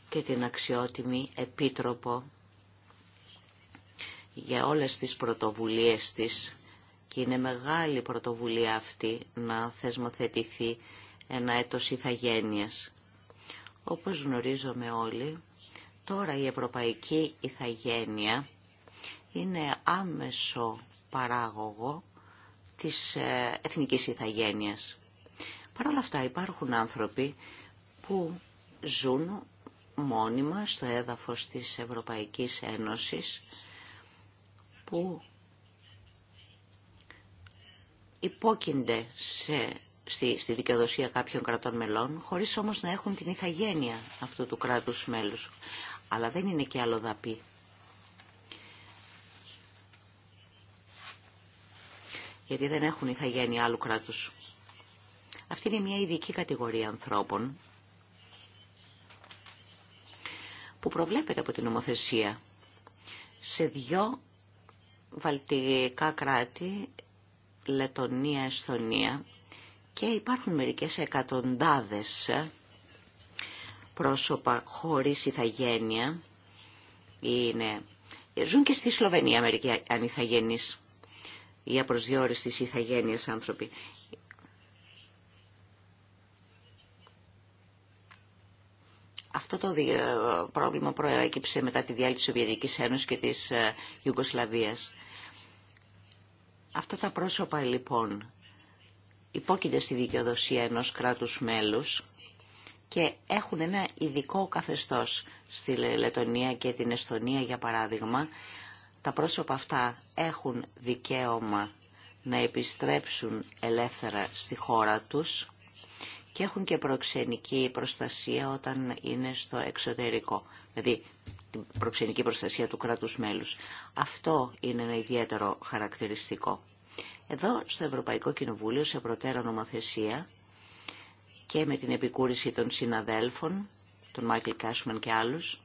και την αξιότιμη Επίτροπο για όλες τις πρωτοβουλίες της και είναι μεγάλη πρωτοβουλία αυτή να θεσμοθετηθεί ένα έτος ηθαγένειας. Όπως γνωρίζουμε όλοι, τώρα η ευρωπαϊκή ηθαγένεια είναι άμεσο παράγωγο της ε, εθνικής ηθαγένειας. Παρ' όλα αυτά υπάρχουν άνθρωποι που ζουν μόνιμα στο έδαφος της Ευρωπαϊκής Ένωσης που υπόκεινται σε, στη, στη δικαιοδοσία κάποιων κρατών μελών, χωρίς όμως να έχουν την ηθαγένεια αυτού του κράτους μέλους. Αλλά δεν είναι και άλλο δαπή. Γιατί δεν έχουν ηθαγένεια άλλου κράτους. Αυτή είναι μια ειδική κατηγορία ανθρώπων που προβλέπεται από την νομοθεσία σε δύο βαλτικά κράτη, Λετωνία, Εσθονία και υπάρχουν μερικές εκατοντάδες πρόσωπα χωρίς ηθαγένεια. Είναι... Ζουν και στη Σλοβενία μερικοί ανηθαγενείς ή απροσδιόριστης ηθαγένειας άνθρωποι. Αυτό το πρόβλημα προέκυψε μετά τη διάλυση της Σοβιετικής Ένωσης και της ε, Ιουγκοσλαβίας. Αυτά τα πρόσωπα λοιπόν υπόκεινται στη δικαιοδοσία ενός κράτους μέλους και έχουν ένα ειδικό καθεστώς στη Λετωνία και την Εστονία για παράδειγμα. Τα πρόσωπα αυτά έχουν δικαίωμα να επιστρέψουν ελεύθερα στη χώρα τους και έχουν και προξενική προστασία όταν είναι στο εξωτερικό. Δηλαδή την προξενική προστασία του κράτους μέλους. Αυτό είναι ένα ιδιαίτερο χαρακτηριστικό. Εδώ στο Ευρωπαϊκό Κοινοβούλιο σε προτέρα νομοθεσία και με την επικούρηση των συναδέλφων, τον Μάικλ Κάσμαν και άλλους,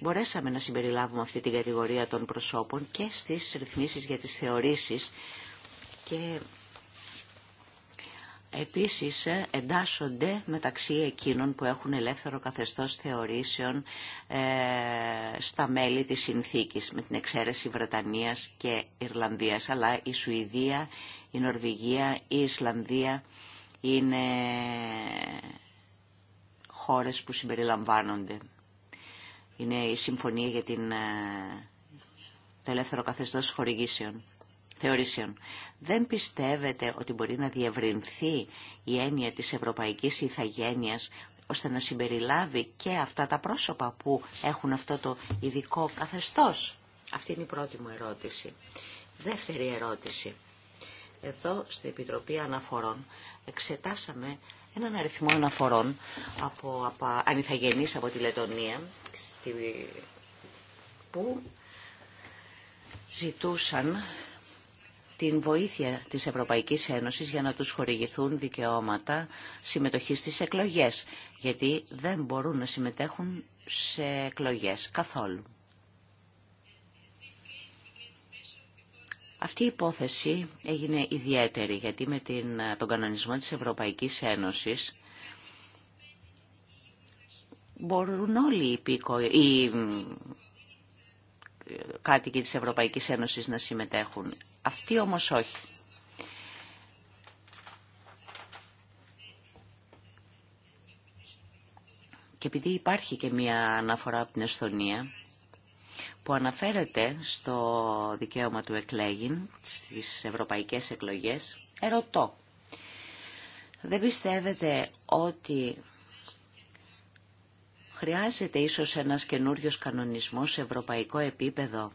μπορέσαμε να συμπεριλάβουμε αυτή την κατηγορία των προσώπων και στις ρυθμίσεις για τις θεωρήσεις Επίσης ε, εντάσσονται μεταξύ εκείνων που έχουν ελεύθερο καθεστώς θεωρήσεων ε, στα μέλη της συνθήκης, με την εξαίρεση Βρετανίας και Ιρλανδίας, αλλά η Σουηδία, η Νορβηγία, η Ισλανδία είναι χώρες που συμπεριλαμβάνονται. Είναι η Συμφωνία για την, ε, το ελεύθερο καθεστώς χορηγήσεων. Δεν πιστεύετε ότι μπορεί να διευρυνθεί η έννοια της ευρωπαϊκής ηθαγένειας ώστε να συμπεριλάβει και αυτά τα πρόσωπα που έχουν αυτό το ειδικό καθεστώς. Αυτή είναι η πρώτη μου ερώτηση. Δεύτερη ερώτηση. Εδώ στην Επιτροπή Αναφορών εξετάσαμε έναν αριθμό αναφορών από, από ανιθαγενείς από τη Λετωνία στη, που ζητούσαν την βοήθεια της Ευρωπαϊκής Ένωσης για να τους χορηγηθούν δικαιώματα συμμετοχής στις εκλογές, γιατί δεν μπορούν να συμμετέχουν σε εκλογές καθόλου. Αυτή η υπόθεση έγινε ιδιαίτερη, γιατί με την, τον κανονισμό της Ευρωπαϊκής Ένωσης μπορούν όλοι οι, πίκο, οι ε, κάτοικοι της Ευρωπαϊκής Ένωσης να συμμετέχουν. Αυτή όμως όχι. Και επειδή υπάρχει και μία αναφορά από την Εστονία που αναφέρεται στο δικαίωμα του εκλέγην στις ευρωπαϊκές εκλογές, ερωτώ. Δεν πιστεύετε ότι χρειάζεται ίσως ένας καινούριος κανονισμός σε ευρωπαϊκό επίπεδο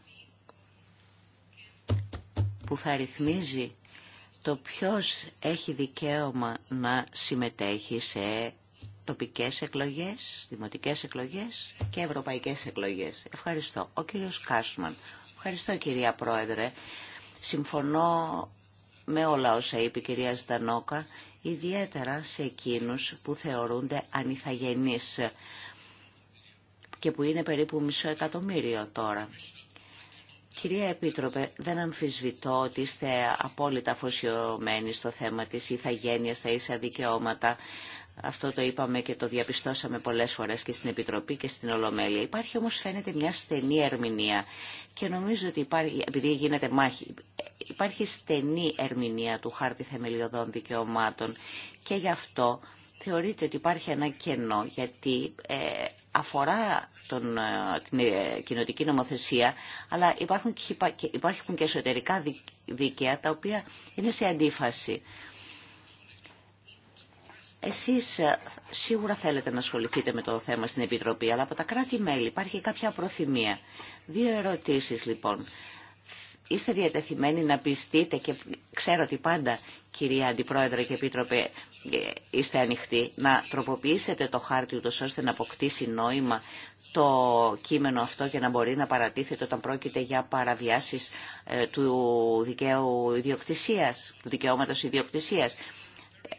που θα ρυθμίζει το ποιος έχει δικαίωμα να συμμετέχει σε τοπικές εκλογές, δημοτικές εκλογές και ευρωπαϊκές εκλογές. Ευχαριστώ. Ο κύριος Κάσμαν. Ευχαριστώ κυρία Πρόεδρε. Συμφωνώ με όλα όσα είπε η κυρία Στανόκα, ιδιαίτερα σε εκείνους που θεωρούνται ανιθαγενείς και που είναι περίπου μισό εκατομμύριο τώρα. Κυρία Επίτροπε, δεν αμφισβητώ ότι είστε απόλυτα αφοσιωμένοι στο θέμα της ηθαγένειας, τα ίσα δικαιώματα. Αυτό το είπαμε και το διαπιστώσαμε πολλές φορές και στην Επιτροπή και στην Ολομέλεια. Υπάρχει όμως φαίνεται μια στενή ερμηνεία και νομίζω ότι υπάρχει, επειδή γίνεται μάχη, υπάρχει στενή ερμηνεία του χάρτη θεμελιωδών δικαιωμάτων και γι' αυτό θεωρείται ότι υπάρχει ένα κενό γιατί ε, αφορά τον, ε, την ε, κοινοτική νομοθεσία, αλλά υπάρχουν και, υπάρχουν και εσωτερικά δίκαια τα οποία είναι σε αντίφαση. Εσείς ε, σίγουρα θέλετε να ασχοληθείτε με το θέμα στην Επιτροπή, αλλά από τα κράτη-μέλη υπάρχει κάποια προθυμία. Δύο ερωτήσεις λοιπόν. Είστε διατεθειμένοι να πιστείτε και ξέρω ότι πάντα, κυρία Αντιπρόεδρε και Επίτροπε, είστε ανοιχτοί να τροποποιήσετε το χάρτη ούτως ώστε να αποκτήσει νόημα το κείμενο αυτό και να μπορεί να παρατίθεται όταν πρόκειται για παραβιάσεις ε, του δικαίου ιδιοκτησίας, του δικαιώματος ιδιοκτησίας.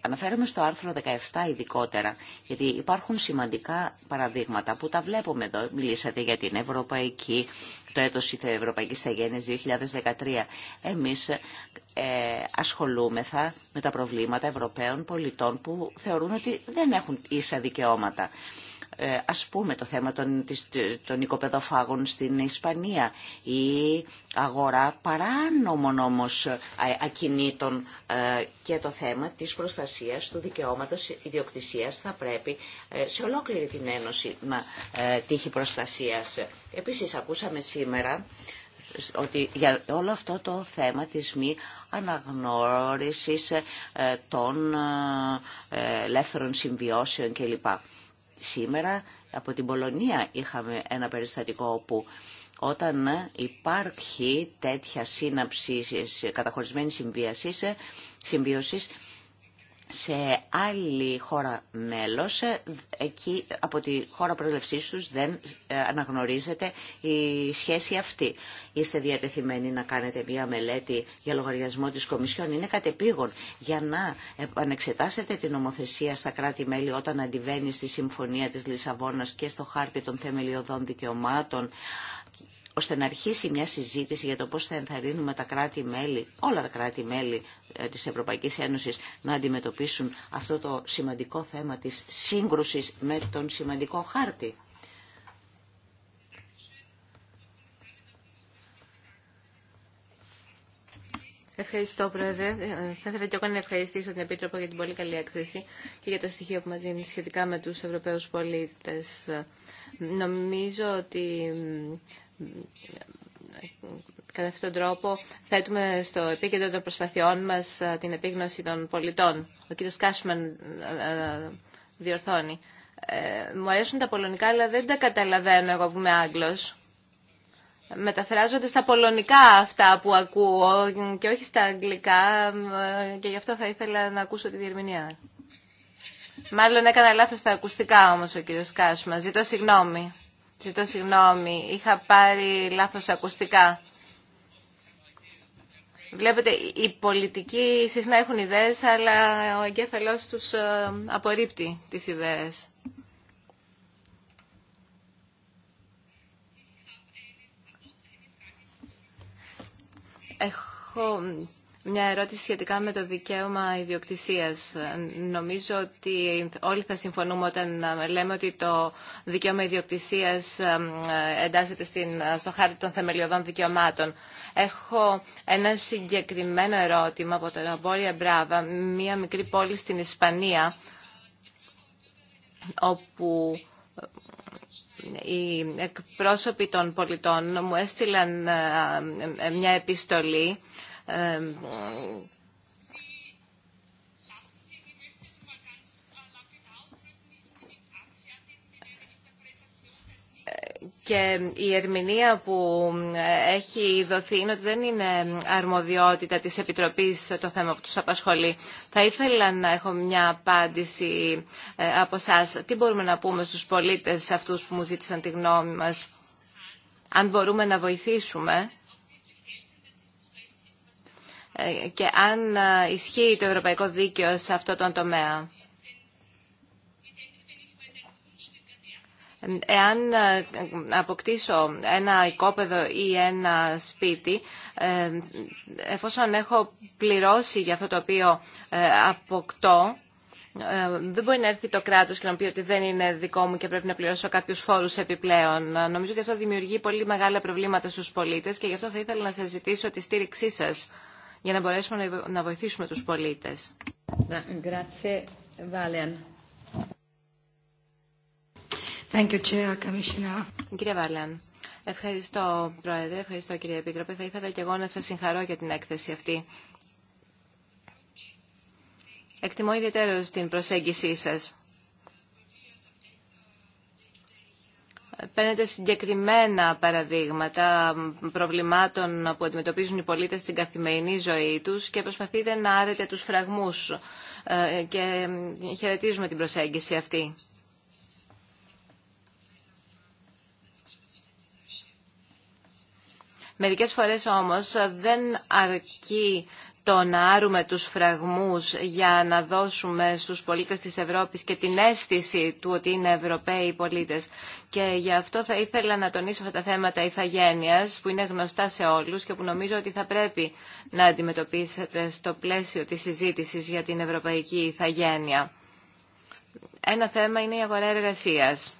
Αναφέρομαι στο άρθρο 17 ειδικότερα, γιατί υπάρχουν σημαντικά παραδείγματα που τα βλέπουμε εδώ. Μιλήσατε για την Ευρωπαϊκή, το έτος Ευρωπαϊκής Θεγένειας 2013. Εμείς ε, ασχολούμεθα με τα προβλήματα Ευρωπαίων πολιτών που θεωρούν ότι δεν έχουν ίσα δικαιώματα. Ε, ας πούμε το θέμα των, των οικοπεδοφάγων στην Ισπανία η αγορά παράνομων όμως ε, ακινήτων ε, και το θέμα της προστασίας του δικαιώματος ιδιοκτησίας θα πρέπει σε ολόκληρη την Ένωση να τύχει προστασίας. Επίσης ακούσαμε σήμερα ότι για όλο αυτό το θέμα της μη αναγνώρισης των ελεύθερων συμβιώσεων κλπ. Σήμερα από την Πολωνία είχαμε ένα περιστατικό όπου όταν υπάρχει τέτοια σύναψη καταχωρισμένη συμβίωση σε άλλη χώρα μέλος, εκεί από τη χώρα προέλευσής τους δεν ε, αναγνωρίζεται η σχέση αυτή είστε διατεθειμένοι να κάνετε μια μελέτη για λογαριασμό της Κομισιόν. Είναι κατεπήγον για να επανεξετάσετε την νομοθεσία στα κράτη-μέλη όταν αντιβαίνει στη Συμφωνία της Λισαβόνας και στο χάρτη των θεμελιωδών δικαιωμάτων ώστε να αρχίσει μια συζήτηση για το πώς θα ενθαρρύνουμε τα κράτη-μέλη, όλα τα κράτη-μέλη ε, της Ευρωπαϊκής Ένωσης να αντιμετωπίσουν αυτό το σημαντικό θέμα της σύγκρουσης με τον σημαντικό χάρτη. Ευχαριστώ, Πρόεδρε. Ε, ε, θα ήθελα και εγώ να ευχαριστήσω την Επίτροπο για την πολύ καλή έκθεση και για τα στοιχεία που μας δίνει σχετικά με τους Ευρωπαίους πολίτες. Νομίζω ότι κατά αυτόν τον τρόπο θέτουμε στο επίκεντρο των προσπαθειών μας ε, την επίγνωση των πολιτών. Ο κ. Κάσμαν διορθώνει. μου αρέσουν τα πολωνικά, αλλά δεν τα καταλαβαίνω εγώ που είμαι Άγγλος μεταφράζονται στα πολωνικά αυτά που ακούω και όχι στα αγγλικά ε, και γι' αυτό θα ήθελα να ακούσω τη διερμηνία. Μάλλον έκανα λάθος στα ακουστικά όμως ο κύριος Κάσμα. Ζητώ συγγνώμη. Ζητώ συγγνώμη. Είχα πάρει λάθος ακουστικά. Βλέπετε, οι πολιτικοί συχνά έχουν ιδέες, αλλά ο εγκέφαλός τους ε, απορρίπτει τις ιδέες. Έχω μια ερώτηση σχετικά με το δικαίωμα ιδιοκτησίας. Νομίζω ότι όλοι θα συμφωνούμε όταν λέμε ότι το δικαίωμα ιδιοκτησίας εντάσσεται στο χάρτη των θεμελιωδών δικαιωμάτων. Έχω ένα συγκεκριμένο ερώτημα από το Ραμπόρια Μπράβα, μια μικρή πόλη στην Ισπανία, όπου οι εκπρόσωποι των πολιτών μου έστειλαν ε, ε, μια επιστολή ε, και η ερμηνεία που ε, έχει δοθεί είναι ότι δεν είναι αρμοδιότητα της Επιτροπής το θέμα που τους απασχολεί. Θα ήθελα να έχω μια απάντηση ε, από εσά. Τι μπορούμε να πούμε στους πολίτες αυτούς που μου ζήτησαν τη γνώμη μας. Αν μπορούμε να βοηθήσουμε ε, και αν ισχύει το ευρωπαϊκό δίκαιο σε αυτό τον τομέα. Εάν ε, αποκτήσω ένα οικόπεδο ή ένα σπίτι, ε, εφόσον έχω πληρώσει για αυτό το οποίο ε, αποκτώ, δεν μπορεί να έρθει το κράτος και να πει ότι δεν είναι δικό μου και πρέπει να πληρώσω κάποιους φόρους επιπλέον. Νομίζω ότι αυτό δημιουργεί πολύ μεγάλα προβλήματα στους πολίτες και γι' αυτό θα ήθελα να σα ζητήσω τη στήριξή σα για να μπορέσουμε να βοηθήσουμε του πολίτε. Thank Κύριε ευχαριστώ Πρόεδρε, ευχαριστώ κύριε Επίτροπε. Θα ήθελα και εγώ να σας συγχαρώ για την έκθεση αυτή. Εκτιμώ ιδιαίτερο την προσέγγισή σας. Παίρνετε συγκεκριμένα παραδείγματα προβλημάτων που αντιμετωπίζουν οι πολίτες στην καθημερινή ζωή τους και προσπαθείτε να άρετε τους φραγμούς ε, και χαιρετίζουμε την προσέγγιση αυτή. Μερικές φορές όμως δεν αρκεί το να άρουμε τους φραγμούς για να δώσουμε στους πολίτες της Ευρώπης και την αίσθηση του ότι είναι Ευρωπαίοι πολίτες. Και γι' αυτό θα ήθελα να τονίσω αυτά τα θέματα ηθαγένειας που είναι γνωστά σε όλους και που νομίζω ότι θα πρέπει να αντιμετωπίσετε στο πλαίσιο της συζήτησης για την ευρωπαϊκή ηθαγένεια. Ένα θέμα είναι η αγορά εργασίας.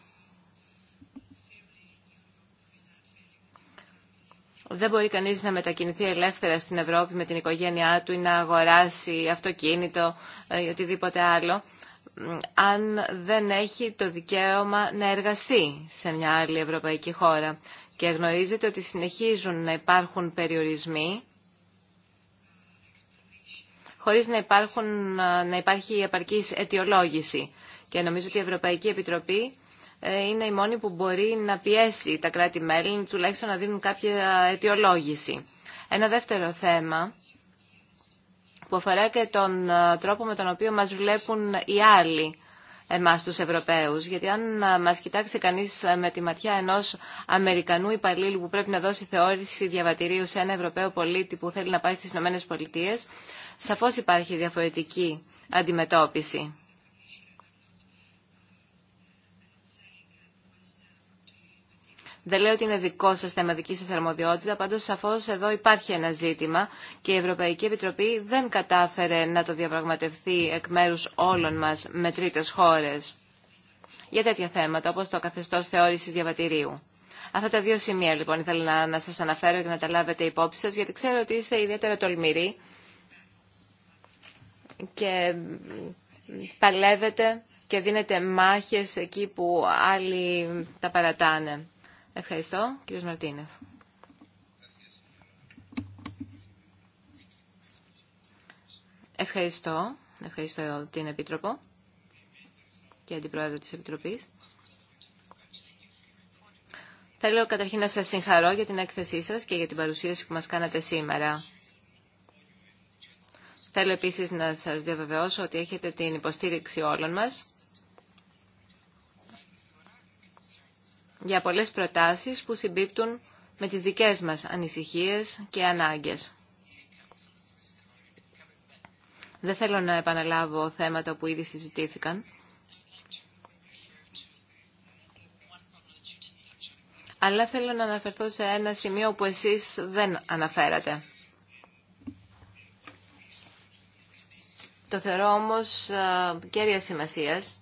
Δεν μπορεί κανείς να μετακινηθεί ελεύθερα στην Ευρώπη με την οικογένειά του ή να αγοράσει αυτοκίνητο ή οτιδήποτε άλλο αν δεν έχει το δικαίωμα να εργαστεί σε μια άλλη ευρωπαϊκή χώρα. Και γνωρίζετε ότι συνεχίζουν να υπάρχουν περιορισμοί χωρίς να, υπάρχουν, να υπάρχει επαρκής αιτιολόγηση. Και νομίζω ότι η Ευρωπαϊκή Επιτροπή ε, είναι η μόνη που μπορεί να πιέσει τα κράτη-μέλη, τουλάχιστον να δίνουν κάποια αιτιολόγηση. Ένα δεύτερο θέμα που αφορά και τον ε, τρόπο με τον οποίο μας βλέπουν οι άλλοι εμάς τους Ευρωπαίους. Γιατί αν ε, μας κοιτάξει κανείς με τη ματιά ενός Αμερικανού υπαλλήλου που πρέπει να δώσει θεώρηση διαβατηρίου σε ένα Ευρωπαίο πολίτη που θέλει να πάει στις Ηνωμένες Πολιτείες, σαφώς υπάρχει διαφορετική αντιμετώπιση. Δεν λέω ότι είναι δικό σα θέμα, δική σα αρμοδιότητα, Πάντω, σαφώ εδώ υπάρχει ένα ζήτημα και η Ευρωπαϊκή Επιτροπή δεν κατάφερε να το διαπραγματευτεί εκ μέρου όλων μα με τρίτε χώρε για τέτοια θέματα, όπω το καθεστώ θεώρηση διαβατηρίου. Αυτά τα δύο σημεία λοιπόν ήθελα να, να σας αναφέρω και να τα λάβετε υπόψη σα, γιατί ξέρω ότι είστε ιδιαίτερα τολμηροί και παλεύετε και δίνετε μάχες εκεί που άλλοι τα παρατάνε. Ευχαριστώ, κύριος Μαρτίνεφ. Ευχαριστώ. Ευχαριστώ την Επίτροπο και την Πρόεδρο της Επιτροπής. Θέλω καταρχήν να σας συγχαρώ για την έκθεσή σας και για την παρουσίαση που μας κάνατε σήμερα. Θέλω επίσης να σας διαβεβαιώσω ότι έχετε την υποστήριξη όλων μας για πολλές προτάσεις που συμπίπτουν με τις δικές μας ανησυχίες και ανάγκες. Δεν θέλω να επαναλάβω θέματα που ήδη συζητήθηκαν. Αλλά θέλω να αναφερθώ σε ένα σημείο που εσείς δεν αναφέρατε. Το θεωρώ όμως κέρια σημασίας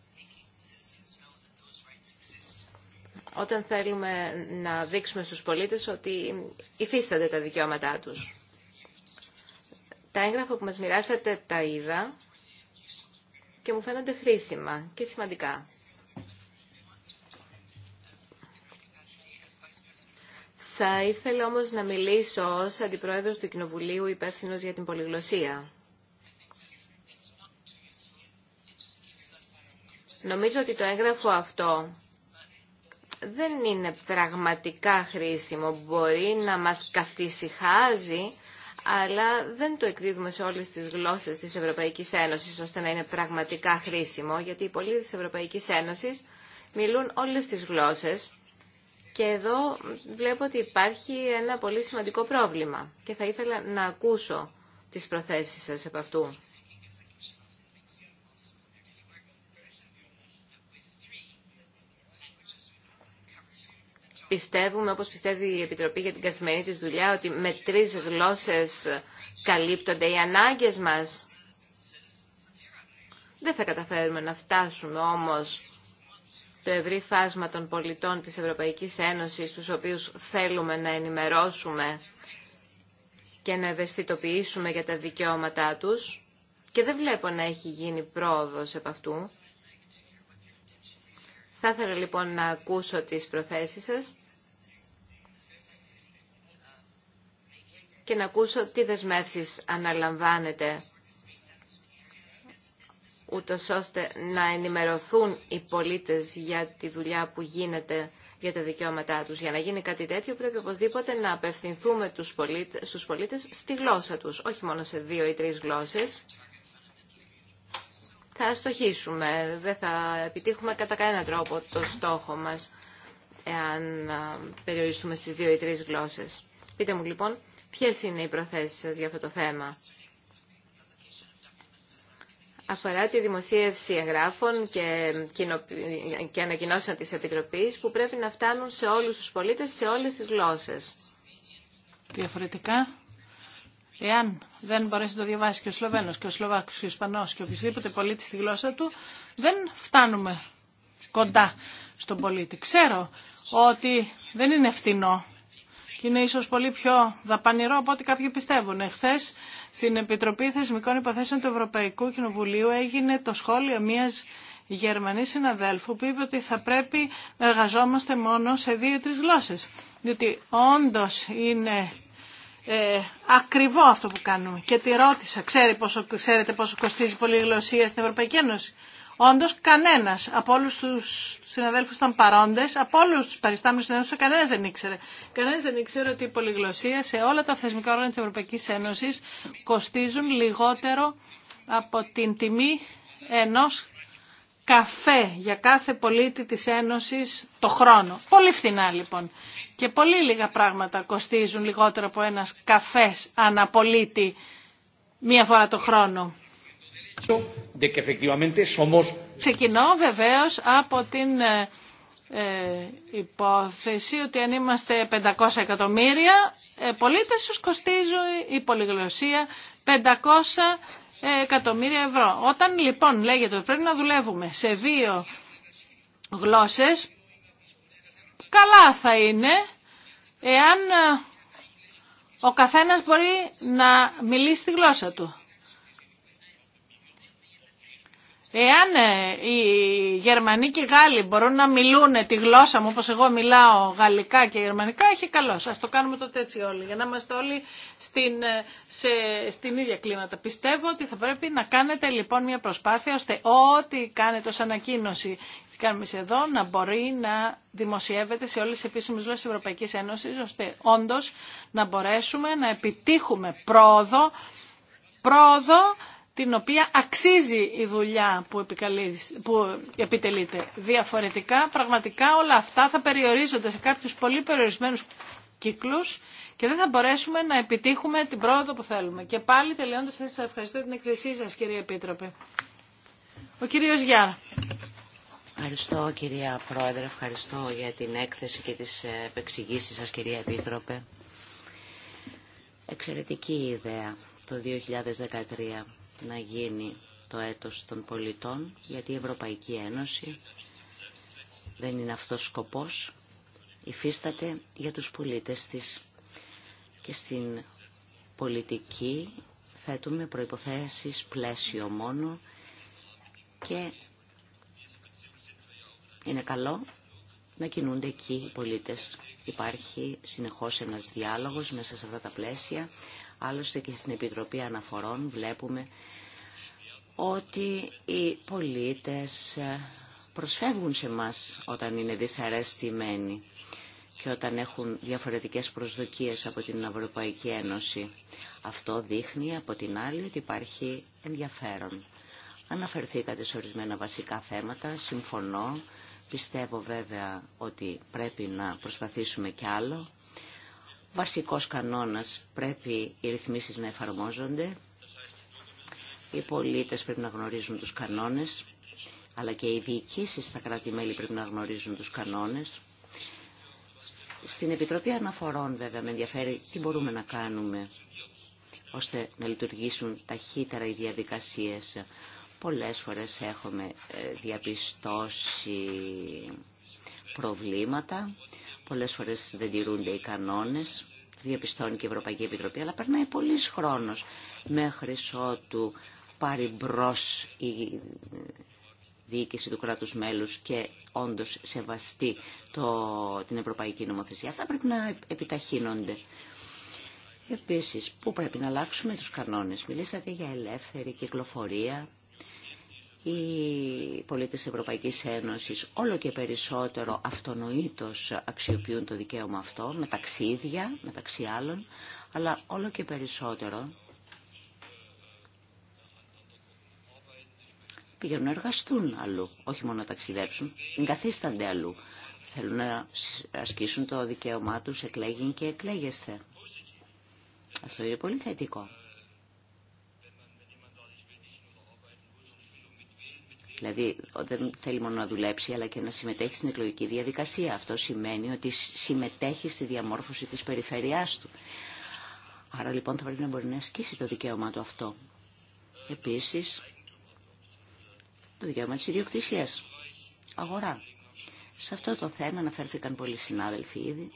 όταν θέλουμε να δείξουμε στους πολίτες ότι υφίστανται τα δικαιώματά τους. Τα έγγραφα που μας μοιράσατε τα είδα και μου φαίνονται χρήσιμα και σημαντικά. Θα ήθελα όμως να μιλήσω ως Αντιπρόεδρος του Κοινοβουλίου υπεύθυνο για την πολυγλωσία. Νομίζω ότι το έγγραφο αυτό δεν είναι πραγματικά χρήσιμο. Μπορεί να μας καθησυχάζει, αλλά δεν το εκδίδουμε σε όλες τις γλώσσες της Ευρωπαϊκής Ένωσης, ώστε να είναι πραγματικά χρήσιμο, γιατί οι πολίτες της Ευρωπαϊκής Ένωσης μιλούν όλες τις γλώσσες και εδώ βλέπω ότι υπάρχει ένα πολύ σημαντικό πρόβλημα και θα ήθελα να ακούσω τις προθέσεις σας επ' αυτού. Πιστεύουμε, όπως πιστεύει η Επιτροπή για την καθημερινή της δουλειά, ότι με τρεις γλώσσες καλύπτονται οι ανάγκες μας. Δεν θα καταφέρουμε να φτάσουμε όμως το ευρύ φάσμα των πολιτών της Ευρωπαϊκής Ένωσης, τους οποίους θέλουμε να ενημερώσουμε και να ευαισθητοποιήσουμε για τα δικαιώματά τους και δεν βλέπω να έχει γίνει πρόοδος επ' αυτού. Θα ήθελα λοιπόν να ακούσω τις προθέσεις σας και να ακούσω τι δεσμεύσεις αναλαμβάνεται ούτως ώστε να ενημερωθούν οι πολίτες για τη δουλειά που γίνεται για τα δικαιώματά τους. Για να γίνει κάτι τέτοιο πρέπει οπωσδήποτε να απευθυνθούμε τους πολίτες, στους πολίτες στη γλώσσα τους, όχι μόνο σε δύο ή τρεις γλώσσες. Θα στοχίσουμε, δεν θα επιτύχουμε κατά κανένα τρόπο το στόχο μας εάν περιοριστούμε στις δύο ή τρεις γλώσσες. Πείτε μου λοιπόν Ποιες είναι οι προθέσεις σας για αυτό το θέμα. Αφορά τη δημοσίευση εγγράφων και, και ανακοινώσεων της Επιτροπής που πρέπει να φτάνουν σε όλους τους πολίτες, σε όλες τις γλώσσες. Διαφορετικά, εάν δεν μπορέσει να το διαβάσει και ο Σλοβαίνος και ο Σλοβάκος και ο Ισπανός και οποιοδήποτε πολίτη στη γλώσσα του, δεν φτάνουμε κοντά στον πολίτη. Ξέρω ότι δεν είναι φτηνό είναι ίσως πολύ πιο δαπανηρό από ό,τι κάποιοι πιστεύουν. Χθε στην Επιτροπή Θεσμικών Υποθέσεων του Ευρωπαϊκού Κοινοβουλίου έγινε το σχόλιο μιας Γερμανή συναδέλφου που είπε ότι θα πρέπει να εργαζόμαστε μόνο σε δύο-τρεις γλώσσες. Διότι όντως είναι ε, ακριβό αυτό που κάνουμε. Και τη ρώτησα, ξέρετε πόσο κοστίζει η γλωσσία στην Ευρωπαϊκή Ένωση. Όντω κανένας από όλους τους συναδέλφους ήταν παρόντες, από όλους τους παριστάμενους συναδέλφου, κανένα δεν ήξερε. Κανένα δεν ήξερε ότι η πολυγλωσία σε όλα τα θεσμικά όργανα της Ευρωπαϊκής Ένωσης κοστίζουν λιγότερο από την τιμή ενός καφέ για κάθε πολίτη της Ένωσης το χρόνο. Πολύ φθηνά λοιπόν. Και πολύ λίγα πράγματα κοστίζουν λιγότερο από ένα καφέ αναπολίτη μία φορά το χρόνο. Ξεκινώ βεβαίως από την ε, ε υπόθεση ότι αν είμαστε 500 εκατομμύρια ε, πολίτες κοστίζει η πολυγλωσία 500 ε, εκατομμύρια ευρώ. Όταν λοιπόν λέγεται ότι πρέπει να δουλεύουμε σε δύο γλώσσες, καλά θα είναι εάν ε, ο καθένας μπορεί να μιλήσει τη γλώσσα του. Εάν ε, οι Γερμανοί και οι Γάλλοι μπορούν να μιλούν τη γλώσσα μου όπως εγώ μιλάω γαλλικά και γερμανικά, έχει καλό. Ας το κάνουμε τότε έτσι όλοι, για να είμαστε όλοι στην, ε, σε, στην ίδια κλίματα. Πιστεύω ότι θα πρέπει να κάνετε λοιπόν μια προσπάθεια ώστε ό,τι κάνετε ως ανακοίνωση κάνουμε εδώ, να μπορεί να δημοσιεύεται σε όλες τις επίσημες γλώσσες της Ευρωπαϊκής Ένωσης, ώστε όντως να μπορέσουμε να επιτύχουμε πρόοδο, πρόοδο την οποία αξίζει η δουλειά που, που επιτελείται. Διαφορετικά, πραγματικά όλα αυτά θα περιορίζονται σε κάποιους πολύ περιορισμένους κύκλους και δεν θα μπορέσουμε να επιτύχουμε την πρόοδο που θέλουμε. Και πάλι τελειώντας θα σας ευχαριστώ την εκκλησία σας κύριε Επίτροπε. Ο κύριος Γιάρα. Ευχαριστώ κυρία Πρόεδρε, ευχαριστώ για την έκθεση και τις επεξηγήσεις σας κυρία Επίτροπε. Εξαιρετική ιδέα το 2013 να γίνει το έτος των πολιτών, γιατί η Ευρωπαϊκή Ένωση δεν είναι αυτός σκοπός, υφίσταται για τους πολίτες της. Και στην πολιτική θέτουμε προϋποθέσεις πλαίσιο μόνο και είναι καλό να κινούνται εκεί οι πολίτες. Υπάρχει συνεχώς ένας διάλογος μέσα σε αυτά τα πλαίσια Άλλωστε και στην Επιτροπή Αναφορών βλέπουμε ότι οι πολίτες προσφεύγουν σε μας όταν είναι δυσαρέστημένοι και όταν έχουν διαφορετικές προσδοκίες από την Ευρωπαϊκή Ένωση. Αυτό δείχνει από την άλλη ότι υπάρχει ενδιαφέρον. Αναφερθήκατε σε ορισμένα βασικά θέματα, συμφωνώ. Πιστεύω βέβαια ότι πρέπει να προσπαθήσουμε κι άλλο βασικός κανόνας. Πρέπει οι ρυθμίσεις να εφαρμόζονται, οι πολίτες πρέπει να γνωρίζουν τους κανόνες, αλλά και οι διοικήσει στα κράτη-μέλη πρέπει να γνωρίζουν τους κανόνες. Στην Επιτροπή Αναφορών βέβαια με ενδιαφέρει τι μπορούμε να κάνουμε ώστε να λειτουργήσουν ταχύτερα οι διαδικασίες. Πολλές φορές έχουμε ε, διαπιστώσει προβλήματα Πολλές φορές δεν τηρούνται οι κανόνες, διαπιστώνει και η Ευρωπαϊκή Επιτροπή, αλλά περνάει πολλής χρόνος μέχρι ότου πάρει μπρο η διοίκηση του κράτους μέλους και όντως σεβαστεί το, την Ευρωπαϊκή Νομοθεσία. Θα πρέπει να επιταχύνονται. Επίσης, πού πρέπει να αλλάξουμε τους κανόνες. Μιλήσατε για ελεύθερη κυκλοφορία, οι πολίτες της Ευρωπαϊκής Ένωσης όλο και περισσότερο αυτονοήτως αξιοποιούν το δικαίωμα αυτό με ταξίδια, μεταξύ άλλων, αλλά όλο και περισσότερο πηγαίνουν να εργαστούν αλλού, όχι μόνο να ταξιδέψουν, εγκαθίστανται αλλού. Θέλουν να ασκήσουν το δικαίωμά τους, εκλέγην και εκλέγεστε. Αυτό είναι πολύ θετικό. Δηλαδή δεν θέλει μόνο να δουλέψει αλλά και να συμμετέχει στην εκλογική διαδικασία. Αυτό σημαίνει ότι συμμετέχει στη διαμόρφωση της περιφερειάς του. Άρα λοιπόν θα πρέπει να μπορεί να ασκήσει το δικαίωμα του αυτό. Επίσης, το δικαίωμα της ιδιοκτησίας. Αγορά. Σε αυτό το θέμα αναφέρθηκαν πολλοί συνάδελφοι ήδη.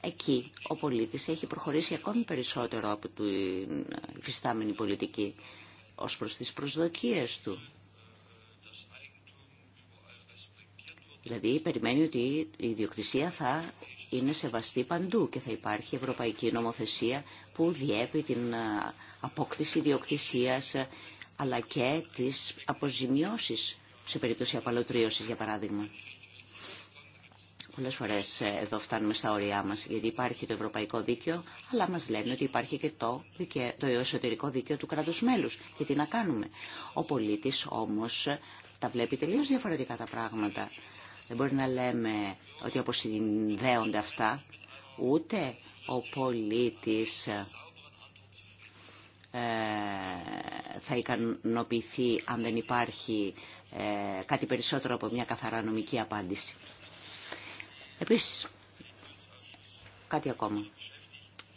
Εκεί ο πολίτης έχει προχωρήσει ακόμη περισσότερο από την υφιστάμενη πολιτική ως προς τις προσδοκίες του. Δηλαδή περιμένει ότι η ιδιοκτησία θα είναι σεβαστή παντού και θα υπάρχει ευρωπαϊκή νομοθεσία που διέπει την απόκτηση ιδιοκτησίας αλλά και τις αποζημιώσεις σε περίπτωση απαλωτρίωσης για παράδειγμα. Πολλές φορές ε, εδώ φτάνουμε στα όρια μας, γιατί υπάρχει το ευρωπαϊκό δίκαιο, αλλά μας λένε ότι υπάρχει και το, το εσωτερικό δίκαιο του κράτους μέλους. Και τι να κάνουμε. Ο πολίτης όμως ε, τα βλέπει τελείως διαφορετικά τα πράγματα. Δεν μπορεί να λέμε ότι συνδέονται αυτά, ούτε ο πολίτης ε, θα ικανοποιηθεί αν δεν υπάρχει κάτι περισσότερο από μια καθαρά νομική απάντηση. Επίσης, κάτι ακόμα.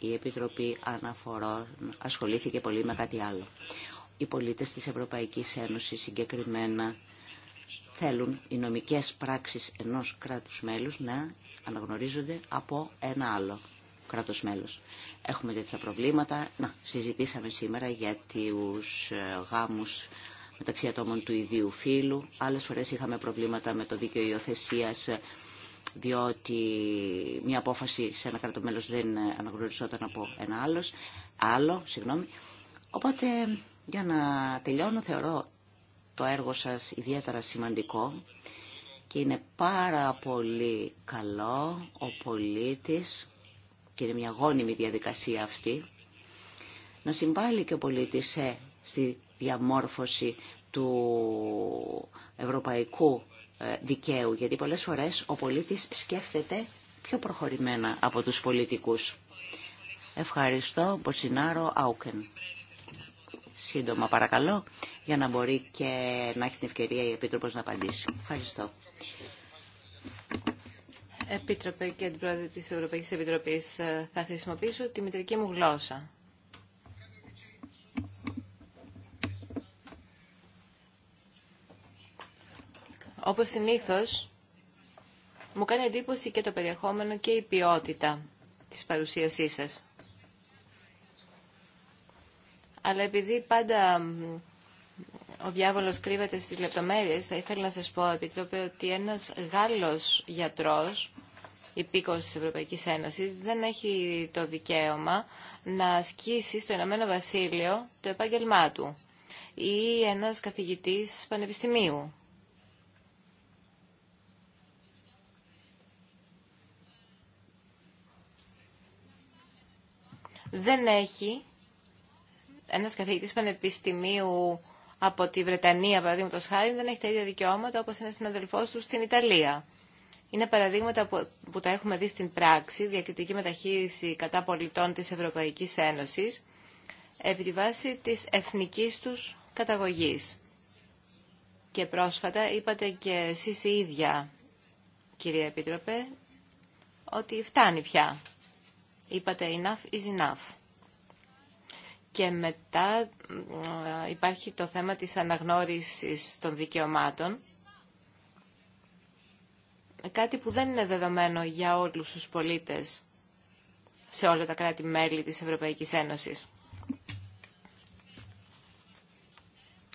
Η Επιτροπή Αναφορών ασχολήθηκε πολύ με κάτι άλλο. Οι πολίτες της Ευρωπαϊκής Ένωσης συγκεκριμένα θέλουν οι νομικές πράξεις ενός κράτους μέλους να αναγνωρίζονται από ένα άλλο κράτος μέλος. Έχουμε τέτοια προβλήματα. Να, συζητήσαμε σήμερα για τους ε, γάμους μεταξύ ατόμων του ιδίου φύλου. Άλλες φορές είχαμε προβλήματα με το δίκαιο υιοθεσίας ε, διότι μια απόφαση σε ένα κράτο μέλος δεν αναγνωριζόταν από ένα άλλος, άλλο. Συγγνώμη. Οπότε, για να τελειώνω, θεωρώ το έργο σας ιδιαίτερα σημαντικό και είναι πάρα πολύ καλό ο πολίτης και είναι μια γόνιμη διαδικασία αυτή να συμβάλλει και ο πολίτης στη διαμόρφωση του ευρωπαϊκού ε, δικαίου, γιατί πολλές φορές ο πολίτης σκέφτεται πιο προχωρημένα από τους πολιτικούς. Ευχαριστώ, Μποτσινάρο Άουκεν. Σύντομα, παρακαλώ, για να μπορεί και να έχει την ευκαιρία η Επίτροπος να απαντήσει. Ευχαριστώ. Επίτροπε και την Πρόεδρε της Ευρωπαϊκής Επιτροπής, ε, θα χρησιμοποιήσω τη μητρική μου γλώσσα. Όπως συνήθως, μου κάνει εντύπωση και το περιεχόμενο και η ποιότητα της παρουσίασής σας. Αλλά επειδή πάντα ο διάβολος κρύβεται στις λεπτομέρειες, θα ήθελα να σας πω, Επιτρόπε, ότι ένας Γάλλος γιατρός, υπήκος της Ευρωπαϊκής Ένωσης, δεν έχει το δικαίωμα να ασκήσει στο Ηνωμένο Βασίλειο το επάγγελμά του ή ένας καθηγητής πανεπιστημίου. δεν έχει ένας καθηγητής πανεπιστημίου από τη Βρετανία, παραδείγματο χάρη, δεν έχει τα ίδια δικαιώματα όπως ένα συναδελφός του στην Ιταλία. Είναι παραδείγματα που, τα έχουμε δει στην πράξη, διακριτική μεταχείριση κατά πολιτών της Ευρωπαϊκής Ένωσης, επί τη βάση της εθνικής τους καταγωγής. Και πρόσφατα είπατε και εσείς οι ίδια, κυρία Επίτροπε, ότι φτάνει πια είπατε enough is enough. Και μετά ε, υπάρχει το θέμα της αναγνώρισης των δικαιωμάτων. Κάτι που δεν είναι δεδομένο για όλους τους πολίτες σε όλα τα κράτη-μέλη της Ευρωπαϊκής Ένωσης.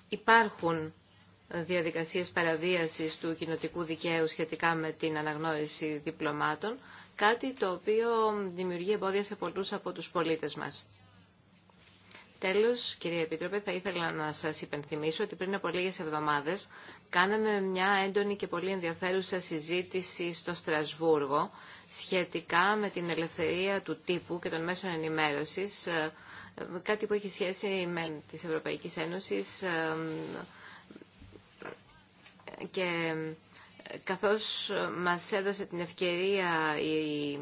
Υπάρχουν διαδικασίες παραβίασης του κοινοτικού δικαίου σχετικά με την αναγνώριση διπλωμάτων, κάτι το οποίο δημιουργεί εμπόδια σε πολλούς από τους πολίτες μας. Τέλος, κύριε Επίτροπε, θα ήθελα να σας υπενθυμίσω ότι πριν από λίγες εβδομάδες κάναμε μια έντονη και πολύ ενδιαφέρουσα συζήτηση στο Στρασβούργο σχετικά με την ελευθερία του τύπου και των μέσων ενημέρωσης, ε, κάτι που έχει σχέση με τις Ευρωπαϊκές Ένωσης ε, ε, και καθώς ε, μας έδωσε την ευκαιρία η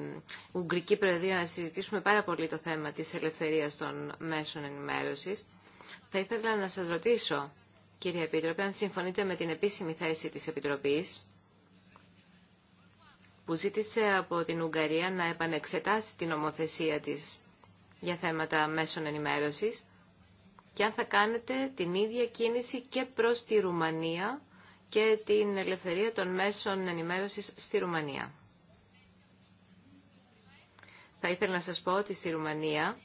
Ουγγρική Προεδρία να συζητήσουμε πάρα πολύ το θέμα της ελευθερίας των μέσων ενημέρωσης, θα ήθελα να σας ρωτήσω, κύριε Επίτροπε, αν συμφωνείτε με την επίσημη θέση της Επιτροπής, που ζήτησε από την Ουγγαρία να επανεξετάσει την ομοθεσία της για θέματα μέσων ενημέρωσης και αν θα κάνετε την ίδια κίνηση και προς τη Ρουμανία και την ελευθερία των μέσων ενημέρωσης στη Ρουμανία. Θα ήθελα να σας πω ότι στη Ρουμανία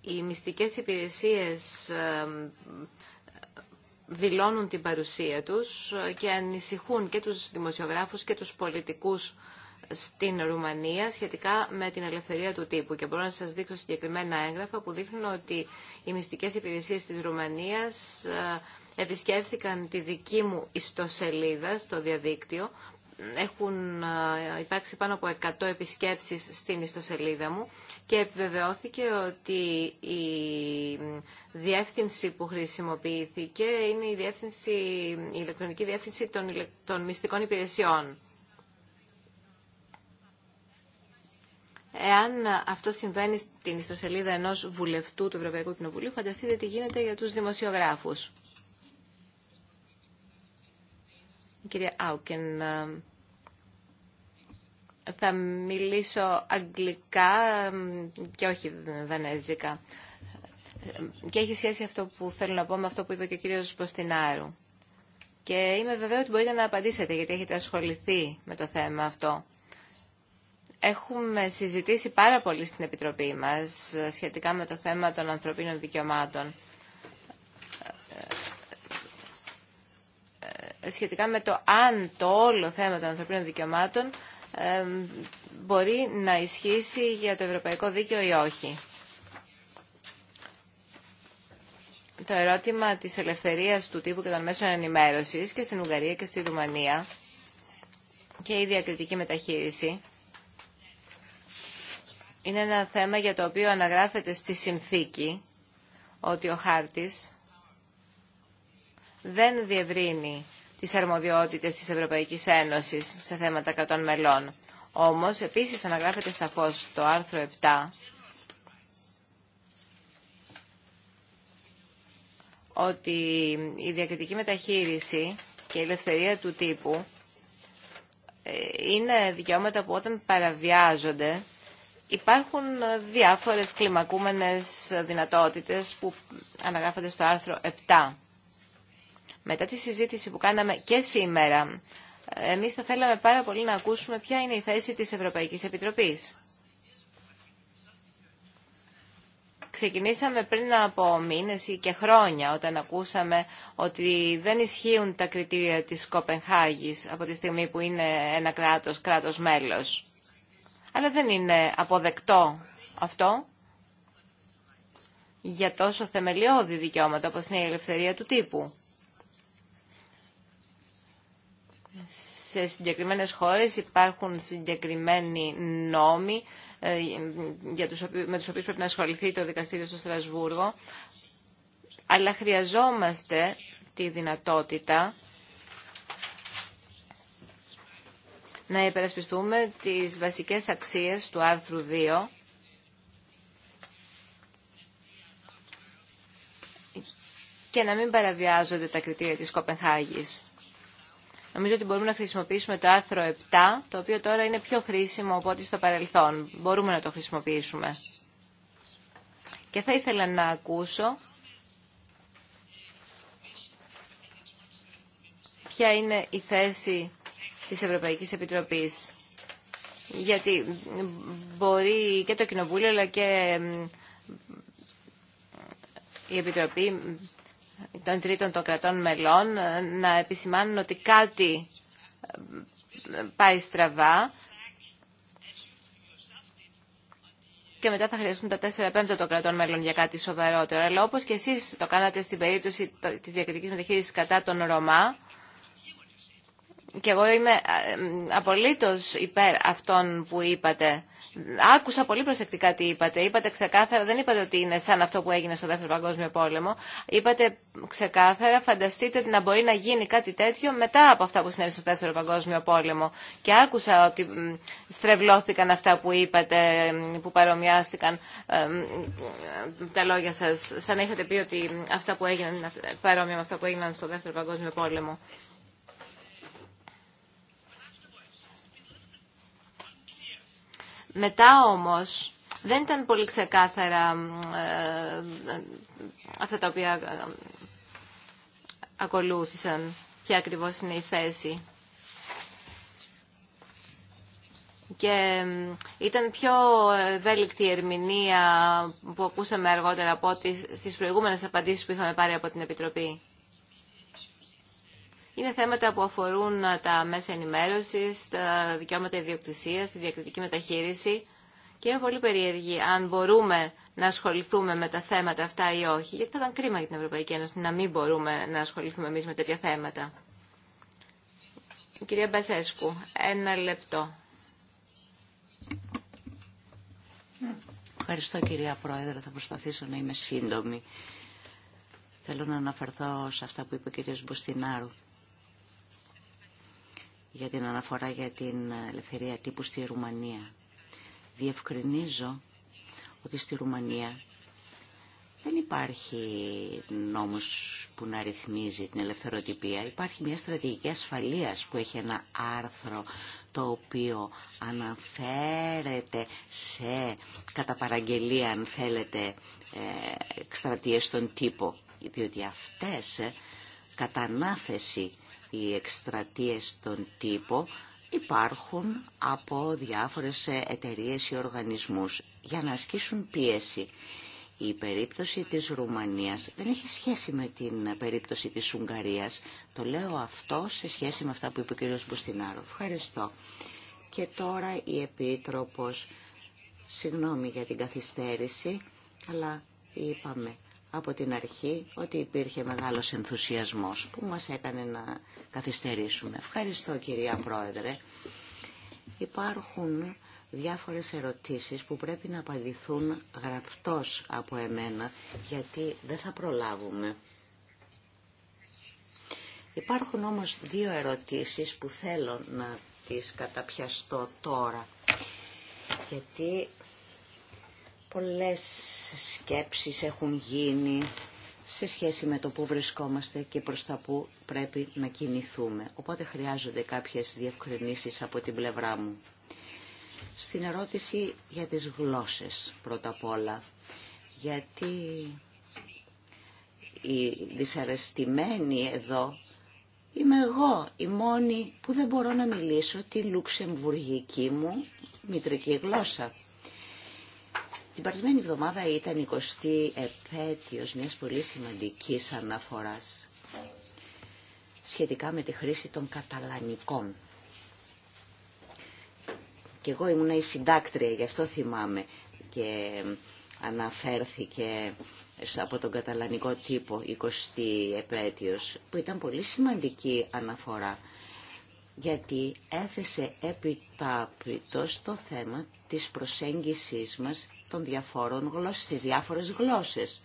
οι μυστικές υπηρεσίες δηλώνουν την παρουσία τους και ανησυχούν και τους δημοσιογράφους και τους πολιτικούς στην Ρουμανία σχετικά με την ελευθερία του τύπου και μπορώ να σας δείξω συγκεκριμένα έγγραφα που δείχνουν ότι οι μυστικές υπηρεσίες της Ρουμανίας ε, επισκέφθηκαν τη δική μου ιστοσελίδα στο διαδίκτυο. Έχουν ε, υπάρξει πάνω από 100 επισκέψεις στην ιστοσελίδα μου και επιβεβαιώθηκε ότι η διεύθυνση που χρησιμοποιήθηκε είναι η, διεύθυνση, η ηλεκτρονική διεύθυνση των, των μυστικών υπηρεσιών. Εάν αυτό συμβαίνει στην ιστοσελίδα ενό βουλευτού του Ευρωπαϊκού Κοινοβουλίου, φανταστείτε τι γίνεται για του δημοσιογράφου. Κυρία Άουκεν, θα μιλήσω αγγλικά και όχι δανέζικα. Και έχει σχέση αυτό που θέλω να πω με αυτό που είπε και ο κύριος Ποστινάρου. Και είμαι βεβαίω ότι μπορείτε να απαντήσετε γιατί έχετε ασχοληθεί με το θέμα αυτό. Έχουμε συζητήσει πάρα πολύ στην Επιτροπή μας σχετικά με το θέμα των ανθρωπίνων δικαιωμάτων. Ε, σχετικά με το αν το όλο θέμα των ανθρωπίνων δικαιωμάτων μπορεί να ισχύσει για το ευρωπαϊκό δίκαιο ή όχι. Το ερώτημα της ελευθερίας του τύπου και των μέσων ενημέρωσης και στην Ουγγαρία και στη Ρουμανία και η διακριτική μεταχείριση είναι ένα θέμα για το οποίο αναγράφεται στη συνθήκη ότι ο χάρτης δεν διευρύνει τις αρμοδιότητες της Ευρωπαϊκής Ένωσης σε θέματα κρατών μελών. Όμως, επίσης αναγράφεται σαφώς το άρθρο 7 ότι η διακριτική μεταχείριση και η ελευθερία του τύπου ε, είναι δικαιώματα που όταν παραβιάζονται Υπάρχουν διάφορες κλιμακούμενες δυνατότητες που αναγράφονται στο άρθρο 7. Μετά τη συζήτηση που κάναμε και σήμερα, εμείς θα θέλαμε πάρα πολύ να ακούσουμε ποια είναι η θέση της Ευρωπαϊκής Επιτροπής. Ξεκινήσαμε πριν από μήνες ή και χρόνια όταν ακούσαμε ότι δεν ισχύουν τα κριτήρια της Κοπενχάγης από τη στιγμή που είναι ένα κράτος, κράτος μέλος αλλά δεν είναι αποδεκτό αυτό για τόσο θεμελιώδη δικαιώματα όπως είναι η ελευθερία του τύπου. Σε συγκεκριμένες χώρες υπάρχουν συγκεκριμένοι νόμοι ε, για τους, με τους οποίους πρέπει να ασχοληθεί το δικαστήριο στο Στρασβούργο, αλλά χρειαζόμαστε τη δυνατότητα να υπερασπιστούμε τις βασικές αξίες του άρθρου 2 και να μην παραβιάζονται τα κριτήρια της Κοπενχάγης. Νομίζω ότι μπορούμε να χρησιμοποιήσουμε το άρθρο 7, το οποίο τώρα είναι πιο χρήσιμο από ό,τι στο παρελθόν. Μπορούμε να το χρησιμοποιήσουμε. Και θα ήθελα να ακούσω ποια είναι η θέση της Ευρωπαϊκής Επιτροπής. Γιατί μπορεί και το Κοινοβούλιο αλλά και η Επιτροπή των Τρίτων των Κρατών Μελών να επισημάνουν ότι κάτι πάει στραβά και μετά θα χρειαστούν τα 4 πέμπτα των κρατών μέλων για κάτι σοβαρότερο. Αλλά όπως και εσείς το κάνατε στην περίπτωση της διακριτικής μεταχείρισης κατά τον Ρωμά, και εγώ είμαι ε, απολύτως υπέρ αυτών που είπατε. Άκουσα πολύ προσεκτικά τι είπατε. Είπατε ξεκάθαρα, δεν είπατε ότι είναι σαν αυτό που έγινε στο Δεύτερο Παγκόσμιο Πόλεμο. Είπατε ξεκάθαρα, φανταστείτε να μπορεί να γίνει κάτι τέτοιο μετά από αυτά που συνέβη στο Δεύτερο Παγκόσμιο Πόλεμο. Και άκουσα ότι στρεβλώθηκαν αυτά που είπατε, που παρομοιάστηκαν ε, τα λόγια σας, σαν να είχατε πει ότι αυτά που έγιναν, παρόμοια με αυτά που έγιναν στο Δεύτερο Παγκόσμιο Πόλεμο. Μετά όμως δεν ήταν πολύ ξεκάθαρα ε, ε, αυτά τα οποία ε, ακολούθησαν και ακριβώς είναι η θέση. Και ήταν πιο ευέλικτη η ερμηνεία που ακούσαμε αργότερα από τις, στις προηγούμενες απαντήσεις που είχαμε πάρει από την Επιτροπή είναι θέματα που αφορούν ε, τα μέσα ενημέρωση τα δικαιώματα ιδιοκτησία, τη διακριτική μεταχείριση και είμαι πολύ περίεργη αν μπορούμε να ασχοληθούμε με τα θέματα αυτά ή όχι, γιατί θα ήταν κρίμα για την Ευρωπαϊκή Ένωση να μην μπορούμε να ασχοληθούμε εμεί με τέτοια θέματα. κυρία Μπασέσκου, ένα λεπτό. Ευχαριστώ κυρία Πρόεδρε, θα προσπαθήσω να είμαι σύντομη. Θέλω να αναφερθώ σε αυτά που είπε ο κύριος Μποστινάρου για την αναφορά για την ελευθερία τύπου στη Ρουμανία. Διευκρινίζω ότι στη Ρουμανία δεν υπάρχει νόμος που να ρυθμίζει την ελευθεροτυπία. Υπάρχει μια στρατηγική ασφαλείας που έχει ένα άρθρο το οποίο αναφέρεται σε κατά παραγγελία αν θέλετε ε, εκστρατείες στον τύπο. Διότι αυτές ε, κατά ανάθεση οι εκστρατείε στον τύπο υπάρχουν από διάφορες εταιρείες ή οργανισμούς για να ασκήσουν πίεση. Η περίπτωση της Ρουμανίας δεν έχει σχέση με την περίπτωση της Ουγγαρίας. Το λέω αυτό σε σχέση με αυτά που είπε ο κ. Μπουστινάρο. Ευχαριστώ. Και τώρα η Επίτροπος, συγγνώμη για την καθυστέρηση, αλλά είπαμε από την αρχή ότι υπήρχε μεγάλος ενθουσιασμός που μας έκανε να καθυστερήσουμε. Ευχαριστώ κυρία Πρόεδρε. Υπάρχουν διάφορες ερωτήσεις που πρέπει να απαντηθούν γραπτός από εμένα γιατί δεν θα προλάβουμε. Υπάρχουν όμως δύο ερωτήσεις που θέλω να τις καταπιαστώ τώρα γιατί Πολλές σκέψεις έχουν γίνει σε σχέση με το που βρισκόμαστε και προς τα που πρέπει να κινηθούμε. Οπότε χρειάζονται κάποιες διευκρινήσεις από την πλευρά μου. Στην ερώτηση για τις γλώσσες πρώτα απ' όλα, γιατί η δυσαρεστημένη εδώ είμαι εγώ, η μόνη που δεν μπορώ να μιλήσω τη λουξεμβουργική μου μητρική γλώσσα. Την παρισμένη εβδομάδα ήταν η 20η επέτειος μιας πολύ σημαντικής αναφοράς σχετικά με τη χρήση των καταλανικών. Και εγώ ήμουνα η συντάκτρια, γι' αυτό θυμάμαι και αναφέρθηκε από τον καταλανικό τύπο 20η επέτειος, που ήταν πολύ σημαντική αναφορά, γιατί έθεσε επιτάπητο στο θέμα της προσέγγισης μας των διαφόρων γλώσσων, στις διάφορες γλώσσες.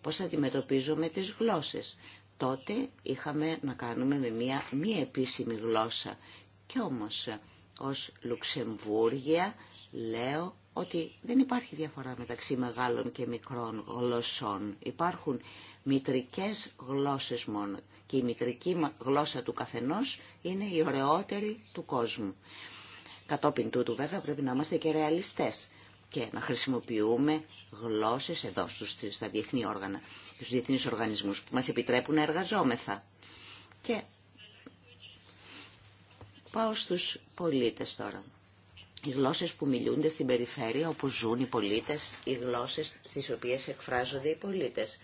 Πώς αντιμετωπίζουμε τις γλώσσες. Τότε είχαμε να κάνουμε με μία μη επίσημη γλώσσα. και όμως ως Λουξεμβούργια λέω ότι δεν υπάρχει διαφορά μεταξύ μεγάλων και μικρών γλωσσών. Υπάρχουν μητρικές γλώσσες μόνο και η μητρική γλώσσα του καθενός είναι η ωραιότερη του κόσμου. Κατόπιν τούτου βέβαια πρέπει να είμαστε και ρεαλιστές και να χρησιμοποιούμε γλώσσες εδώ στους, στα διεθνή όργανα και στους διεθνείς οργανισμούς που μας επιτρέπουν να εργαζόμεθα. Και πάω στους πολίτες τώρα. Οι γλώσσες που μιλούνται στην περιφέρεια όπου ζουν οι πολίτες, οι γλώσσες στις οποίες εκφράζονται οι πολίτες.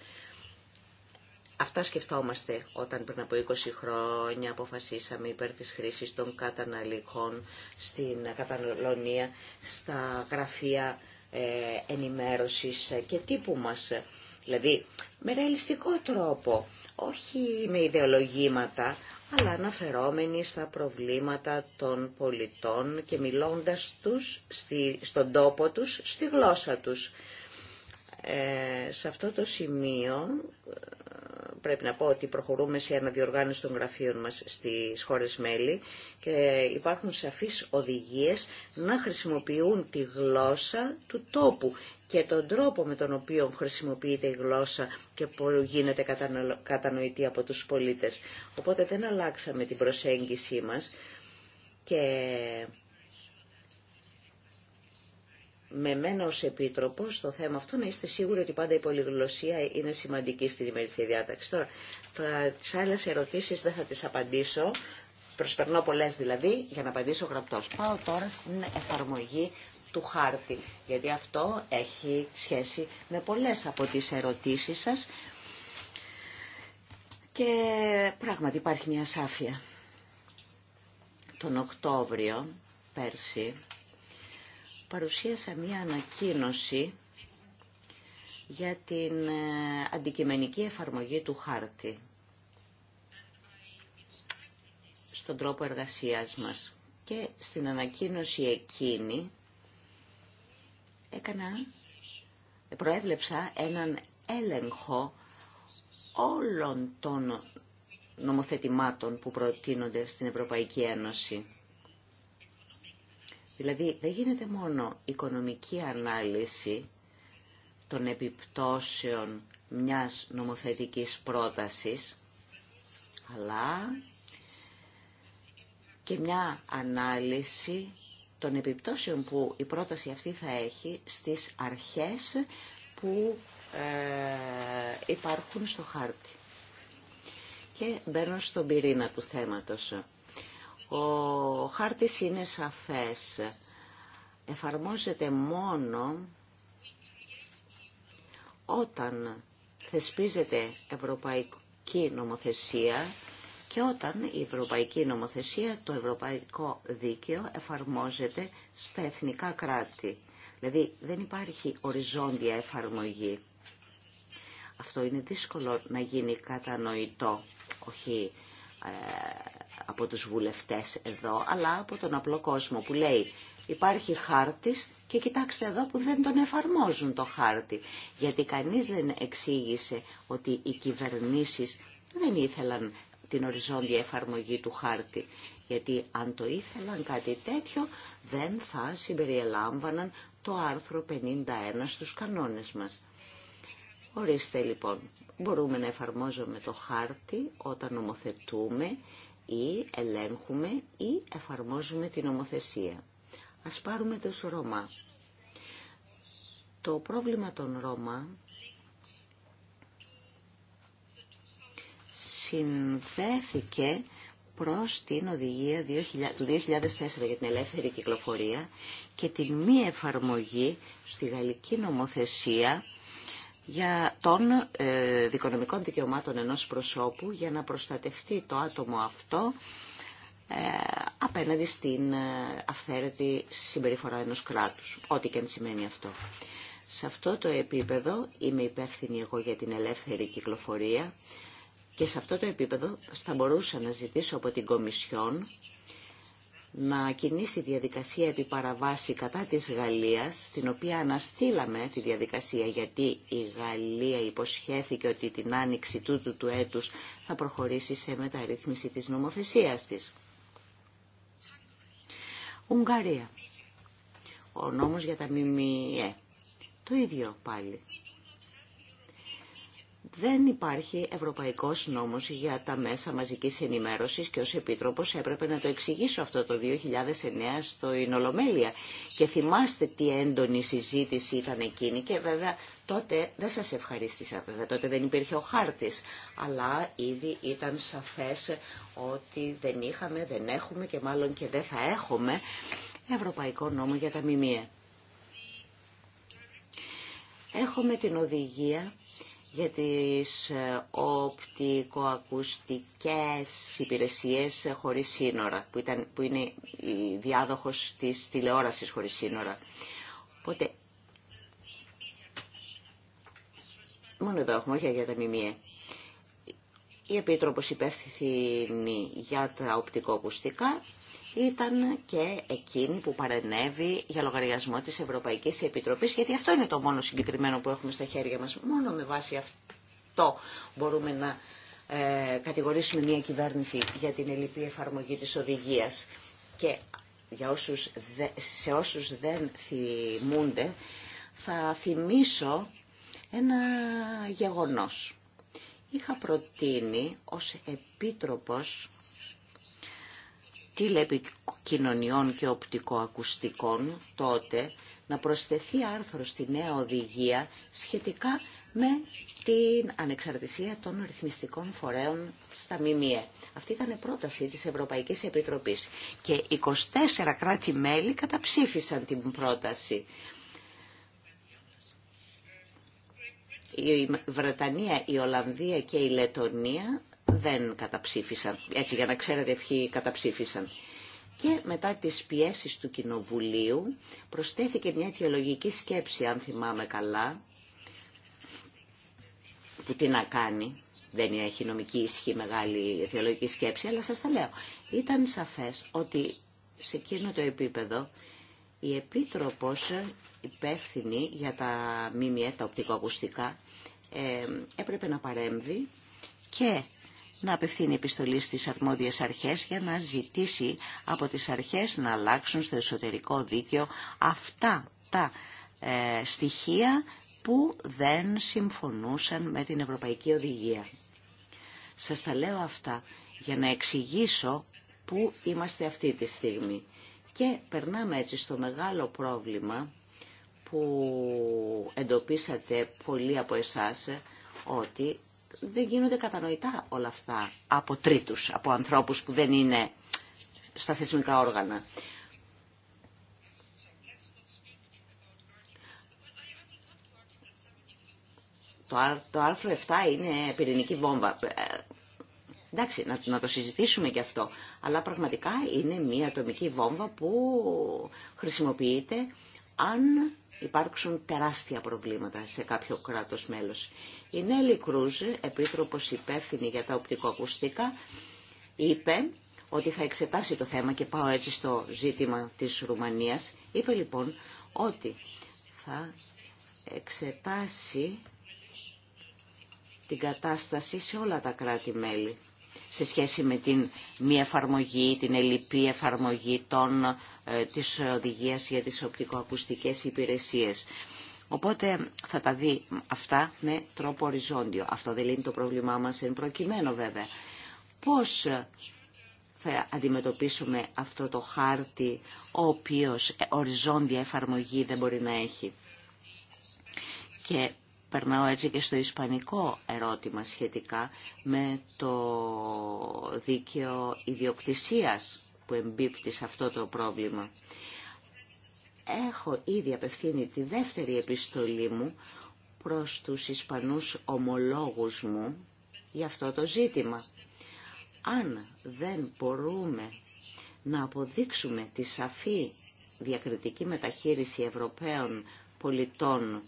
Αυτά σκεφτόμαστε όταν πριν από 20 χρόνια αποφασίσαμε υπέρ της χρήσης των καταναλικών στην Καταλωνία, στα γραφεία ε, ενημέρωσης και τύπου μας. Δηλαδή, με ρεαλιστικό τρόπο, όχι με ιδεολογήματα, αλλά αναφερόμενοι στα προβλήματα των πολιτών και μιλώντας τους στον τόπο τους, στη γλώσσα τους. Ε, σε αυτό το σημείο πρέπει να πω ότι προχωρούμε σε αναδιοργάνωση των γραφείων μας στις χώρες μέλη και υπάρχουν σαφείς οδηγίες να χρησιμοποιούν τη γλώσσα του τόπου και τον τρόπο με τον οποίο χρησιμοποιείται η γλώσσα και που γίνεται κατανοητή από τους πολίτες. Οπότε δεν αλλάξαμε την προσέγγιση μας και με μένα ως επίτροπο στο θέμα αυτό να είστε σίγουροι ότι πάντα η πολυγλωσία είναι σημαντική στην ημερησία διάταξη. Τώρα, τι άλλε ερωτήσει ερωτήσεις δεν θα τις απαντήσω, προσπερνώ πολλέ δηλαδή, για να απαντήσω γραπτό. Πάω τώρα στην εφαρμογή του χάρτη, γιατί αυτό έχει σχέση με πολλές από τις ερωτήσει σα. και πράγματι υπάρχει μια σάφια. Τον Οκτώβριο, πέρσι, παρουσίασα μία ανακοίνωση για την ε, αντικειμενική εφαρμογή του χάρτη στον τρόπο εργασίας μας. Και στην ανακοίνωση εκείνη έκανα, προέβλεψα έναν έλεγχο όλων των νομοθετημάτων που προτείνονται στην Ευρωπαϊκή Ένωση. Δηλαδή δεν γίνεται μόνο οικονομική ανάλυση των επιπτώσεων μιας νομοθετικής πρότασης, αλλά και μια ανάλυση των επιπτώσεων που η πρόταση αυτή θα έχει στις αρχές που ε, υπάρχουν στο χάρτη. Και μπαίνω στον πυρήνα του θέματος. Ο χάρτης είναι σαφές. Εφαρμόζεται μόνο όταν θεσπίζεται ευρωπαϊκή νομοθεσία και όταν η ευρωπαϊκή νομοθεσία, το ευρωπαϊκό δίκαιο εφαρμόζεται στα εθνικά κράτη. Δηλαδή δεν υπάρχει οριζόντια εφαρμογή. Αυτό είναι δύσκολο να γίνει κατανοητό, όχι ε, από τους βουλευτές εδώ, αλλά από τον απλό κόσμο που λέει υπάρχει χάρτης και κοιτάξτε εδώ που δεν τον εφαρμόζουν το χάρτη. Γιατί κανείς δεν εξήγησε ότι οι κυβερνήσεις δεν ήθελαν την οριζόντια εφαρμογή του χάρτη. Γιατί αν το ήθελαν κάτι τέτοιο δεν θα συμπεριελάμβαναν το άρθρο 51 στους κανόνες μας. Ορίστε λοιπόν, μπορούμε να εφαρμόζουμε το χάρτη όταν νομοθετούμε ή ελέγχουμε ή εφαρμόζουμε την ομοθεσία. Ας πάρουμε το Ρωμά. Το πρόβλημα των Ρώμα συνδέθηκε προς την οδηγία του 2004 για την ελεύθερη κυκλοφορία και την μη εφαρμογή στη γαλλική νομοθεσία για των ε, δικονομικών δικαιωμάτων ενός προσώπου για να προστατευτεί το άτομο αυτό ε, απέναντι στην ε, αυθαίρετη συμπεριφορά ενός κράτους, ό,τι και αν σημαίνει αυτό. Σε αυτό το επίπεδο είμαι υπεύθυνη εγώ για την ελεύθερη κυκλοφορία και σε αυτό το επίπεδο θα μπορούσα να ζητήσω από την Κομισιόν να κινήσει διαδικασία επί παραβάση κατά της Γαλλίας, την οποία αναστήλαμε τη διαδικασία γιατί η Γαλλία υποσχέθηκε ότι την άνοιξη τούτου του έτους θα προχωρήσει σε μεταρρύθμιση της νομοθεσίας της. Ουγγαρία. Ο νόμος για τα ΜΜΕ. Το ίδιο πάλι. Δεν υπάρχει ευρωπαϊκός νόμος για τα μέσα μαζικής ενημέρωσης και ως Επίτροπος έπρεπε να το εξηγήσω αυτό το 2009 στο Ινολομέλεια. Και θυμάστε τι έντονη συζήτηση ήταν εκείνη και βέβαια τότε δεν σας ευχαρίστησα βέβαια, τότε δεν υπήρχε ο χάρτης. Αλλά ήδη ήταν σαφές ότι δεν είχαμε, δεν έχουμε και μάλλον και δεν θα έχουμε ευρωπαϊκό νόμο για τα μιμία. Έχουμε την οδηγία για τις ε, οπτικοακουστικές υπηρεσίες χωρίς σύνορα, που, ήταν, που είναι η διάδοχος της τηλεόρασης χωρίς σύνορα. Οπότε, μόνο εδώ έχουμε, όχι για τα μημία. Η Επίτροπος υπεύθυνη για τα οπτικοακουστικά ήταν και εκείνη που παρενέβη για λογαριασμό της Ευρωπαϊκής Επιτροπής, γιατί αυτό είναι το μόνο συγκεκριμένο που έχουμε στα χέρια μας. Μόνο με βάση αυτό μπορούμε να ε, κατηγορήσουμε μια κυβέρνηση για την ελληπή εφαρμογή της οδηγίας. Και για όσους σε όσους δεν θυμούνται, θα θυμίσω ένα γεγονός. Είχα προτείνει ως επίτροπος τηλεπικοινωνιών και οπτικοακουστικών τότε να προσθεθεί άρθρο στη νέα οδηγία σχετικά με την ανεξαρτησία των ρυθμιστικών φορέων στα ΜΜΕ. Αυτή ήταν η πρόταση της Ευρωπαϊκής Επιτροπής και 24 κράτη-μέλη καταψήφισαν την πρόταση. Η Βρετανία, η Ολλανδία και η Λετωνία δεν καταψήφισαν, έτσι για να ξέρετε ποιοι καταψήφισαν. Και μετά τις πιέσεις του Κοινοβουλίου προσθέθηκε μια θεολογική σκέψη, αν θυμάμαι καλά, που τι να κάνει, δεν έχει νομική ισχύ μεγάλη θεολογική σκέψη, αλλά σας τα λέω. Ήταν σαφές ότι σε εκείνο το επίπεδο η Επίτροπος υπεύθυνη για τα ΜΜΕ, τα οπτικοακουστικά, ε, έπρεπε να παρέμβει και να απευθύνει επιστολή στις αρμόδιες αρχές για να ζητήσει από τις αρχές να αλλάξουν στο εσωτερικό δίκαιο αυτά τα ε, στοιχεία που δεν συμφωνούσαν με την Ευρωπαϊκή Οδηγία. Σας τα λέω αυτά για να εξηγήσω πού είμαστε αυτή τη στιγμή. Και περνάμε έτσι στο μεγάλο πρόβλημα που εντοπίσατε πολλοί από εσάς ότι δεν γίνονται κατανοητά όλα αυτά από τρίτους, από ανθρώπους που δεν είναι στα θεσμικά όργανα. Το άρθρο 7 είναι πυρηνική βόμβα. Ε, εντάξει, να, να το συζητήσουμε και αυτό. Αλλά πραγματικά είναι μια ατομική βόμβα που χρησιμοποιείται αν υπάρξουν τεράστια προβλήματα σε κάποιο κράτος μέλος. Η Νέλη Κρούζ, επίτροπος υπεύθυνη για τα οπτικοακουστικά, είπε ότι θα εξετάσει το θέμα και πάω έτσι στο ζήτημα της Ρουμανίας. Είπε λοιπόν ότι θα εξετάσει την κατάσταση σε όλα τα κράτη-μέλη σε σχέση με την μη εφαρμογή, την ελλειπή εφαρμογή των, ε, της οδηγίας για τις οπτικοακουστικές υπηρεσίες. Οπότε θα τα δει αυτά με τρόπο οριζόντιο. Αυτό δεν είναι το πρόβλημά μας εν προκειμένου βέβαια. Πώς θα αντιμετωπίσουμε αυτό το χάρτη ο οποίος οριζόντια εφαρμογή δεν μπορεί να έχει. Και Περνάω έτσι και στο ισπανικό ερώτημα σχετικά με το δίκαιο ιδιοκτησίας που εμπίπτει σε αυτό το πρόβλημα. Έχω ήδη απευθύνει τη δεύτερη επιστολή μου προς τους Ισπανούς ομολόγους μου για αυτό το ζήτημα. Αν δεν μπορούμε να αποδείξουμε τη σαφή διακριτική μεταχείριση Ευρωπαίων πολιτών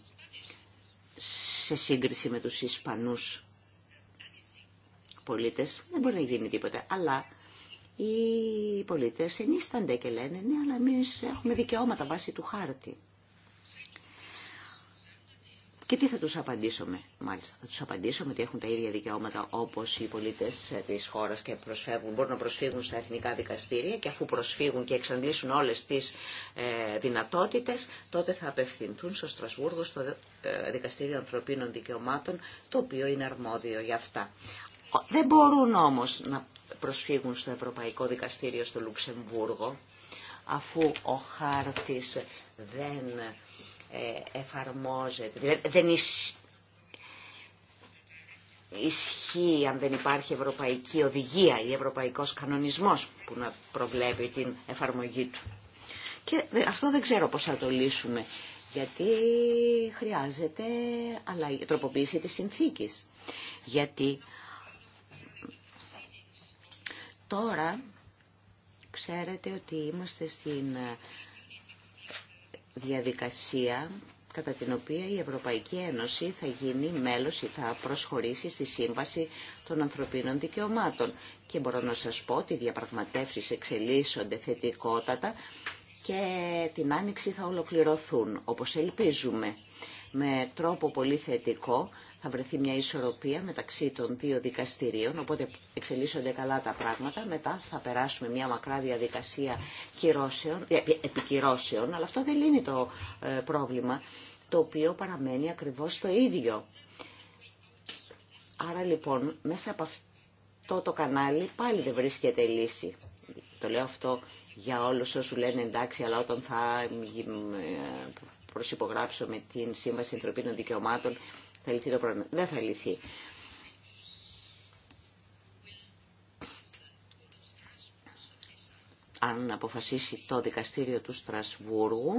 σε σύγκριση με τους Ισπανούς πολίτες. Δεν μπορεί να γίνει τίποτα. Αλλά οι πολίτες ενίστανται και λένε ναι αλλά εμείς έχουμε δικαιώματα βάσει του χάρτη. Και τι θα τους απαντήσουμε, μάλιστα. Θα τους απαντήσουμε ότι έχουν τα ίδια δικαιώματα όπως οι πολίτες ε, της χώρας και προσφεύγουν, μπορούν να προσφύγουν στα εθνικά δικαστήρια και αφού προσφύγουν και εξαντλήσουν όλες τις ε, δυνατότητες, τότε θα απευθυνθούν στο Στρασβούργο, στο ε, Δικαστήριο Ανθρωπίνων Δικαιωμάτων, το οποίο είναι αρμόδιο για αυτά. Δεν μπορούν όμως να προσφύγουν στο Ευρωπαϊκό Δικαστήριο στο Λουξεμβούργο, αφού ο χάρτης δεν ε, εφαρμόζεται. Δηλαδή δεν ισχύει αν δεν υπάρχει ευρωπαϊκή οδηγία ή ευρωπαϊκός κανονισμός που να προβλέπει την εφαρμογή του. Και αυτό δεν ξέρω πώς θα το λύσουμε, γιατί χρειάζεται η τροποποίηση της συνθήκης. Γιατί τώρα ξέρετε ότι είμαστε στην διαδικασία κατά την οποία η Ευρωπαϊκή Ένωση θα γίνει μέλος ή θα προσχωρήσει στη Σύμβαση των Ανθρωπίνων Δικαιωμάτων. Και μπορώ να σας πω ότι οι διαπραγματεύσεις εξελίσσονται θετικότατα και την Άνοιξη θα ολοκληρωθούν, όπως ελπίζουμε με τρόπο πολύ θετικό. Θα βρεθεί μια ισορροπία μεταξύ των δύο δικαστηρίων, οπότε εξελίσσονται καλά τα πράγματα. Μετά θα περάσουμε μια μακρά διαδικασία κυρώσεων, ε, επικυρώσεων, αλλά αυτό δεν λύνει το ε, πρόβλημα, το οποίο παραμένει ακριβώς το ίδιο. Άρα λοιπόν, μέσα από αυτό το κανάλι πάλι δεν βρίσκεται λύση. Το λέω αυτό για όλους όσου λένε εντάξει, αλλά όταν θα ε, με την Σύμβαση Ανθρωπίνων Δικαιωμάτων, θα λυθεί το πρόβλημα. Δεν θα λυθεί. Αν αποφασίσει το δικαστήριο του Στρασβούργου,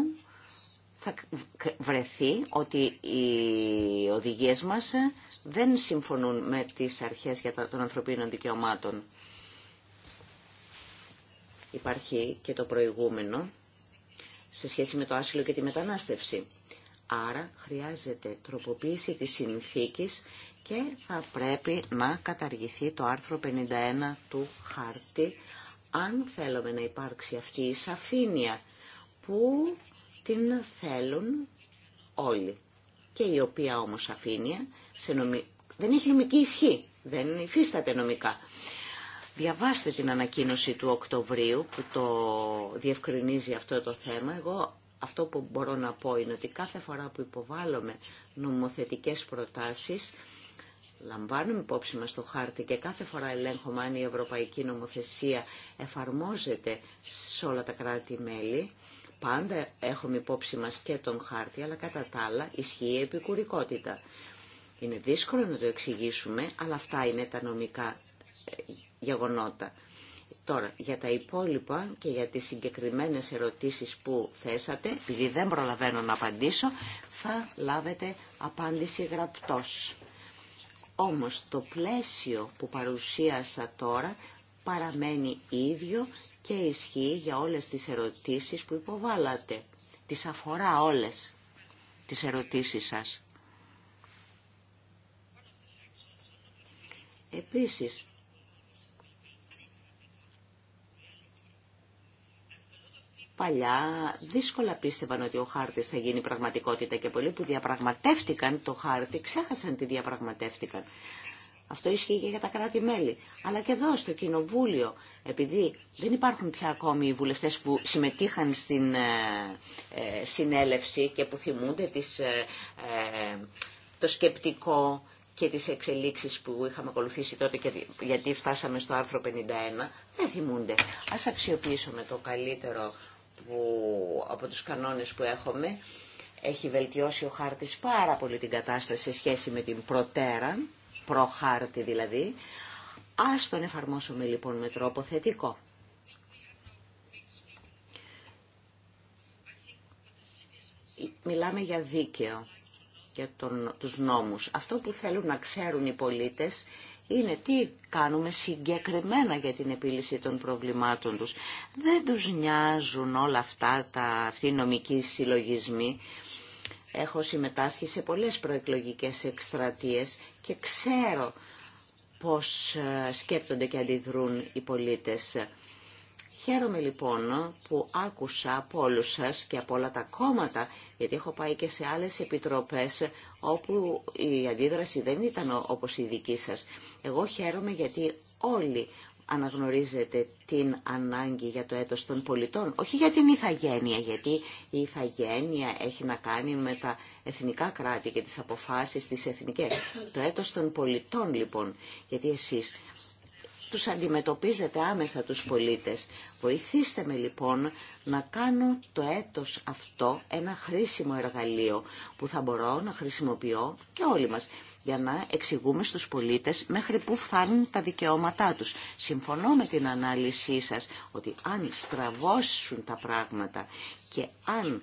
θα βρεθεί ότι οι οδηγίες μας δεν συμφωνούν με τις αρχές για των ανθρωπίνων δικαιωμάτων. Υπάρχει και το προηγούμενο σε σχέση με το άσυλο και τη μετανάστευση. Άρα χρειάζεται τροποποίηση της συνθήκης και θα πρέπει να καταργηθεί το άρθρο 51 του χάρτη αν θέλουμε να υπάρξει αυτή η σαφήνεια που την θέλουν όλοι και η οποία όμως σαφήνεια σε δεν έχει νομική ισχύ, δεν υφίσταται νομικά. Διαβάστε την ανακοίνωση του Οκτωβρίου που το διευκρινίζει αυτό το θέμα. Εγώ αυτό που μπορώ να πω είναι ότι κάθε φορά που υποβάλλουμε νομοθετικές προτάσεις λαμβάνουμε υπόψη μας το χάρτη και κάθε φορά ελέγχουμε αν η ευρωπαϊκή νομοθεσία εφαρμόζεται σε όλα τα κράτη-μέλη. Πάντα έχουμε υπόψη μας και τον χάρτη, αλλά κατά τα άλλα ισχύει η επικουρικότητα. Είναι δύσκολο να το εξηγήσουμε, αλλά αυτά είναι τα νομικά ε, γεγονότα. Τώρα, για τα υπόλοιπα και για τις συγκεκριμένες ερωτήσεις που θέσατε, επειδή δεν προλαβαίνω να απαντήσω, θα λάβετε απάντηση γραπτός. Όμως το πλαίσιο που παρουσίασα τώρα παραμένει ίδιο και ισχύει για όλες τις ερωτήσεις που υποβάλατε. Τις αφορά όλες τις ερωτήσεις σας. Επίσης, παλιά δύσκολα πίστευαν ότι ο χάρτης θα γίνει πραγματικότητα και πολλοί που διαπραγματεύτηκαν το χάρτη ξέχασαν τι διαπραγματεύτηκαν. Αυτό ισχύει και για τα κράτη-μέλη. Αλλά και εδώ στο Κοινοβούλιο, επειδή δεν υπάρχουν πια ακόμη οι βουλευτές που συμμετείχαν στην ε, ε, συνέλευση και που θυμούνται τις, ε, το σκεπτικό και τις εξελίξεις που είχαμε ακολουθήσει τότε γιατί φτάσαμε στο άρθρο 51, δεν θυμούνται. Ας αξιοποιήσουμε το καλύτερο που, από τους κανόνες που έχουμε. Έχει βελτιώσει ο χάρτης πάρα πολύ την κατάσταση σε σχέση με την προτέρα, προχάρτη δηλαδή. Ας τον εφαρμόσουμε λοιπόν με τρόπο θετικό. Μιλάμε για δίκαιο, για τον, τους νόμους. Αυτό που θέλουν να ξέρουν οι πολίτες είναι τι κάνουμε συγκεκριμένα για την επίλυση των προβλημάτων τους. Δεν τους νοιάζουν όλα αυτά τα, αυτοί νομικοί συλλογισμοί. Έχω συμμετάσχει σε πολλές προεκλογικές εκστρατείες και ξέρω πώς ε, σκέπτονται και αντιδρούν οι πολίτες. Χαίρομαι λοιπόν που άκουσα από όλους σας και από όλα τα κόμματα, γιατί έχω πάει και σε άλλες επιτροπές όπου η αντίδραση δεν ήταν όπως η δική σας. Εγώ χαίρομαι γιατί όλοι αναγνωρίζετε την ανάγκη για το έτος των πολιτών, όχι για την ηθαγένεια, γιατί η ηθαγένεια έχει να κάνει με τα εθνικά κράτη και τις αποφάσεις τις εθνικές. Το έτος των πολιτών λοιπόν, γιατί εσείς τους αντιμετωπίζετε άμεσα τους πολίτες. Βοηθήστε με λοιπόν να κάνω το έτος αυτό ένα χρήσιμο εργαλείο που θα μπορώ να χρησιμοποιώ και όλοι μας για να εξηγούμε στους πολίτες μέχρι που φτάνουν τα δικαιώματά τους. Συμφωνώ με την ανάλυση σας ότι αν στραβώσουν τα πράγματα και αν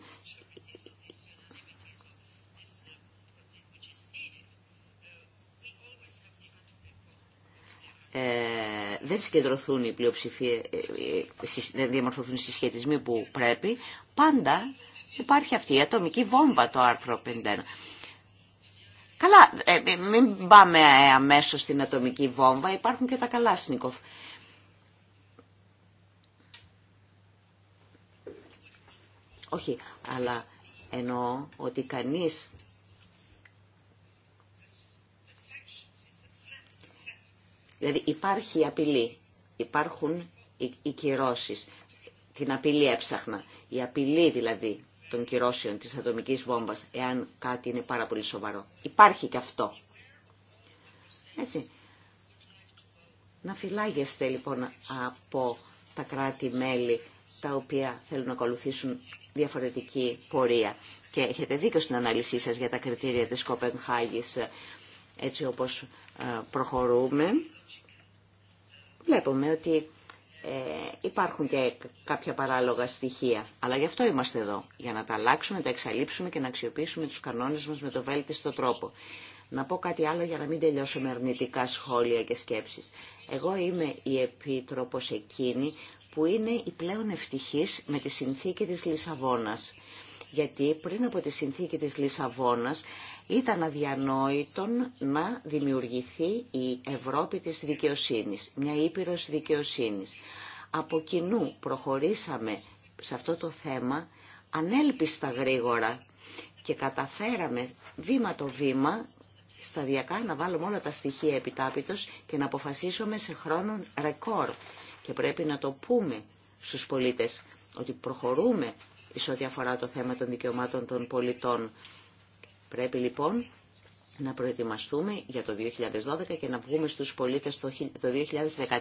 Ε, δεν συγκεντρωθούν οι πλειοψηφίες, ε, δεν διαμορφωθούν οι συσχετισμοί που πρέπει, πάντα υπάρχει αυτή η ατομική βόμβα το άρθρο 51. Καλά, ε, μην πάμε αμέσως στην ατομική βόμβα, υπάρχουν και τα καλά σνικοφ. Όχι, αλλά εννοώ ότι κανείς Δηλαδή υπάρχει απειλή, υπάρχουν οι, οι Την απειλή έψαχνα. Η απειλή δηλαδή των κυρώσεων της ατομικής βόμβας, εάν κάτι είναι πάρα πολύ σοβαρό. Υπάρχει και αυτό. Έτσι. Να φυλάγεστε λοιπόν από τα κράτη-μέλη τα οποία θέλουν να ακολουθήσουν διαφορετική πορεία. Και έχετε δίκιο στην ανάλυση σας για τα κριτήρια της Κοπενχάγης, έτσι όπως ε, προχωρούμε βλέπουμε ότι ε, υπάρχουν και κάποια παράλογα στοιχεία. Αλλά γι' αυτό είμαστε εδώ, για να τα αλλάξουμε, τα εξαλείψουμε και να αξιοποιήσουμε τους κανόνες μας με το βέλτιστο τρόπο. Να πω κάτι άλλο για να μην τελειώσω με αρνητικά σχόλια και σκέψεις. Εγώ είμαι η επίτροπος εκείνη που είναι η πλέον ευτυχής με τη συνθήκη της Λισαβόνας. Γιατί πριν από τη συνθήκη της Λισαβόνας ήταν αδιανόητον να δημιουργηθεί η Ευρώπη της δικαιοσύνης, μια ήπειρος δικαιοσύνης. Από κοινού προχωρήσαμε σε αυτό το θέμα ανέλπιστα γρήγορα και καταφέραμε βήμα το βήμα σταδιακά να βάλουμε όλα τα στοιχεία επιτάπητος και να αποφασίσουμε σε χρόνο ρεκόρ. Και πρέπει να το πούμε στους πολίτες ότι προχωρούμε σε ό,τι αφορά το θέμα των δικαιωμάτων των πολιτών Πρέπει λοιπόν να προετοιμαστούμε για το 2012 και να βγούμε στους πολίτες το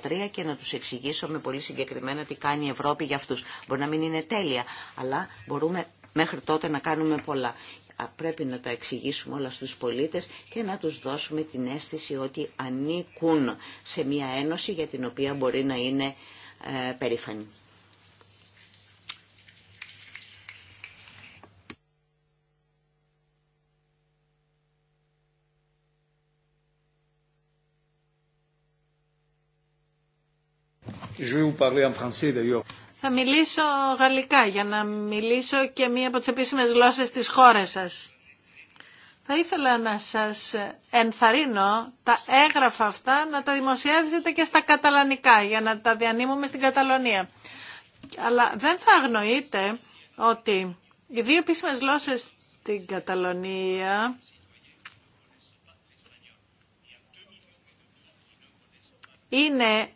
2013 και να τους εξηγήσουμε πολύ συγκεκριμένα τι κάνει η Ευρώπη για αυτούς. Μπορεί να μην είναι τέλεια, αλλά μπορούμε μέχρι τότε να κάνουμε πολλά. Πρέπει να τα εξηγήσουμε όλα στους πολίτες και να τους δώσουμε την αίσθηση ότι ανήκουν σε μια ένωση για την οποία μπορεί να είναι ε, περήφανοι. Θα μιλήσω γαλλικά για να μιλήσω και μία από τις επίσημες γλώσσες της χώρας σας. Θα ήθελα να σας ενθαρρύνω τα έγγραφα αυτά να τα δημοσιεύσετε και στα καταλανικά για να τα διανύμουμε στην Καταλωνία. Αλλά δεν θα αγνοείτε ότι οι δύο επίσημες γλώσσες στην Καταλωνία είναι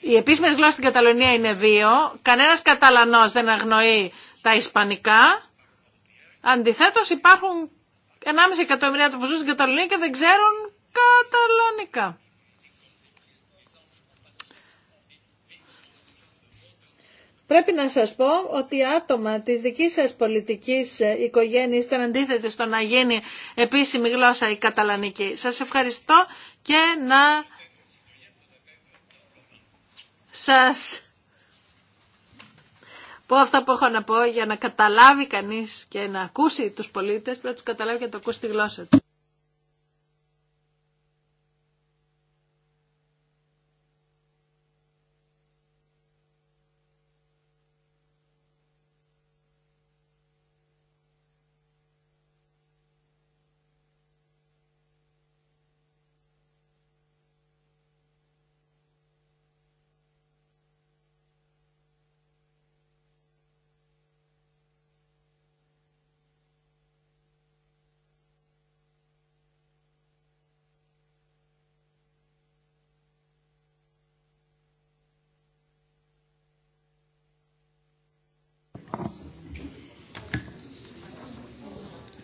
οι επίσημη γλώσσα στην Καταλωνία είναι δύο. Κανένας Καταλανός δεν αγνοεί τα Ισπανικά. Αντιθέτως υπάρχουν 1,5 εκατομμύρια που ζουν στην Καταλωνία και δεν ξέρουν Καταλωνικά. Πρέπει να σας πω ότι άτομα της δικής σας πολιτικής ε, οικογένειας ήταν αντίθετοι στο να γίνει επίσημη γλώσσα η καταλανική. Σας ευχαριστώ και να σας πω αυτά που έχω να πω για να καταλάβει κανείς και να ακούσει τους πολίτες, πρέπει να τους καταλάβει και να το ακούσει τη γλώσσα του.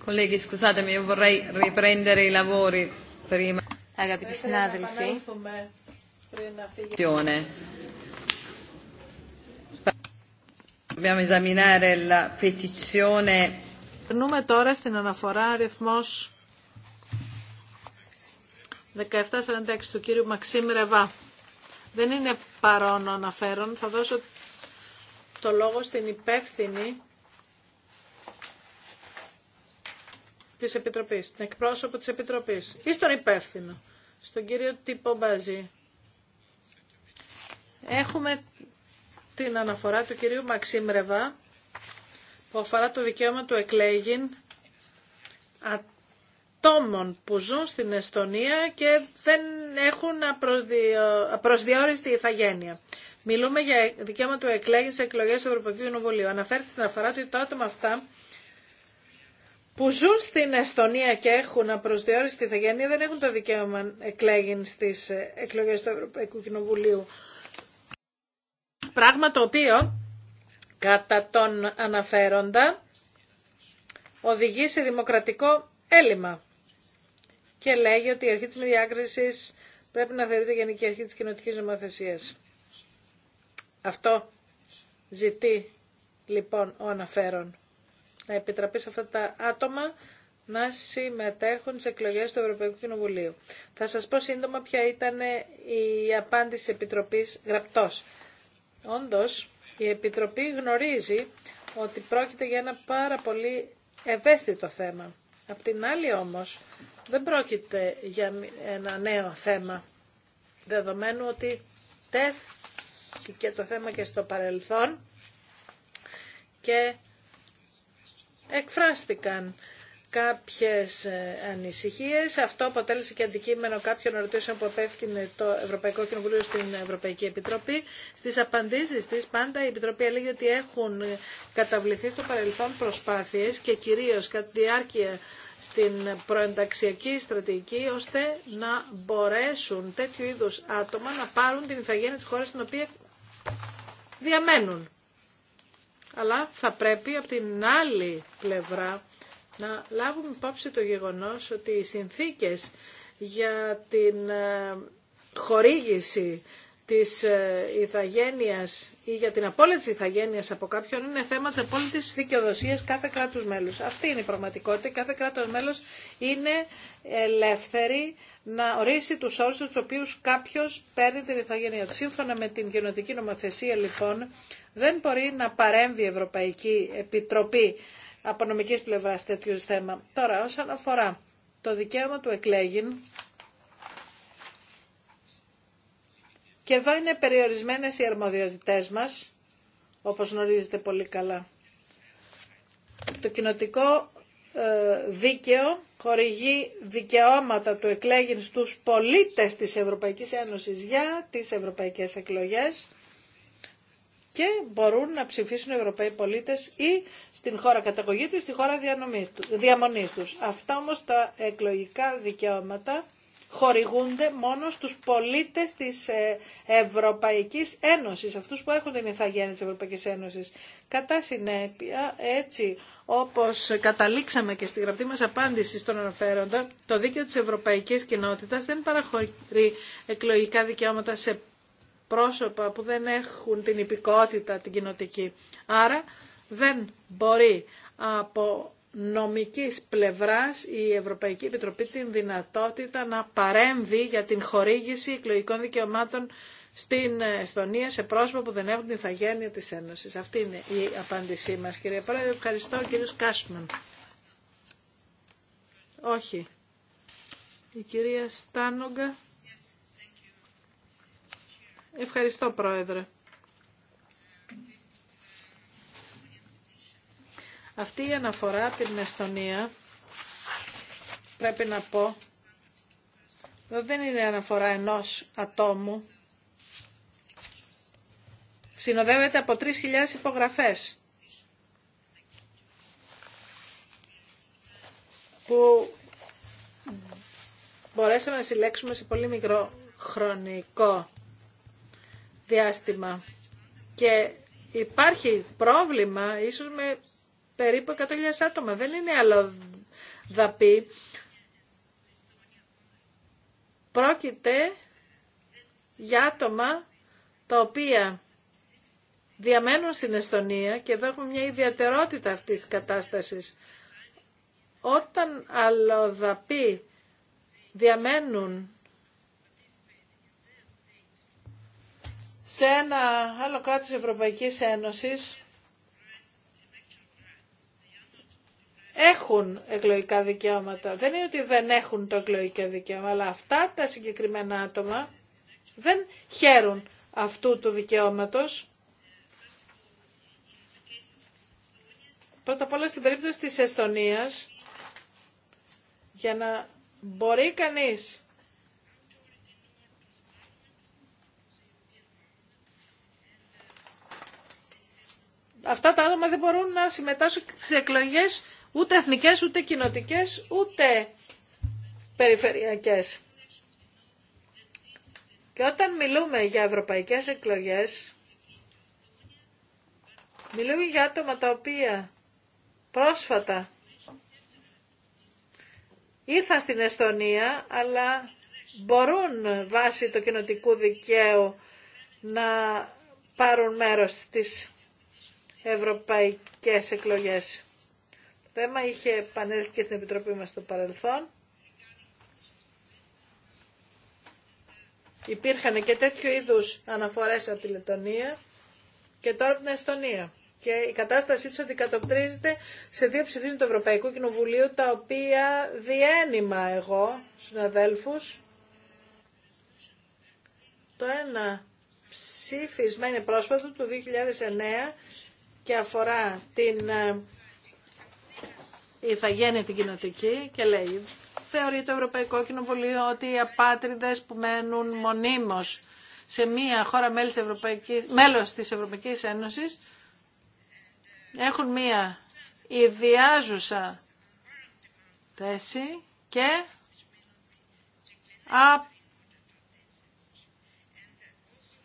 Colleghi, scusatemi, io vorrei riprendere i lavori prima. Αγαπητοί συνάδελφοι, Dobbiamo esaminare la petizione. Περνούμε τώρα στην αναφορά αριθμός 1746 του κύριου Μαξίμ Ρεβά. Δεν είναι παρόν αναφέρον. Θα δώσω το λόγο στην υπεύθυνη της Επιτροπής, την εκπρόσωπο τη Επιτροπή ή στον υπεύθυνο, στον κύριο Τύπο Μπαζή. Έχουμε την αναφορά του κυρίου Μαξίμ που αφορά το δικαίωμα του εκλέγην ατόμων που ζουν στην Εστονία και δεν έχουν απροσδιόριστη ηθαγένεια. Μιλούμε για δικαίωμα του εκλέγην σε εκλογές του Ευρωπαϊκού Κοινοβουλίου. Αναφέρθηκε στην αναφορά του ότι τα άτομα αυτά που ζουν στην Εστονία και έχουν τη ηθαγένεια δεν έχουν το δικαίωμα εκλέγην στις ε, εκλογές του Ευρωπαϊκού Κοινοβουλίου. Πράγμα το οποίο, κατά τον αναφέροντα, οδηγεί σε δημοκρατικό έλλειμμα και λέγει ότι η αρχή της μη πρέπει να θεωρείται γενική αρχή της κοινωτικής νομοθεσία. Αυτό ζητεί λοιπόν ο αναφέρον να επιτραπεί σε αυτά τα άτομα να συμμετέχουν σε εκλογές του Ευρωπαϊκού Κοινοβουλίου. Θα σας πω σύντομα ποια ήταν η απάντηση της Επιτροπής γραπτός. Όντως, η Επιτροπή γνωρίζει ότι πρόκειται για ένα πάρα πολύ ευαίσθητο θέμα. Απ' την άλλη όμως, δεν πρόκειται για ένα νέο θέμα, δεδομένου ότι και το θέμα και στο παρελθόν και εκφράστηκαν κάποιες ε, ανησυχίες. Αυτό αποτέλεσε και αντικείμενο κάποιων ερωτήσεων που απέφθηκε το Ευρωπαϊκό Κοινοβουλίο στην Ευρωπαϊκή Επιτροπή. Στις απαντήσεις της πάντα η Επιτροπή έλεγε ότι έχουν ε, καταβληθεί στο παρελθόν προσπάθειες και κυρίως κατά τη διάρκεια στην προενταξιακή στρατηγική ώστε να μπορέσουν τέτοιου είδους άτομα να πάρουν την ηθαγένεια της χώρας στην οποία διαμένουν αλλά θα πρέπει από την άλλη πλευρά να λάβουμε υπόψη το γεγονός ότι οι συνθήκες για την ε, χορήγηση της ε, ηθαγένειας ή για την απόλυτη της ηθαγένειας από κάποιον είναι θέμα της απόλυτης δικαιοδοσίας κάθε κράτους μέλους. Αυτή είναι η πραγματικότητα. Κάθε κράτος μέλος είναι ελεύθερη να ορίσει τους όρους τους οποίους κάποιος παίρνει την ηθαγένεια Σύμφωνα με την γενοτική νομοθεσία λοιπόν δεν μπορεί να παρέμβει η Ευρωπαϊκή Επιτροπή από νομικής πλευράς τέτοιου θέμα. Τώρα, όσον αφορά το δικαίωμα του εκλέγην, και εδώ είναι περιορισμένες οι αρμοδιότητές μας, όπως γνωρίζετε πολύ καλά. Το κοινοτικό ε, δίκαιο χορηγεί δικαιώματα του εκλέγην στους πολίτες της Ευρωπαϊκής Ένωσης για τις ευρωπαϊκές εκλογές και μπορούν να ψηφίσουν οι Ευρωπαίοι πολίτες ή στην χώρα καταγωγή ή στη χώρα διαμονής τους. Αυτά όμως τα εκλογικά δικαιώματα χορηγούνται μόνο στους πολίτες της ε, Ευρωπαϊκής Ένωσης, αυτούς που έχουν την ηθαγένεια της Ευρωπαϊκής Ένωσης. Κατά συνέπεια, έτσι όπως καταλήξαμε και στη γραπτή μας απάντηση στον αναφέροντα, το δίκαιο της Ευρωπαϊκής Κοινότητας δεν παραχωρεί εκλογικά δικαιώματα σε πρόσωπα που δεν έχουν την υπηκότητα την κοινοτική. Άρα δεν μπορεί από νομικής πλευράς η Ευρωπαϊκή Επιτροπή την δυνατότητα να παρέμβει για την χορήγηση εκλογικών δικαιωμάτων στην Εστονία σε πρόσωπα που δεν έχουν την θαγένεια της Ένωσης. Αυτή είναι η απάντησή μας κύριε Πρόεδρε. Ευχαριστώ κύριος Κάσμαν. Όχι. Η κυρία Στάνογκα Ευχαριστώ, Πρόεδρε. Αυτή η αναφορά από την Εστονία, πρέπει να πω, δεν είναι αναφορά ενός ατόμου. Συνοδεύεται από 3.000 υπογραφές. που μπορέσαμε να συλλέξουμε σε πολύ μικρό χρονικό διάστημα και υπάρχει πρόβλημα ίσως με περίπου 100.000 άτομα. Δεν είναι άλλο δαπή. Πρόκειται για άτομα τα οποία διαμένουν στην Εστονία και εδώ έχουμε μια ιδιαιτερότητα αυτής της κατάστασης. Όταν αλλοδαποί διαμένουν σε ένα άλλο κράτος Ευρωπαϊκής Ένωσης έχουν εκλογικά δικαιώματα. Δεν είναι ότι δεν έχουν το εκλογικό δικαίωμα, αλλά αυτά τα συγκεκριμένα άτομα δεν χαίρουν αυτού του δικαιώματος. Πρώτα απ' όλα στην περίπτωση της Εστονίας, για να μπορεί κανείς αυτά τα άτομα δεν μπορούν να συμμετάσχουν σε εκλογές ούτε εθνικές, ούτε κοινοτικές, ούτε περιφερειακές. Και όταν μιλούμε για ευρωπαϊκές εκλογές, μιλούμε για άτομα τα οποία πρόσφατα ήρθαν στην Εστονία, αλλά μπορούν βάσει το κοινοτικού δικαίου να πάρουν μέρος στις ευρωπαϊκές εκλογές. Το θέμα είχε επανέλθει και στην Επιτροπή μας στο παρελθόν. Υπήρχαν και τέτοιου είδους αναφορές από τη Λετωνία και τώρα από την Εστονία. Και η κατάστασή τους αντικατοπτρίζεται σε δύο ψηφίσματα του Ευρωπαϊκού Κοινοβουλίου, τα οποία διένυμα εγώ, συναδέλφους. Το ένα ψήφισμα είναι πρόσφατο του 2009 και αφορά την ε, ηθαγένεια την κοινοτική και λέει θεωρεί το Ευρωπαϊκό Κοινοβουλίο ότι οι απάτριδες που μένουν μονίμως σε μία χώρα μέλος της Ευρωπαϊκής, μέλος της Ευρωπαϊκής Ένωσης έχουν μία ιδιάζουσα θέση και α,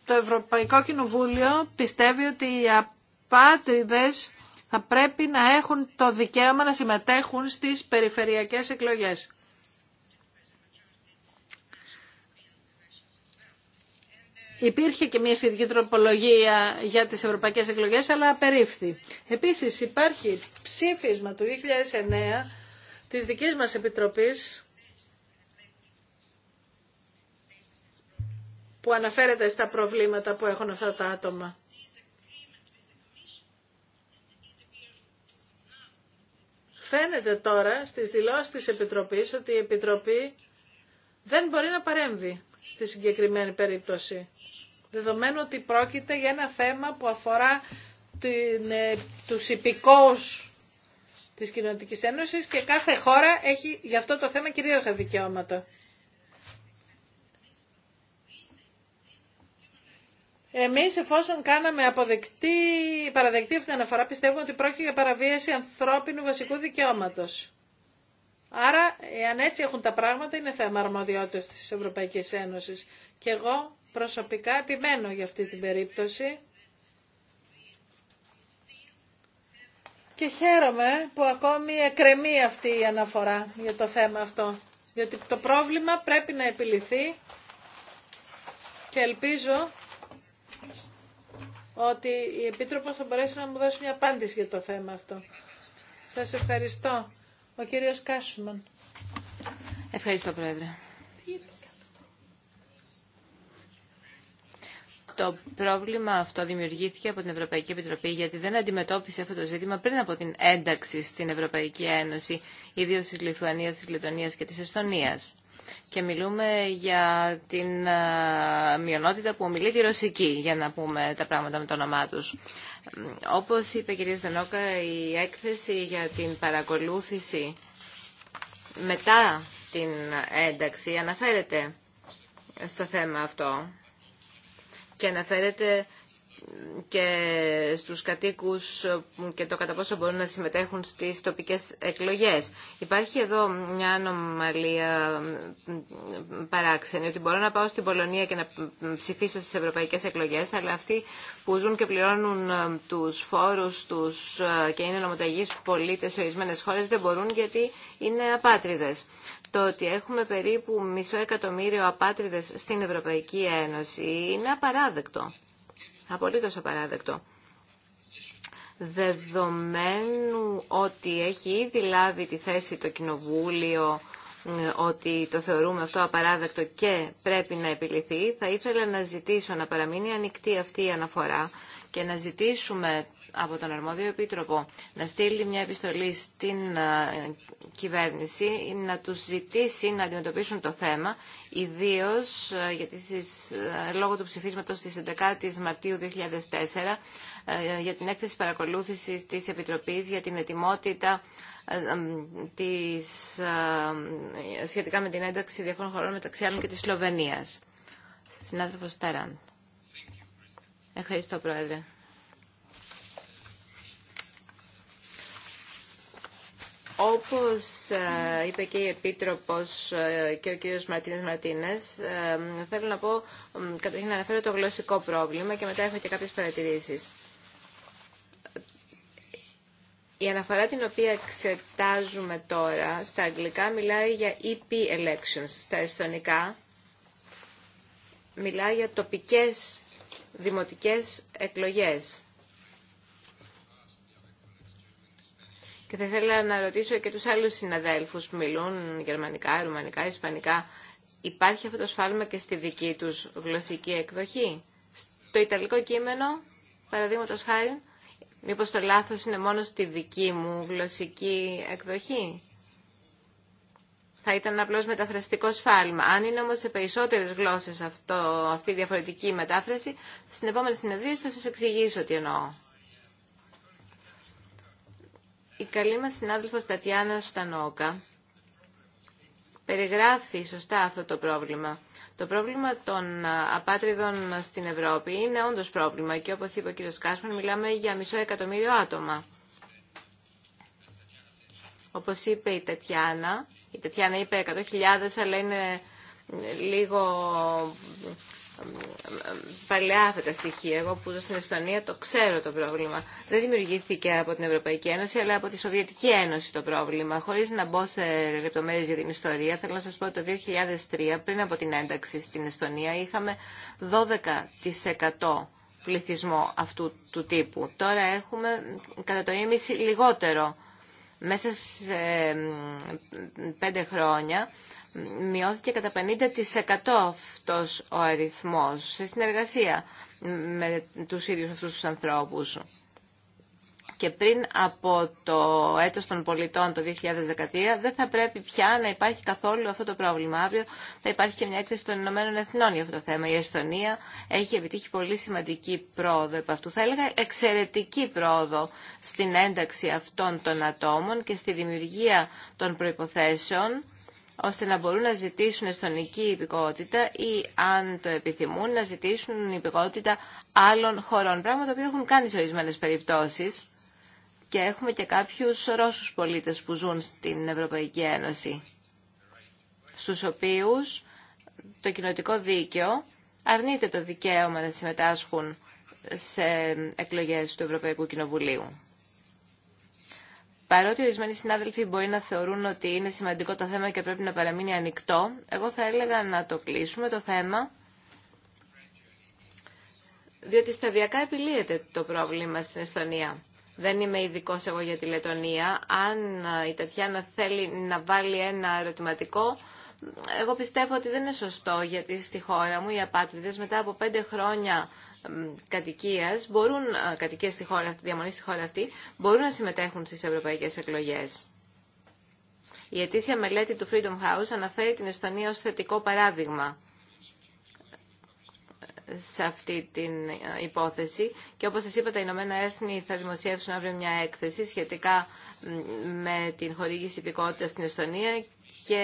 το Ευρωπαϊκό Κοινοβούλιο πιστεύει ότι η πάτριδες θα πρέπει να έχουν το δικαίωμα να συμμετέχουν στις περιφερειακές εκλογές. Υπήρχε και μια σχετική τροπολογία για τις ευρωπαϊκές εκλογές, αλλά απερίφθη. Επίσης υπάρχει ψήφισμα του 2009 της δικής μας Επιτροπής που αναφέρεται στα προβλήματα που έχουν αυτά τα άτομα. Φαίνεται τώρα στις δηλώσεις της Επιτροπής ότι η Επιτροπή δεν μπορεί να παρέμβει στη συγκεκριμένη περίπτωση. Δεδομένου ότι πρόκειται για ένα θέμα που αφορά την, ε, τους υπηκόους της Κοινωνικής Ένωσης και κάθε χώρα έχει γι' αυτό το θέμα κυρίαρχα δικαιώματα. Εμείς εφόσον κάναμε αποδεκτή, παραδεκτή αυτή την αναφορά πιστεύουμε ότι πρόκειται για παραβίαση ανθρώπινου βασικού δικαιώματος. Άρα, αν έτσι έχουν τα πράγματα, είναι θέμα αρμοδιότητας της Ευρωπαϊκής Ένωσης. Και εγώ προσωπικά επιμένω για αυτή την περίπτωση. Και χαίρομαι που ακόμη εκρεμεί αυτή η αναφορά για το θέμα αυτό. Διότι το πρόβλημα πρέπει να επιληθεί και ελπίζω ότι η Επίτροπος θα μπορέσει να μου δώσει μια απάντηση για το θέμα αυτό. Σας ευχαριστώ. Ο κύριος Κάσουμαν. Ευχαριστώ, Πρόεδρε. Το πρόβλημα αυτό δημιουργήθηκε από την Ευρωπαϊκή Επιτροπή γιατί δεν αντιμετώπισε αυτό το ζήτημα πριν από την ένταξη στην Ευρωπαϊκή Ένωση, ιδίω τη Λιθουανίας, τη Λετωνία και τη Εστονίας. Και μιλούμε για την μειονότητα που ομιλεί τη ρωσική, για να πούμε τα πράγματα με το όνομά τους. Όπως είπε η κυρία Στενόκα, η έκθεση για την παρακολούθηση μετά την ένταξη αναφέρεται στο θέμα αυτό και αναφέρεται και στους κατοίκους και το κατά πόσο μπορούν να συμμετέχουν στις τοπικές εκλογές. Υπάρχει εδώ μια ανομαλία παράξενη, ότι μπορώ να πάω στην Πολωνία και να ψηφίσω στις ευρωπαϊκές εκλογές, αλλά αυτοί που ζουν και πληρώνουν ε, τους φόρους τους ε, και είναι νομοταγείς πολίτες σε ορισμένε χώρες δεν μπορούν γιατί είναι απάτριδες. Το ότι έχουμε περίπου μισό εκατομμύριο απάτριδες στην Ευρωπαϊκή Ένωση είναι απαράδεκτο. Απολύτως απαράδεκτο. Δεδομένου ότι έχει ήδη λάβει τη θέση το Κοινοβούλιο ότι το θεωρούμε αυτό απαράδεκτο και πρέπει να επιληθεί, θα ήθελα να ζητήσω να παραμείνει ανοιχτή αυτή η αναφορά και να ζητήσουμε από τον αρμόδιο επίτροπο να στείλει μια επιστολή στην ε, κυβέρνηση να τους ζητήσει να αντιμετωπίσουν το θέμα, ιδίως ε, γιατί ε, λόγω του ψηφίσματος της 11ης Μαρτίου 2004 για την έκθεση παρακολούθησης της Επιτροπής για την ετοιμότητα της, σχετικά με την ένταξη διαφόρων χωρών μεταξύ άλλων και της Σλοβενίας. Συνάδελφος Στεράν Ευχαριστώ, Πρόεδρε. Όπως ε, είπε και η Επίτροπος ε, και ο κύριος Μαρτίνες Μαρτίνες, ε, θέλω να πω, καταρχήν να αναφέρω το γλωσσικό πρόβλημα και μετά έχω και κάποιες παρατηρήσεις. Η αναφορά την οποία εξετάζουμε τώρα στα αγγλικά μιλάει για EP elections, στα εστονικά μιλάει για τοπικές δημοτικές εκλογές. Και θα ήθελα να ρωτήσω και τους άλλους συναδέλφους που μιλούν γερμανικά, ρουμανικά, ισπανικά. Υπάρχει αυτό το σφάλμα και στη δική τους γλωσσική εκδοχή. Στο ιταλικό κείμενο, παραδείγματο χάρη, μήπως το λάθος είναι μόνο στη δική μου γλωσσική εκδοχή. Θα ήταν απλώς μεταφραστικό σφάλμα. Αν είναι όμως σε περισσότερες γλώσσες αυτό, αυτή η διαφορετική μετάφραση, στην επόμενη συνεδρία θα σας εξηγήσω τι εννοώ. Η καλή μας συνάδελφος Τατιάνα Στανόκα περιγράφει σωστά αυτό το πρόβλημα. Το πρόβλημα των απάτριδων στην Ευρώπη είναι όντως πρόβλημα και όπως είπε ο κύριος Κάσπαν μιλάμε για μισό εκατομμύριο άτομα. Όπως είπε η Τατιάνα, η Τατιάνα είπε 100.000 αλλά είναι λίγο παλιά αυτά τα στοιχεία. Εγώ που ζω στην Εστονία το ξέρω το πρόβλημα. Δεν δημιουργήθηκε από την Ευρωπαϊκή Ένωση, αλλά από τη Σοβιετική Ένωση το πρόβλημα. Χωρί να μπω σε λεπτομέρειε για την ιστορία, θέλω να σα πω ότι το 2003, πριν από την ένταξη στην Εστονία, είχαμε 12% πληθυσμό αυτού του τύπου. Τώρα έχουμε κατά το ίμιση λιγότερο. Μέσα σε πέντε χρόνια μειώθηκε κατά 50% αυτός ο αριθμός σε συνεργασία με τους ίδιους αυτούς τους ανθρώπους. Και πριν από το έτος των πολιτών το 2013 δεν θα πρέπει πια να υπάρχει καθόλου αυτό το πρόβλημα. Αύριο θα υπάρχει και μια έκθεση των Ηνωμένων Εθνών για αυτό το θέμα. Η Εστονία έχει επιτύχει πολύ σημαντική πρόοδο επ' αυτού. Θα έλεγα εξαιρετική πρόοδο στην ένταξη αυτών των ατόμων και στη δημιουργία των προϋποθέσεων ώστε να μπορούν να ζητήσουν εστονική υπηκότητα ή αν το επιθυμούν να ζητήσουν υπηκότητα άλλων χωρών. Πράγμα το οποίο έχουν κάνει σε ορισμένες περιπτώσεις και έχουμε και κάποιους Ρώσους πολίτες που ζουν στην Ευρωπαϊκή Ένωση στους οποίους το κοινοτικό δίκαιο αρνείται το δικαίωμα να συμμετάσχουν σε εκλογές του Ευρωπαϊκού Κοινοβουλίου. Παρότι ορισμένοι συνάδελφοι μπορεί να θεωρούν ότι είναι σημαντικό το θέμα και πρέπει να παραμείνει ανοιχτό, εγώ θα έλεγα να το κλείσουμε το θέμα, διότι σταδιακά επιλύεται το πρόβλημα στην Εστονία. Δεν είμαι ειδικό εγώ για τη Λετωνία. Αν ε, η Τατιάνα θέλει να βάλει ένα ερωτηματικό, εγώ πιστεύω ότι δεν είναι σωστό γιατί στη χώρα μου οι απάτητες μετά από πέντε χρόνια κατοικίας, μπορούν, κατοικίας στη χώρα αυτή, διαμονή στη χώρα αυτή, μπορούν να συμμετέχουν στις ευρωπαϊκές εκλογές. Η ετήσια μελέτη του Freedom House αναφέρει την Εστονία ως θετικό παράδειγμα σε αυτή την ε, υπόθεση και όπως σας είπα τα Ηνωμένα Έθνη θα δημοσιεύσουν αύριο μια έκθεση σχετικά με την χορήγηση υπηκότητας στην Εστονία και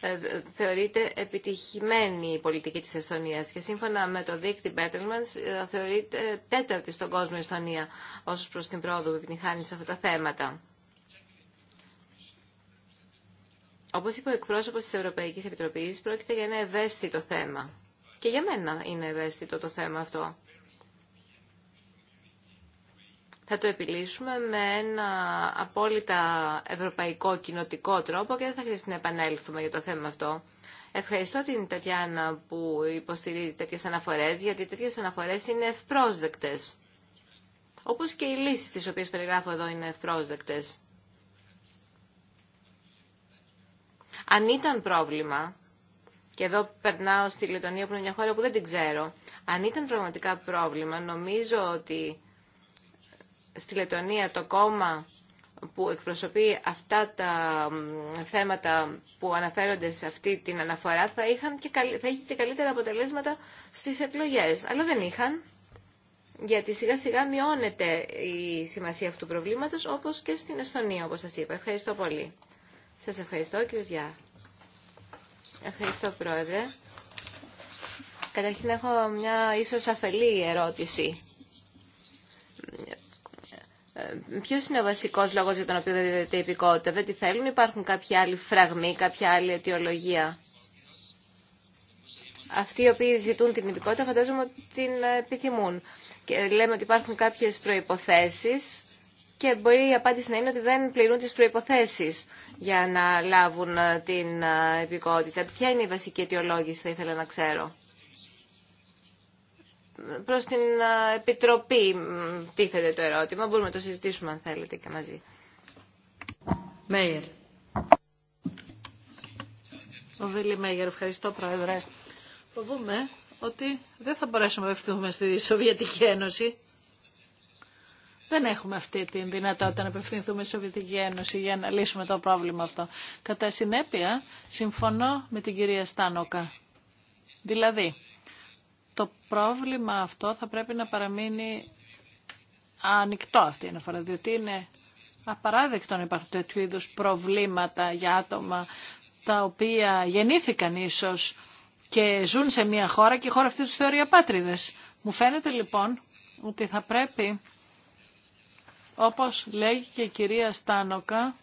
ε, θεωρείται επιτυχημένη η πολιτική της Εστονίας και σύμφωνα με το δίκτυ Bettelmans ε, θεωρείται τέταρτη στον κόσμο η Εστονία ως προς την πρόοδο που επιτυχάνει σε αυτά τα θέματα. Όπως είπε ο εκπρόσωπος της Ευρωπαϊκής Επιτροπής, πρόκειται για ένα ευαίσθητο θέμα. Και για μένα είναι ευαίσθητο το θέμα αυτό. Θα το επιλύσουμε με ένα απόλυτα ευρωπαϊκό κοινοτικό τρόπο και δεν θα χρειαστεί να επανέλθουμε για το θέμα αυτό. Ευχαριστώ την Τατιάνα που υποστηρίζει τέτοιες αναφορές, γιατί τέτοιες αναφορές είναι ευπρόσδεκτες. Όπως και οι λύσεις τις οποίες περιγράφω εδώ είναι ευπρόσδεκτες. Αν ήταν πρόβλημα, και εδώ περνάω στη Λετωνία που είναι μια χώρα που δεν την ξέρω. Αν ήταν πραγματικά πρόβλημα, νομίζω ότι στη Λετωνία το κόμμα που εκπροσωπεί αυτά τα θέματα που αναφέρονται σε αυτή την αναφορά θα, είχαν και θα είχε και καλύτερα αποτελέσματα στις εκλογές. Αλλά δεν είχαν, γιατί σιγά σιγά μειώνεται η σημασία αυτού του προβλήματος όπως και στην Εσθονία, όπως σας είπα. Ευχαριστώ πολύ. Σας ευχαριστώ κύριε Γιά. Ευχαριστώ, Πρόεδρε. Καταρχήν έχω μια ίσως αφελή ερώτηση. Ποιο είναι ο βασικό λόγο για τον οποίο δεν δίδεται η υπηκότητα, Δεν τη θέλουν, υπάρχουν κάποια άλλοι φραγμοί, κάποια άλλη αιτιολογία. Αυτοί οι οποίοι ζητούν την υπηκότητα φαντάζομαι ότι την επιθυμούν. Και λέμε ότι υπάρχουν κάποιε προποθέσει και μπορεί η απάντηση να είναι ότι δεν πληρούν τις προϋποθέσεις για να λάβουν ε, την ε, επικότητα. Ποια είναι η βασική αιτιολόγηση, θα ήθελα να ξέρω. Προς την ε, Επιτροπή τίθεται το ερώτημα. Μπορούμε να το συζητήσουμε αν θέλετε και μαζί. Μέιερ. Ο Βίλι Μέγερ, ευχαριστώ Πρόεδρε. Φοβούμε ότι δεν θα μπορέσουμε να στη Σοβιετική Ένωση δεν έχουμε αυτή τη δυνατότητα να απευθυνθούμε στη Σοβιετική Ένωση για να λύσουμε το πρόβλημα αυτό. Κατά συνέπεια, συμφωνώ με την κυρία Στάνοκα. Δηλαδή, το πρόβλημα αυτό θα πρέπει να παραμείνει ανοιχτό αυτή η αναφορά, διότι είναι απαράδεκτο να υπάρχουν τέτοιου είδου προβλήματα για άτομα τα οποία γεννήθηκαν ίσως και ζουν σε μια χώρα και η χώρα αυτή τους θεωρεί απάτριδες. Μου φαίνεται λοιπόν ότι θα πρέπει όπως λέγει και η κυρία Στάνοκα,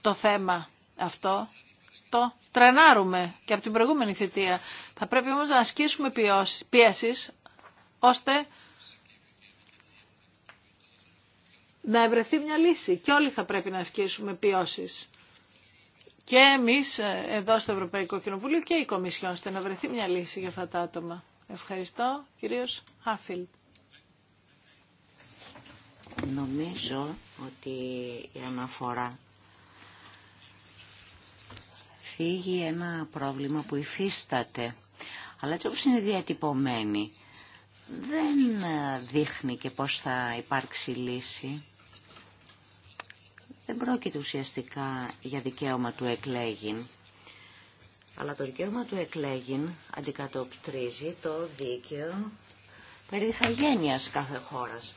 το θέμα αυτό το τρενάρουμε και από την προηγούμενη θητεία. Θα πρέπει όμως να ασκήσουμε πιέσεις ώστε να ευρεθεί μια λύση και όλοι θα πρέπει να ασκήσουμε πιώσεις. Και εμείς ε, εδώ στο Ευρωπαϊκό Κοινοβούλιο και η Κομισιόν, ώστε να βρεθεί μια λύση για αυτά τα άτομα. Ευχαριστώ, κυρίως Χάφιλτ. Νομίζω ότι η αναφορά φύγει ένα πρόβλημα που υφίσταται. Αλλά έτσι όπως είναι διατυπωμένη, δεν δείχνει και πώς θα υπάρξει λύση. Δεν πρόκειται ουσιαστικά για δικαίωμα του εκλέγην. Αλλά το δικαίωμα του εκλέγην αντικατοπτρίζει το δίκαιο περί κάθε χώρας.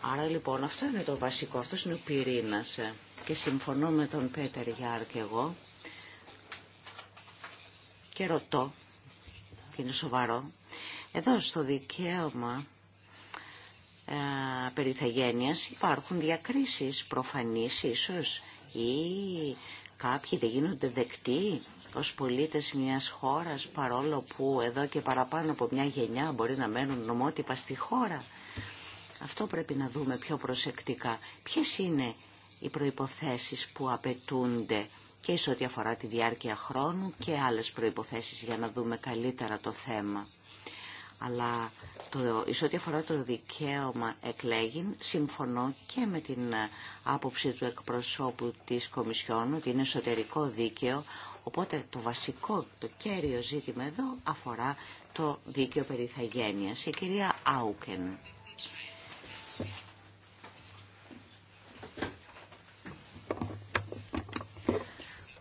Άρα λοιπόν αυτό είναι το βασικό, αυτό είναι ο πυρήνα. και συμφωνώ με τον Πέτερ Γιάρ και εγώ και ρωτώ, είναι σοβαρό, εδώ στο δικαίωμα ε, υπάρχουν διακρίσεις προφανείς ίσως ή κάποιοι δεν γίνονται δεκτοί ως πολίτες μιας χώρας παρόλο που εδώ και παραπάνω από μια γενιά μπορεί να μένουν νομότυπα στη χώρα. Αυτό πρέπει να δούμε πιο προσεκτικά. Ποιες είναι οι προϋποθέσεις που απαιτούνται και σε ό,τι αφορά τη διάρκεια χρόνου και άλλες προϋποθέσεις για να δούμε καλύτερα το θέμα. Αλλά το, σε ό,τι αφορά το δικαίωμα εκλέγην, συμφωνώ και με την άποψη του εκπροσώπου της Κομισιόν ότι είναι εσωτερικό δίκαιο, οπότε το βασικό, το κέριο ζήτημα εδώ αφορά το δίκαιο περιθαγένειας. Η κυρία Άουκεν.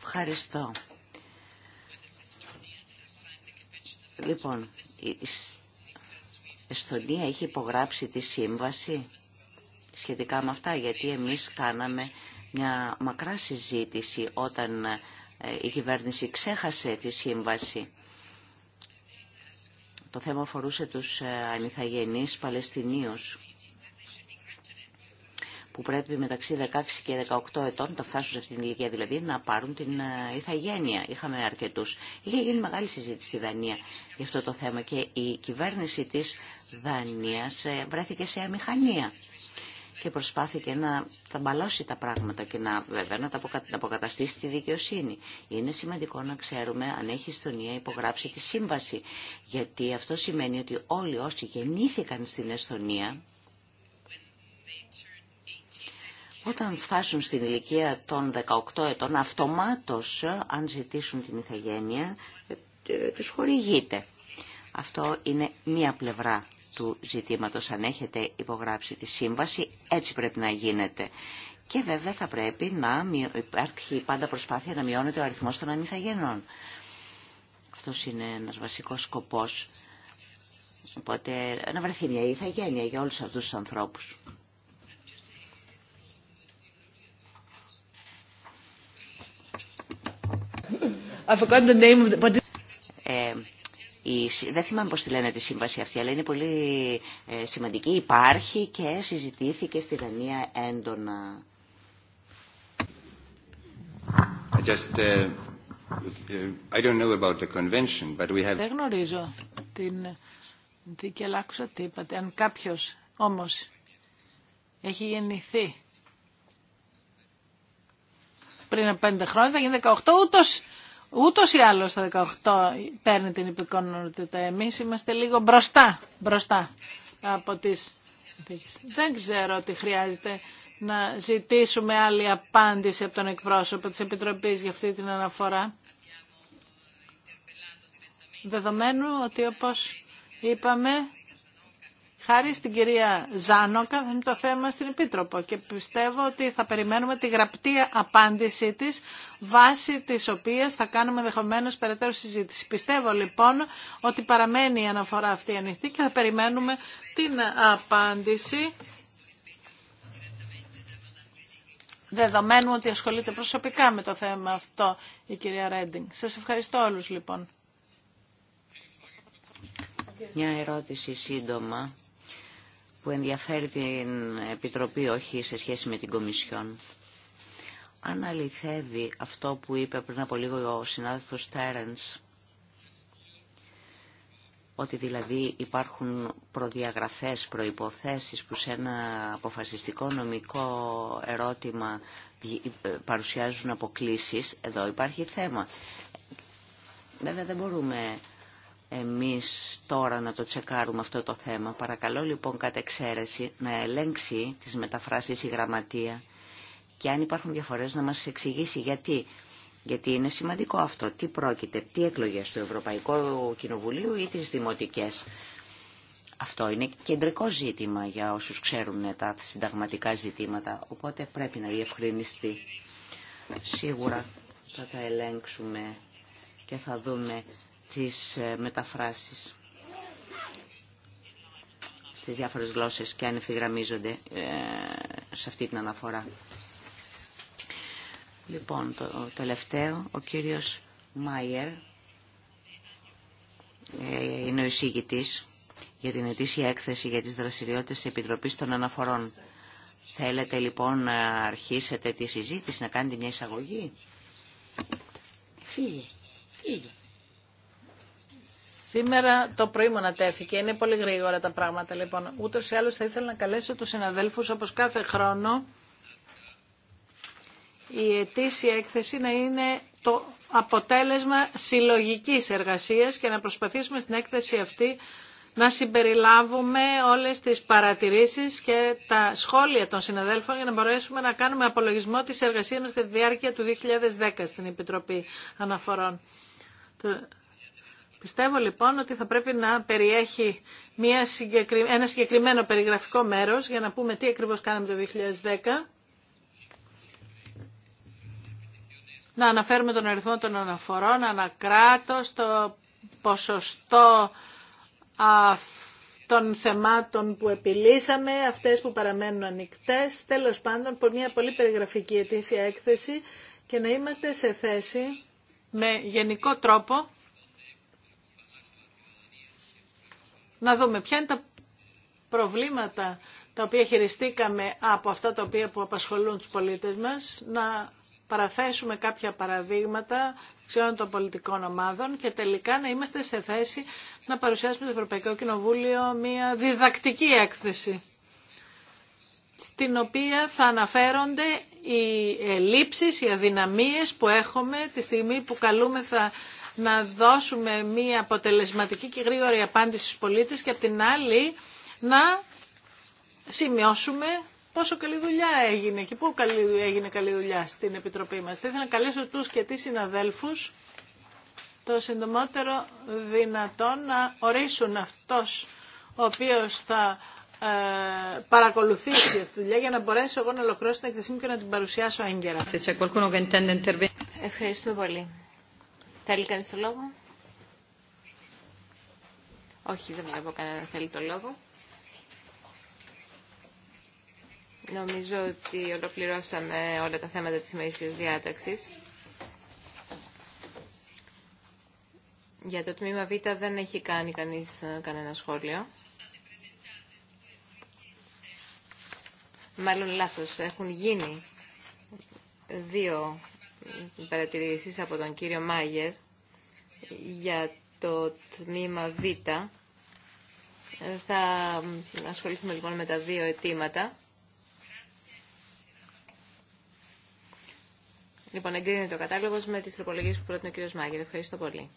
Ευχαριστώ. Λοιπόν, η Εστονία έχει υπογράψει τη σύμβαση σχετικά με αυτά, γιατί εμείς κάναμε μια μακρά συζήτηση όταν ε, η κυβέρνηση ξέχασε τη σύμβαση. Το θέμα αφορούσε τους ε, ανιθαγενείς Παλαιστινίους που πρέπει μεταξύ 16 και 18 ετών, τα φτάσουν σε αυτήν την ηλικία δηλαδή, να πάρουν την ε, ηθαγένεια. Είχαμε αρκετούς. Είχε γίνει μεγάλη συζήτηση στη Δανία για αυτό το θέμα και η κυβέρνηση της Δανίας ε, βρέθηκε σε αμηχανία και προσπάθηκε να τα τα πράγματα και να, βέβαια, να τα αποκαταστήσει τη δικαιοσύνη. Είναι σημαντικό να ξέρουμε αν έχει η Εστονία υπογράψει τη σύμβαση, γιατί αυτό σημαίνει ότι όλοι όσοι γεννήθηκαν στην Εστονία, Όταν φτάσουν στην ηλικία των 18 ετών, αυτομάτως, αν ζητήσουν την ηθαγένεια, ε, ε, τους χορηγείται. Αυτό είναι μία πλευρά του ζητήματος. Αν έχετε υπογράψει τη σύμβαση, έτσι πρέπει να γίνεται. Και βέβαια θα πρέπει να υπάρχει πάντα προσπάθεια να μειώνεται ο αριθμός των ανηθαγενών. Αυτός είναι ένας βασικός σκοπός. Οπότε να βρεθεί μια ηθαγένεια για όλους αυτούς τους ανθρώπους. δεν θυμάμαι πώς τη λένε τη σύμβαση αυτή, αλλά είναι πολύ ε, σημαντική. Υπάρχει και συζητήθηκε στη Δανία έντονα. Δεν γνωρίζω την δίκη, αλλά άκουσα τι είπατε. Αν κάποιος όμως έχει γεννηθεί πριν από 5 χρόνια, θα γίνει 18. Ούτως, ούτως ή άλλως τα 18 παίρνει την υπηκονότητα. Εμείς είμαστε λίγο μπροστά, μπροστά από τις... Δεν ξέρω ότι χρειάζεται να ζητήσουμε άλλη απάντηση από τον εκπρόσωπο της Επιτροπής για αυτή την αναφορά. Δεδομένου ότι όπως είπαμε χάρη στην κυρία Ζάνοκα θα το θέμα στην Επίτροπο και πιστεύω ότι θα περιμένουμε τη γραπτή απάντησή της βάσει της οποίας θα κάνουμε ενδεχομένω περαιτέρω συζήτηση. Πιστεύω λοιπόν ότι παραμένει η αναφορά αυτή ανοιχτή και θα περιμένουμε την απάντηση δεδομένου ότι ασχολείται προσωπικά με το θέμα αυτό η κυρία Ρέντινγκ. Σας ευχαριστώ όλους λοιπόν. Μια ερώτηση σύντομα που ενδιαφέρει την Επιτροπή, όχι σε σχέση με την Κομισιόν. Αν αληθεύει αυτό που είπε πριν από λίγο ο συνάδελφος Τέρενς, ότι δηλαδή υπάρχουν προδιαγραφές, προϋποθέσεις που σε ένα αποφασιστικό νομικό ερώτημα ε, παρουσιάζουν αποκλήσεις, εδώ υπάρχει θέμα. Βέβαια δεν μπορούμε εμείς τώρα να το τσεκάρουμε αυτό το θέμα. Παρακαλώ λοιπόν κατά εξαίρεση να ελέγξει τις μεταφράσεις η γραμματεία και αν υπάρχουν διαφορές να μας εξηγήσει γιατί. Γιατί είναι σημαντικό αυτό. Τι πρόκειται, τι εκλογές του Ευρωπαϊκού Κοινοβουλίου ή τις δημοτικές. Αυτό είναι κεντρικό ζήτημα για όσους ξέρουν τα συνταγματικά ζητήματα, οπότε πρέπει να διευκρινιστεί. Σίγουρα θα τα ελέγξουμε και θα δούμε τις ε, μεταφράσεις στις διάφορες γλώσσες και αν ευθυγραμμίζονται ε, σε αυτή την αναφορά. Λοιπόν, το τελευταίο, ο κύριος Μάιερ ε, είναι ο εισήγητης για την ετήσια έκθεση για τις δραστηριότητες της Επιτροπής των Αναφορών. Θέλετε λοιπόν να αρχίσετε τη συζήτηση, να κάνετε μια εισαγωγή. Φύγε, φύγε. Σήμερα το πρωί μου Είναι πολύ γρήγορα τα πράγματα λοιπόν. Ούτω ή άλλω θα ήθελα να καλέσω του συναδέλφου όπω κάθε χρόνο η ετήσια έκθεση να είναι το αποτέλεσμα συλλογικής εργασίας και να προσπαθήσουμε στην έκθεση αυτή να συμπεριλάβουμε όλες τις παρατηρήσεις και τα σχόλια των συναδέλφων για να μπορέσουμε να κάνουμε απολογισμό της εργασίας μας κατά τη διάρκεια του 2010 στην Επιτροπή Αναφορών. Πιστεύω λοιπόν ότι θα πρέπει να περιέχει μια ένα συγκεκριμένο περιγραφικό μέρος για να πούμε τι ακριβώς κάναμε το 2010. Να αναφέρουμε τον αριθμό των αναφορών, ανακράτω το ποσοστό των θεμάτων που επιλύσαμε, αυτές που παραμένουν ανοιχτές, τέλος πάντων μια πολύ περιγραφική ετήσια έκθεση και να είμαστε σε θέση με γενικό τρόπο να δούμε ποια είναι τα προβλήματα τα οποία χειριστήκαμε από αυτά τα οποία που απασχολούν τους πολίτες μας, να παραθέσουμε κάποια παραδείγματα ξένων των πολιτικών ομάδων και τελικά να είμαστε σε θέση να παρουσιάσουμε το Ευρωπαϊκό Κοινοβούλιο μια διδακτική έκθεση στην οποία θα αναφέρονται οι ελλείψεις, οι αδυναμίες που έχουμε τη στιγμή που καλούμεθα να δώσουμε μία αποτελεσματική και γρήγορη απάντηση στους πολίτες και από την άλλη να σημειώσουμε πόσο καλή δουλειά έγινε και πού καλή, έγινε καλή δουλειά στην Επιτροπή μας. Θα ήθελα να καλέσω τους και τις συναδέλφους το συντομότερο δυνατό να ορίσουν αυτός ο οποίος θα ε, παρακολουθήσει αυτή τη δουλειά για να μπορέσω εγώ να ολοκληρώσω την εκθεσή μου και να την παρουσιάσω έγκαιρα. Ευχαριστούμε πολύ. Θέλει κανείς το λόγο? Όχι, δεν βλέπω κανένα να θέλει το λόγο. Νομίζω ότι ολοκληρώσαμε όλα τα θέματα της μερικής διάταξης. Για το τμήμα Β δεν έχει κάνει κανείς ε, κανένα σχόλιο. Μάλλον λάθος. Έχουν γίνει δύο παρατηρήσεις από τον κύριο Μάγερ για το τμήμα Β. Θα ασχοληθούμε λοιπόν με τα δύο αιτήματα. Λοιπόν, εγκρίνεται ο κατάλογος με τις τροπολογίες που πρότεινε ο κύριος Μάγερ. Ευχαριστώ πολύ.